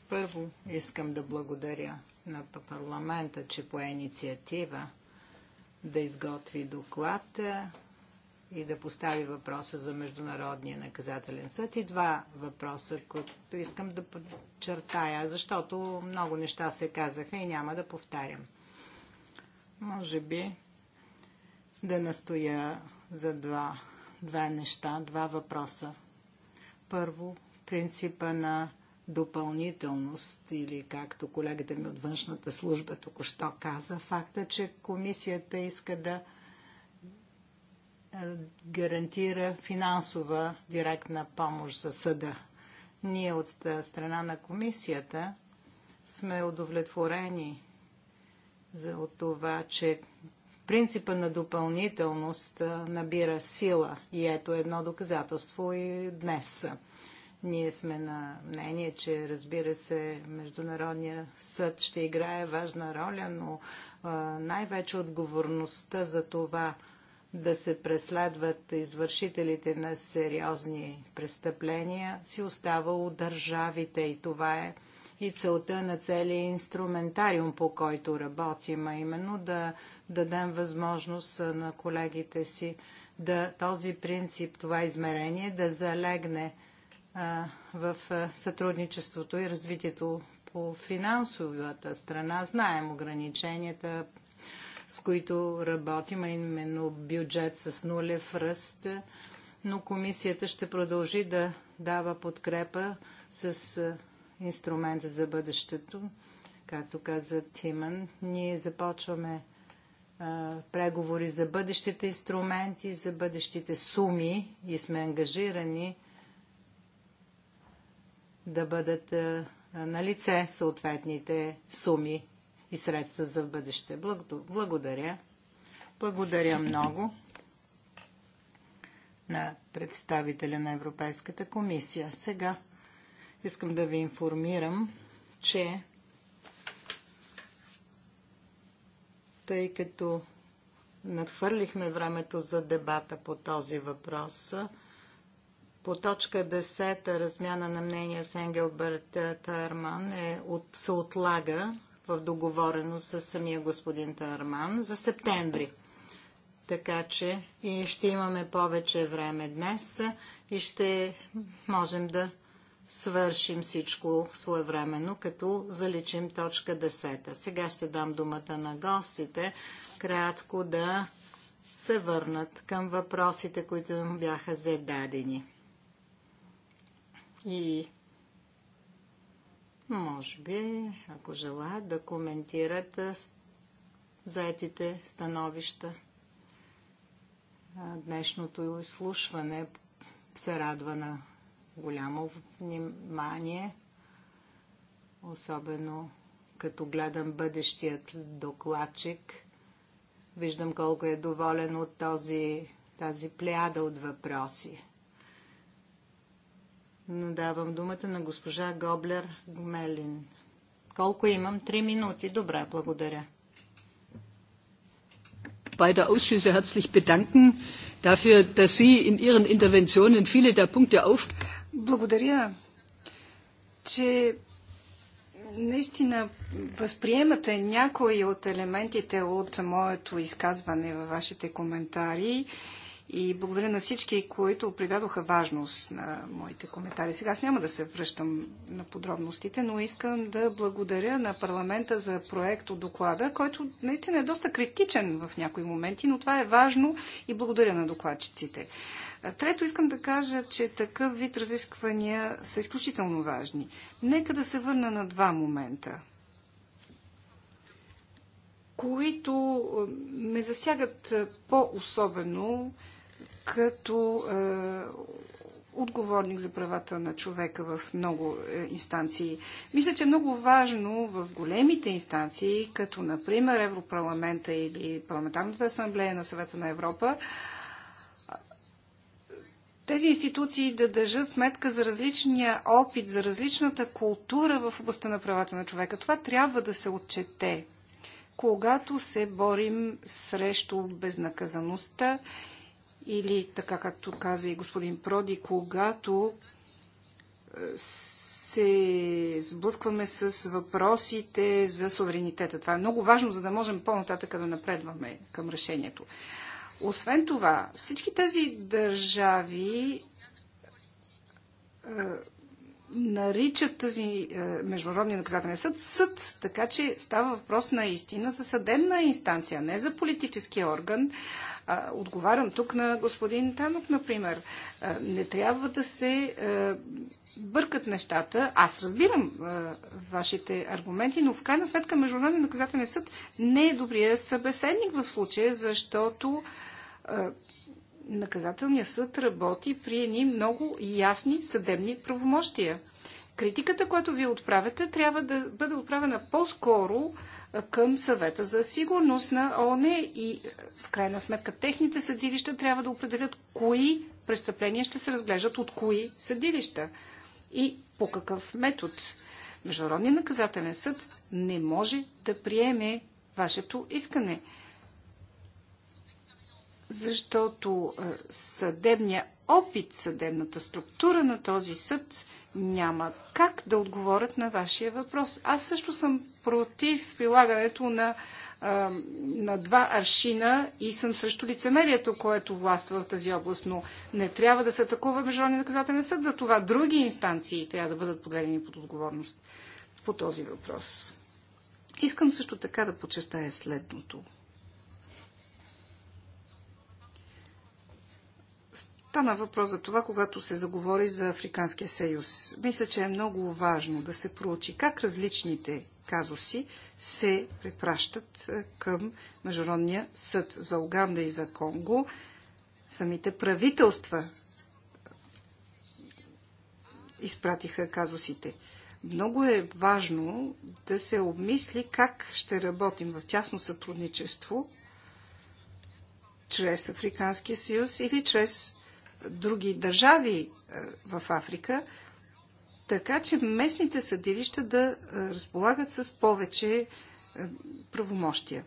Първо искам да благодаря на парламента, че пое инициатива да изготви доклад и да постави въпроса за Международния наказателен съд. И два въпроса, които искам да подчертая, защото много неща се казаха и няма да повтарям. Може би да настоя за два, два неща, два въпроса. Първо, принципа на допълнителност или както колегата ми от външната служба току-що каза, факта, че комисията иска да е, гарантира финансова директна помощ за съда. Ние от страна на комисията сме удовлетворени за от това, че принципа на допълнителност набира сила и ето едно доказателство и днес. Ние сме на мнение, че разбира се, Международния съд ще играе важна роля, но най-вече отговорността за това да се преследват извършителите на сериозни престъпления си остава у държавите и това е и целта на целия инструментариум, по който работим, а именно да дадем възможност на колегите си да този принцип, това измерение да залегне в сътрудничеството и развитието по финансовата страна. Знаем ограниченията, с които работим, а именно бюджет с нулев ръст, но комисията ще продължи да дава подкрепа с инструмент за бъдещето. Както каза Тиман, ние започваме а, преговори за бъдещите инструменти, за бъдещите суми и сме ангажирани да бъдат а, на лице съответните суми и средства за бъдеще. Благодаря. Благодаря много на представителя на Европейската комисия. Сега Искам да ви информирам, че тъй като надхвърлихме времето за дебата по този въпрос, по точка 10 размяна на мнение с Енгелберт Тарман, е, от, се отлага в договореност с самия господин Тарман за септември. Така че и ще имаме повече време днес и ще можем да свършим всичко своевременно, като заличим точка 10. Сега ще дам думата на гостите кратко да се върнат към въпросите, които им бяха зададени. И може би, ако желаят, да коментират заетите становища. Днешното изслушване се радва на голямо внимание, особено като гледам бъдещият докладчик. Виждам колко е доволен от този, тази плеяда от въпроси. Но давам думата на госпожа Гоблер Гмелин. Колко имам? Три минути. Добре, благодаря. Beide Ausschüsse herzlich bedanken dafür, dass Sie in Ihren Interventionen viele der Punkte aufgeben. Благодаря, че наистина възприемате някои от елементите от моето изказване във вашите коментари и благодаря на всички, които придадоха важност на моите коментари. Сега аз няма да се връщам на подробностите, но искам да благодаря на парламента за проект от доклада, който наистина е доста критичен в някои моменти, но това е важно и благодаря на докладчиците. Трето искам да кажа, че такъв вид разисквания са изключително важни. Нека да се върна на два момента, които ме засягат по-особено като е, отговорник за правата на човека в много е, инстанции. Мисля, че е много важно в големите инстанции, като например Европарламента или Парламентарната асамблея на съвета на Европа, е, тези институции да държат сметка за различния опит, за различната култура в областта на правата на човека. Това трябва да се отчете, когато се борим срещу безнаказаността или, така както каза и господин Проди, когато е, се сблъскваме с въпросите за суверенитета. Това е много важно, за да можем по-нататък да напредваме към решението. Освен това, всички тези държави е, наричат този е, Международния наказателен съд съд, така че става въпрос наистина за съдебна инстанция, не за политически орган. Е, отговарям тук на господин Танок, например. Е, не трябва да се е, бъркат нещата. Аз разбирам вашите аргументи, но в крайна сметка Международния наказателен съд не е добрия събеседник в случая, защото наказателният съд работи при едни много ясни съдебни правомощия. Критиката, която вие отправяте, трябва да бъде отправена по-скоро към съвета за сигурност на ООН и в крайна сметка техните съдилища трябва да определят кои престъпления ще се разглеждат от кои съдилища и по какъв метод. Международният наказателен съд не може да приеме вашето искане защото е, съдебният опит, съдебната структура на този съд няма как да отговорят на вашия въпрос. Аз също съм против прилагането на, е, на два аршина и съм срещу лицемерието, което властва в тази област, но не трябва да се атакува Международния наказателен съд. За това други инстанции трябва да бъдат подведени под отговорност по този въпрос. Искам също така да подчертая следното – Стана въпрос за това, когато се заговори за Африканския съюз. Мисля, че е много важно да се проучи как различните казуси се препращат е, към Международния съд за Уганда и за Конго. Самите правителства е, изпратиха казусите. Много е важно да се обмисли как ще работим в тясно сътрудничество чрез Африканския съюз или чрез други държави е, в Африка, така че местните съдилища да е, разполагат с повече е, правомощия.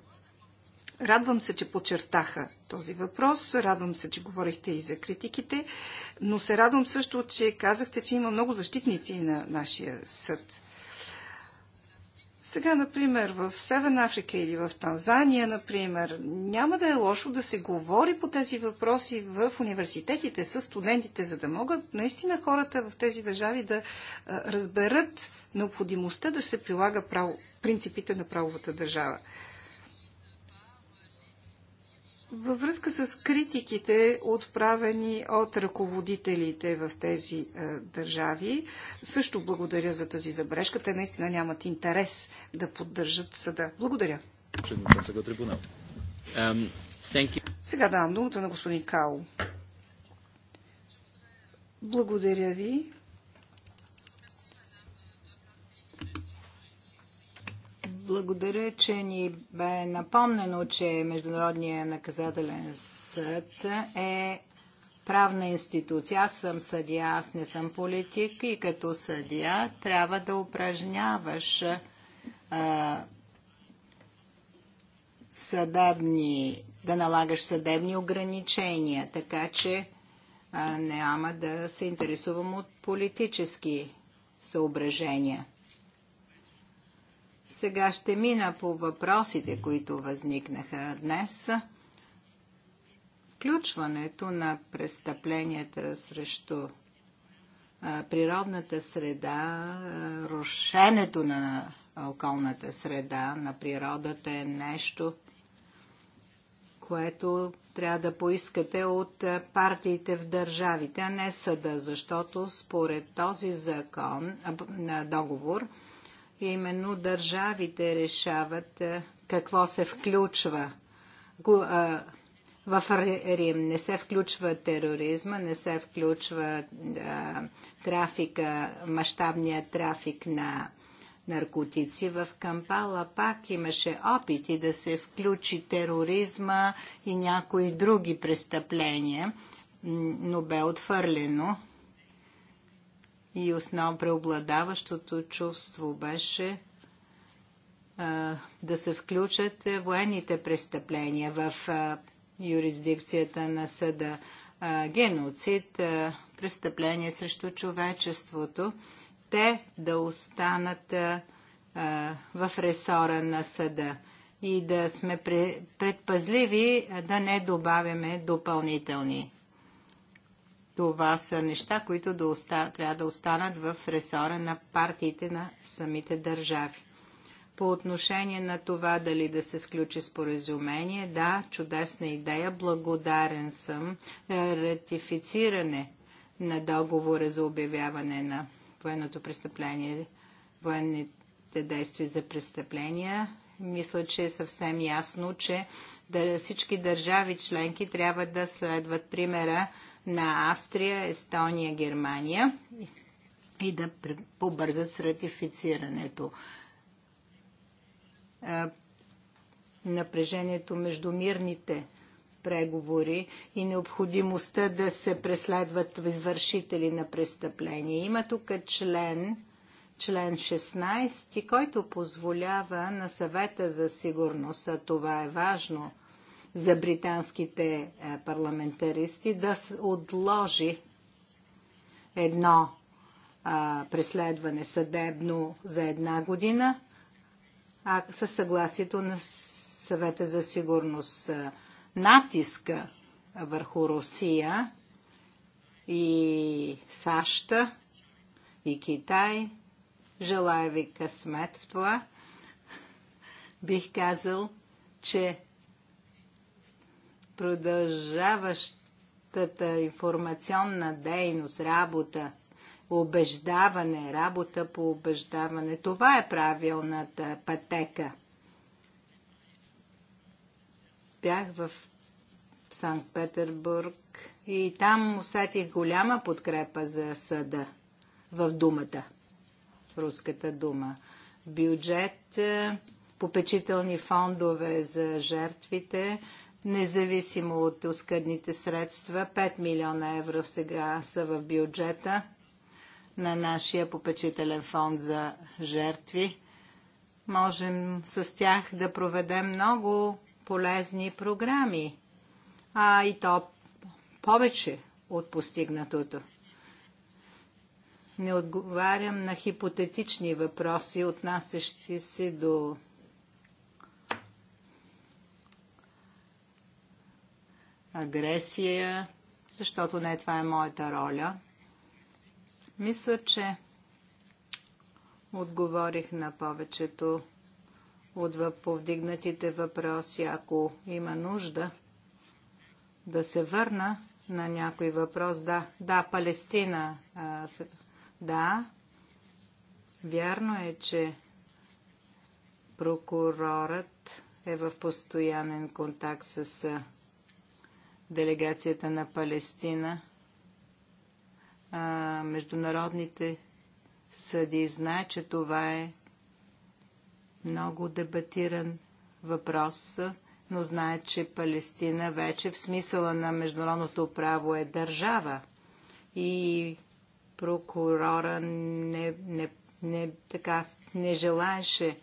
Радвам се, че подчертаха този въпрос, радвам се, че говорихте и за критиките, но се радвам също, че казахте, че има много защитници на нашия съд. Сега, например, в Северна Африка или в Танзания, например, няма да е лошо да се говори по тези въпроси в университетите с студентите, за да могат наистина хората в тези държави да разберат необходимостта да се прилага право, принципите на правовата държава. Във връзка с критиките, отправени от ръководителите в тези е, държави, също благодаря за тази забрежка. Те наистина нямат интерес да поддържат съда. Благодаря. Сега давам думата на господин Као. Благодаря ви. Благодаря, че ни бе напомнено, че Международния наказателен съд е правна институция. Аз съм съдия, аз не съм политик и като съдия трябва да упражняваш а, съдебни, да налагаш съдебни ограничения, така че а, няма да се интересувам от политически съображения. Сега ще мина по въпросите, които възникнаха днес. Включването на престъпленията срещу природната среда, рушенето на околната среда, на природата е нещо, което трябва да поискате от партиите в държавите, а не съда, защото според този закон, договор, именно държавите решават какво се включва. В Рим не се включва тероризма, не се включва трафика, мащабния трафик на наркотици. В Кампала пак имаше опити да се включи тероризма и някои други престъпления, но бе отвърлено и основно преобладаващото чувство беше да се включат военните престъпления в юрисдикцията на съда. геноцид, престъпления срещу човечеството, те да останат в ресора на съда и да сме предпазливи да не добавяме допълнителни това са неща, които да оста... трябва да останат в ресора на партиите на самите държави. По отношение на това дали да се сключи споразумение, да, чудесна идея, благодарен съм. Е, ратифициране на договора за обявяване на военното престъпление, военните действия за престъпления. Мисля, че е съвсем ясно, че всички държави членки трябва да следват примера на Австрия, Естония, Германия и да побързат с ратифицирането. Е, напрежението между мирните преговори и необходимостта да се преследват извършители на престъпления. Има тук член, член 16, който позволява на съвета за сигурност, а това е важно – за британските е, парламентаристи да отложи едно преследване съдебно за една година а, със съгласието на съвета за сигурност. Натиска върху Русия и САЩ и Китай. Желая ви късмет в това. Бих казал, че продължаващата информационна дейност, работа, убеждаване, работа по убеждаване. Това е правилната пътека. Бях в Санкт-Петербург и там усетих голяма подкрепа за съда в думата, руската дума. Бюджет, е, попечителни фондове за жертвите, независимо от оскъдните средства. 5 милиона евро сега са в бюджета на нашия попечителен фонд за жертви. Можем с тях да проведем много полезни програми, а и то повече от постигнатото. Не отговарям на хипотетични въпроси, отнасящи се до агресия, защото не това е моята роля. Мисля, че отговорих на повечето от повдигнатите въпроси. Ако има нужда да се върна на някой въпрос, да, да, Палестина, да, вярно е, че прокурорът е в постоянен контакт с делегацията на Палестина, а, международните съди знае, че това е много дебатиран въпрос, но знае, че Палестина вече в смисъла на международното право е държава. И прокурора не, не, не, така, не желаеше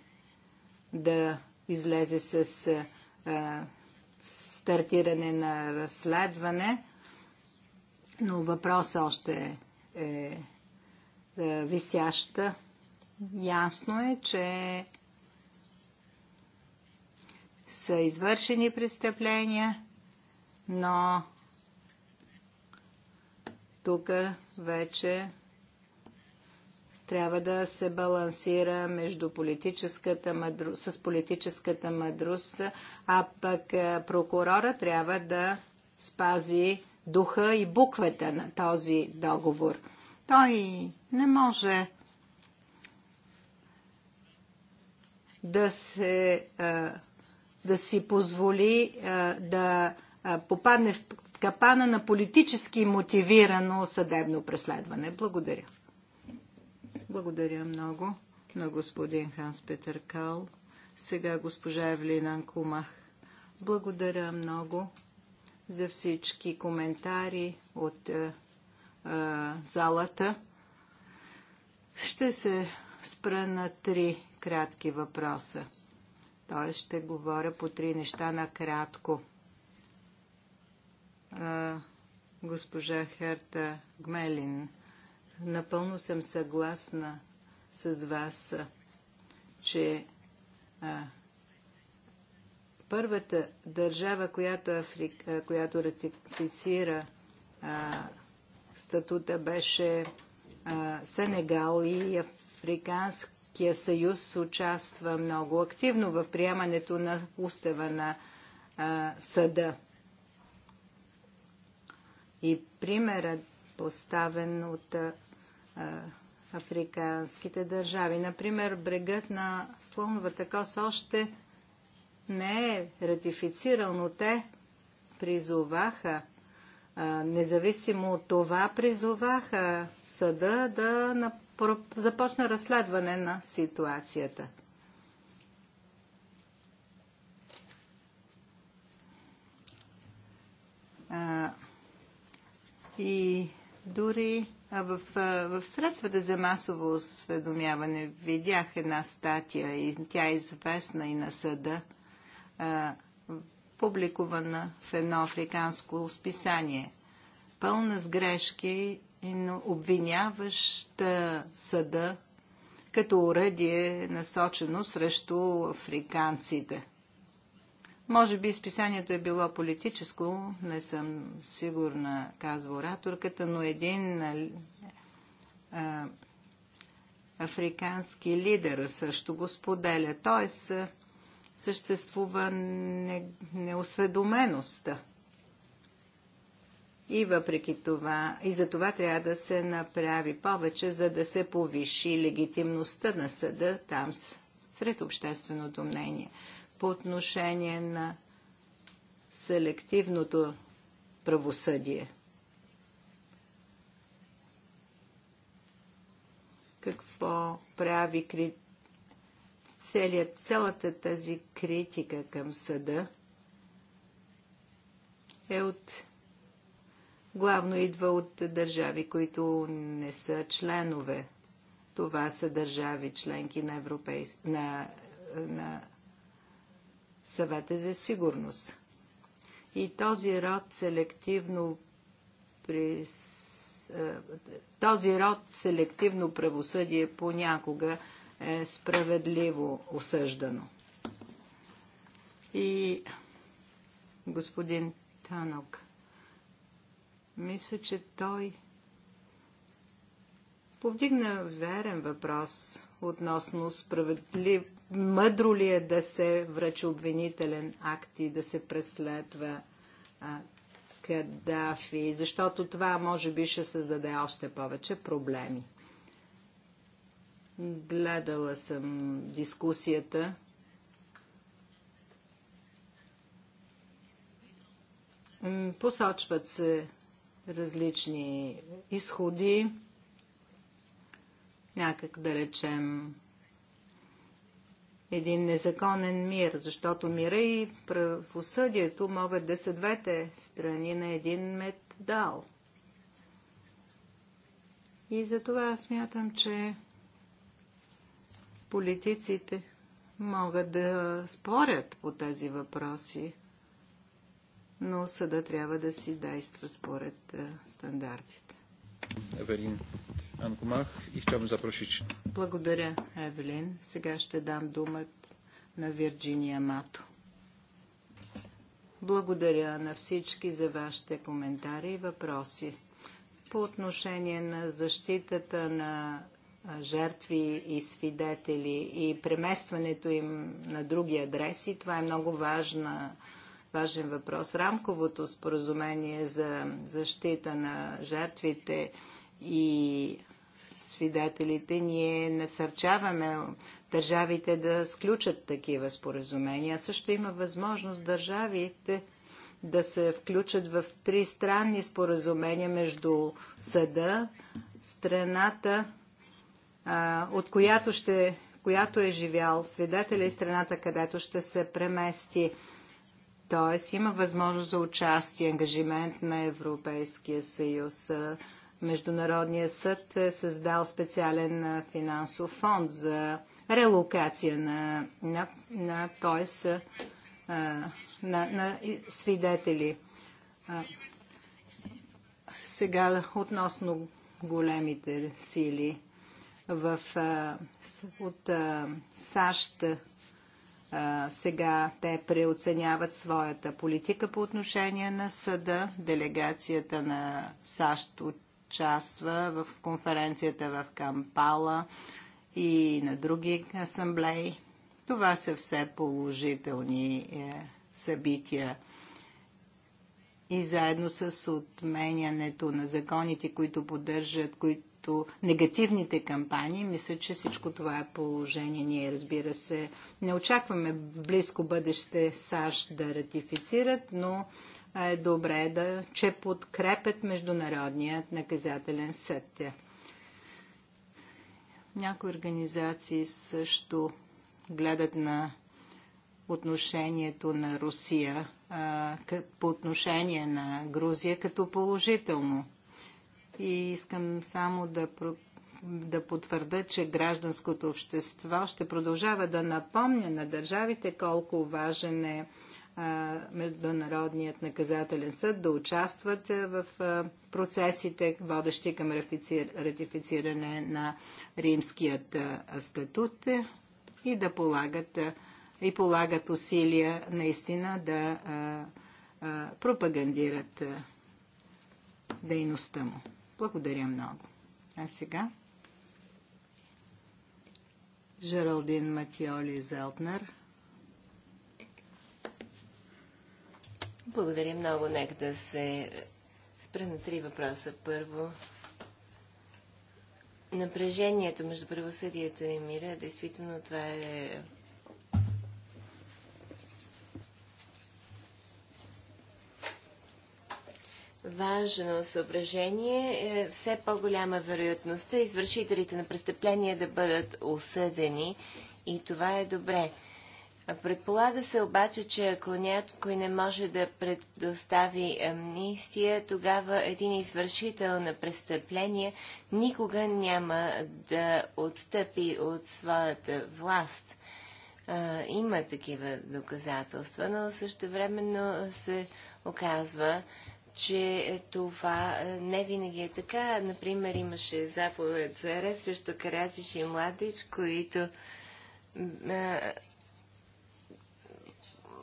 да излезе с а, стартиране на разследване, но въпросът още е, е висяща. Ясно е, че са извършени престъпления, но тук вече трябва да се балансира между политическата мъдро, с политическата мъдрост, а пък е, прокурора трябва да спази духа и буквата на този договор. Той не може да, се, е, да си позволи е, да попадне в капана на политически мотивирано съдебно преследване. Благодаря. Благодаря много на господин Ханс Петър Кал. Сега госпожа Евлина Кумах. Благодаря много за всички коментари от е, е, залата. Ще се спра на три кратки въпроса. Т.е. ще говоря по три неща накратко. Е, госпожа Херта Гмелин Напълно съм съгласна с вас, че а, първата държава, която, Африка, която ратифицира а, статута, беше а, Сенегал и Африканския съюз участва много активно в приемането на устава на а, съда. И примерът, поставен от африканските държави. Например, брегът на Слоновата коса още не е ратифицирал, но те призоваха, независимо от това, призоваха съда да започна разследване на ситуацията. и дори в, в средствата за масово осведомяване видях една статия и тя е известна и на съда, а, публикувана в едно африканско списание. Пълна с грешки, но обвиняваща съда като оръдие насочено срещу африканците. Може би изписанието е било политическо, не съм сигурна, казва ораторката, но един а, африкански лидер също го споделя. Тоест, съществува не, неосведомеността. И въпреки това, и за това трябва да се направи повече, за да се повиши легитимността на съда там сред общественото мнение по отношение на селективното правосъдие. Какво прави кри... Целият, цялата тази критика към съда е от главно идва от държави, които не са членове. Това са държави членки на, европейс... на, на съвета за сигурност. И този род селективно при е, този род селективно правосъдие понякога е справедливо осъждано. И господин Танок, мисля, че той повдигна верен въпрос относно справедлив, мъдро ли е да се връча обвинителен акт и да се преследва а, Кадафи, защото това може би ще създаде още повече проблеми. Гледала съм дискусията. Посочват се различни изходи. Някак да речем един незаконен мир, защото мира и правосъдието могат да са двете страни на един медал. И за това смятам, че политиците могат да спорят по тези въпроси, но съда трябва да си действа според стандартите. Евелин. Анкомах и chciałbym запросить. Благодаря, Евелин. Сега ще дам думата на Вирджиния Мато. Благодаря на всички за вашите коментари и въпроси. По отношение на защитата на жертви и свидетели и преместването им на други адреси, това е много важна важен въпрос. Рамковото споразумение за защита на жертвите и свидетелите, ние насърчаваме държавите да сключат такива споразумения. Също има възможност държавите да се включат в три странни споразумения между съда, страната, от която, ще, която е живял свидетеля и страната, където ще се премести. Тоест има възможност за участие, ангажимент на Европейския съюз. Международният съд е създал специален финансов фонд за релокация на, на, на т.е. На, на свидетели. Сега относно големите сили в, от САЩ сега те преоценяват своята политика по отношение на съда. Делегацията на САЩ от участва в конференцията в Кампала и на други асамблеи. Това са все положителни е, събития. И заедно с отменянето на законите, които поддържат, които негативните кампании, мисля, че всичко това е положение. Ние, разбира се, не очакваме близко бъдеще САЩ да ратифицират, но е добре да, че подкрепят Международният наказателен съд. Някои организации също гледат на отношението на Русия а, по отношение на Грузия като положително. И искам само да, да потвърда, че гражданското общество ще продължава да напомня на държавите колко важен е Международният наказателен съд да участват е, в процесите, водещи към ратифициране на Римският статут е, и да полагат, и полагат усилия наистина да пропагандират дейността му. Благодаря много. А сега? Жералдин Матиоли Зелтнер. Благодаря много. Нека да се спра на три въпроса. Първо, напрежението между правосъдието и мира, действително това е важно съображение. Е, все по-голяма вероятността извършителите на престъпления да бъдат осъдени и това е добре. Предполага се обаче, че ако някой не може да предостави амнистия, тогава един извършител на престъпление никога няма да отстъпи от своята власт. има такива доказателства, но същевременно се оказва, че това не винаги е така. Например, имаше заповед за арест срещу Караджиш и Младич, които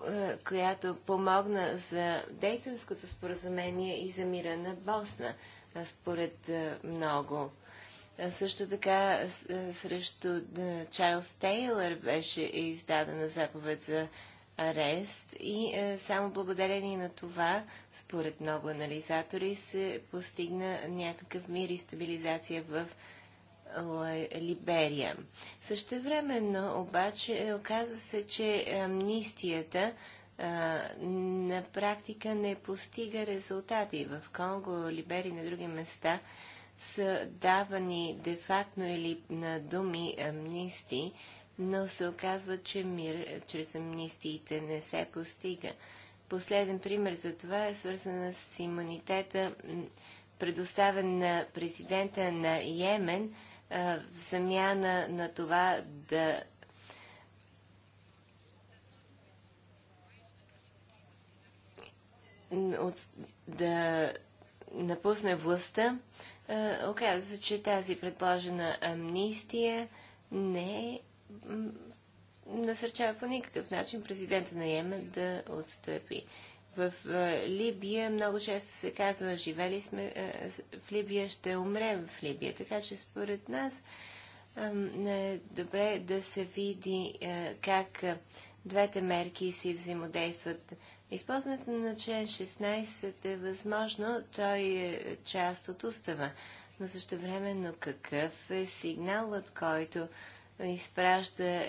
е, която помогна за Дейтонското споразумение и за мира на Босна, според е, много. Също така е, срещу Чарлз Тейлър беше издадена заповед за арест и само благодарение на това, според много анализатори, се постигна някакъв мир и стабилизация в Либерия. Същевременно обаче е, оказва се, че амнистията а, на практика не постига резултати. В Конго, Либери и на други места са давани де-фактно или на думи амнисти, но се оказва, че мир чрез амнистиите не се постига. Последен пример за това е свързана с имунитета, предоставен на президента на Йемен – в замяна на това да от, да напусне властта, е, оказва се, че тази предложена амнистия не насърчава по никакъв начин президента на Йемен да отстъпи в е, Либия много често се казва, живели сме е, в Либия, ще умрем в Либия. Така че според нас е добре да се види е, как двете мерки си взаимодействат. Използването на член 16 е възможно, той е част от устава, но също но какъв е сигналът, който изпраща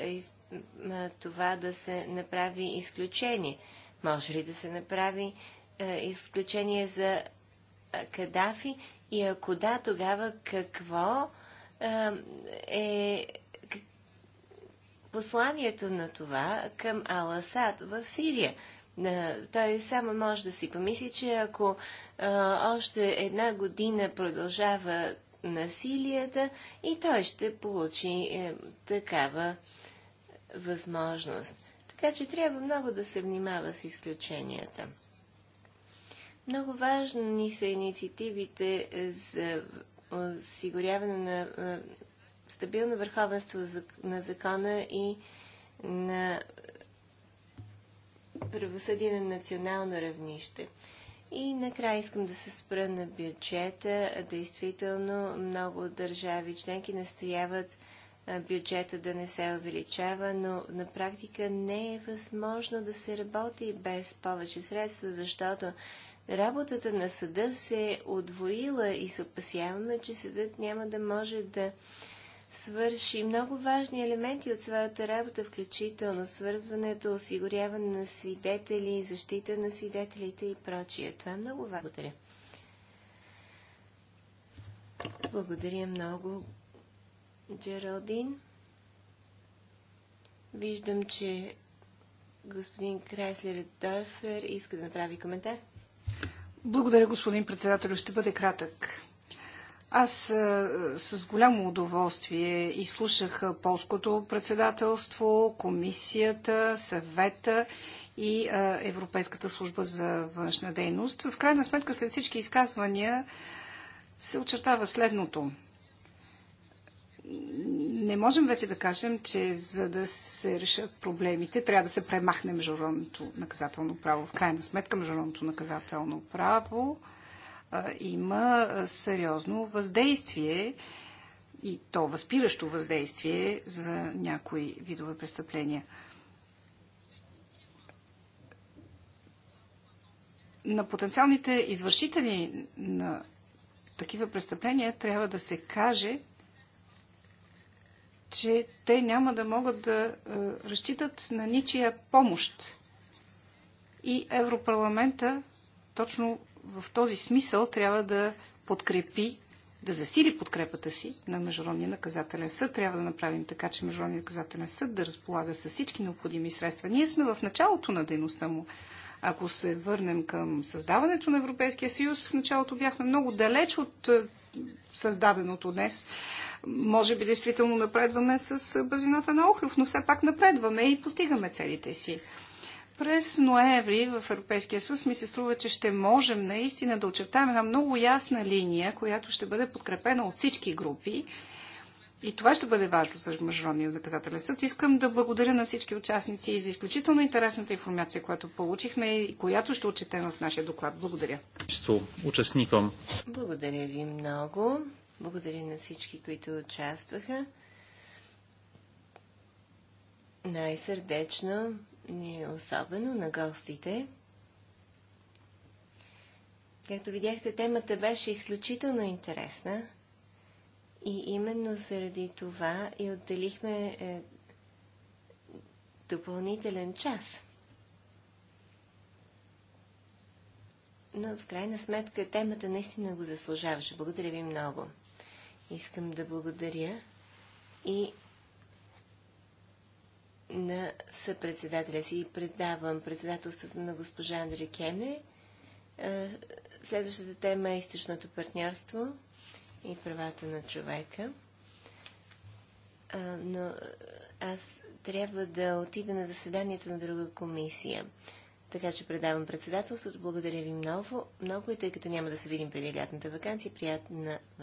това да се направи изключение – може ли да се направи е, изключение за е, Кадафи? И ако да, тогава какво е, е посланието на това към Аласад в Сирия? Е, той само може да си помисли, че ако а, е, още една година продължава насилията, и той ще получи е, такава възможност. Така че трябва много да се внимава с изключенията. Много важни са инициативите е, за осигуряване на е, стабилно върховенство на закона и на правосъдие на национално равнище. И накрая искам да се спра на бюджета. Действително много държави членки настояват бюджета да не се увеличава, но на практика не е възможно да се работи без повече средства, защото работата на съда се е отвоила и се опасяваме, че съдът няма да може да свърши много важни елементи от своята работа, включително свързването, осигуряване на свидетели, защита на свидетелите и прочие. Това е много важно. Благодаря. Благодаря много, Джералдин. Виждам, че господин Крайслер Дойфер иска да направи коментар. Благодаря, господин председател. Ще бъде кратък. Аз а, е, с голямо удоволствие изслушах полското председателство, комисията, съвета и а, е, Европейската служба за външна дейност. В крайна сметка, след всички изказвания се очертава следното – не можем вече да кажем, че за да се решат проблемите, трябва да се премахне международното наказателно право. В крайна сметка, международното наказателно право а, има сериозно въздействие и то възпиращо въздействие за някои видове престъпления. На потенциалните извършители на такива престъпления трябва да се каже, че те няма да могат да е, разчитат на ничия помощ. И Европарламента точно в този смисъл трябва да подкрепи, да засили подкрепата си на Международния наказателен съд. Трябва да направим така, че Международния наказателен съд да разполага с всички необходими средства. Ние сме в началото на дейността му. Ако се върнем към създаването на Европейския съюз, в началото бяхме много далеч от е, създаденото днес. Може би действително напредваме с базината на Охлюв, но все пак напредваме и постигаме целите си. През ноември в Европейския съюз ми се струва, че ще можем наистина да очертаем една много ясна линия, която ще бъде подкрепена от всички групи. И това ще бъде важно за Международния наказателен съд. Искам да благодаря на всички участници и за изключително интересната информация, която получихме и която ще отчетем в нашия доклад. Благодаря. Благодаря ви много. Благодаря на всички, които участваха. Най-сърдечно и е особено на гостите. Както видяхте, темата беше изключително интересна и именно заради това и отделихме е, допълнителен час. Но в крайна сметка темата наистина го заслужаваше. Благодаря ви много. Искам да благодаря и на съпредседателя си и предавам председателството на госпожа Андре Кене. Е, следващата тема е източното партньорство и правата на човека. Но е, аз трябва да отида на заседанието на друга комисия. Така че предавам председателството. Благодаря ви много. Много и тъй като няма да се видим преди лятната вакансия, приятна вакансия.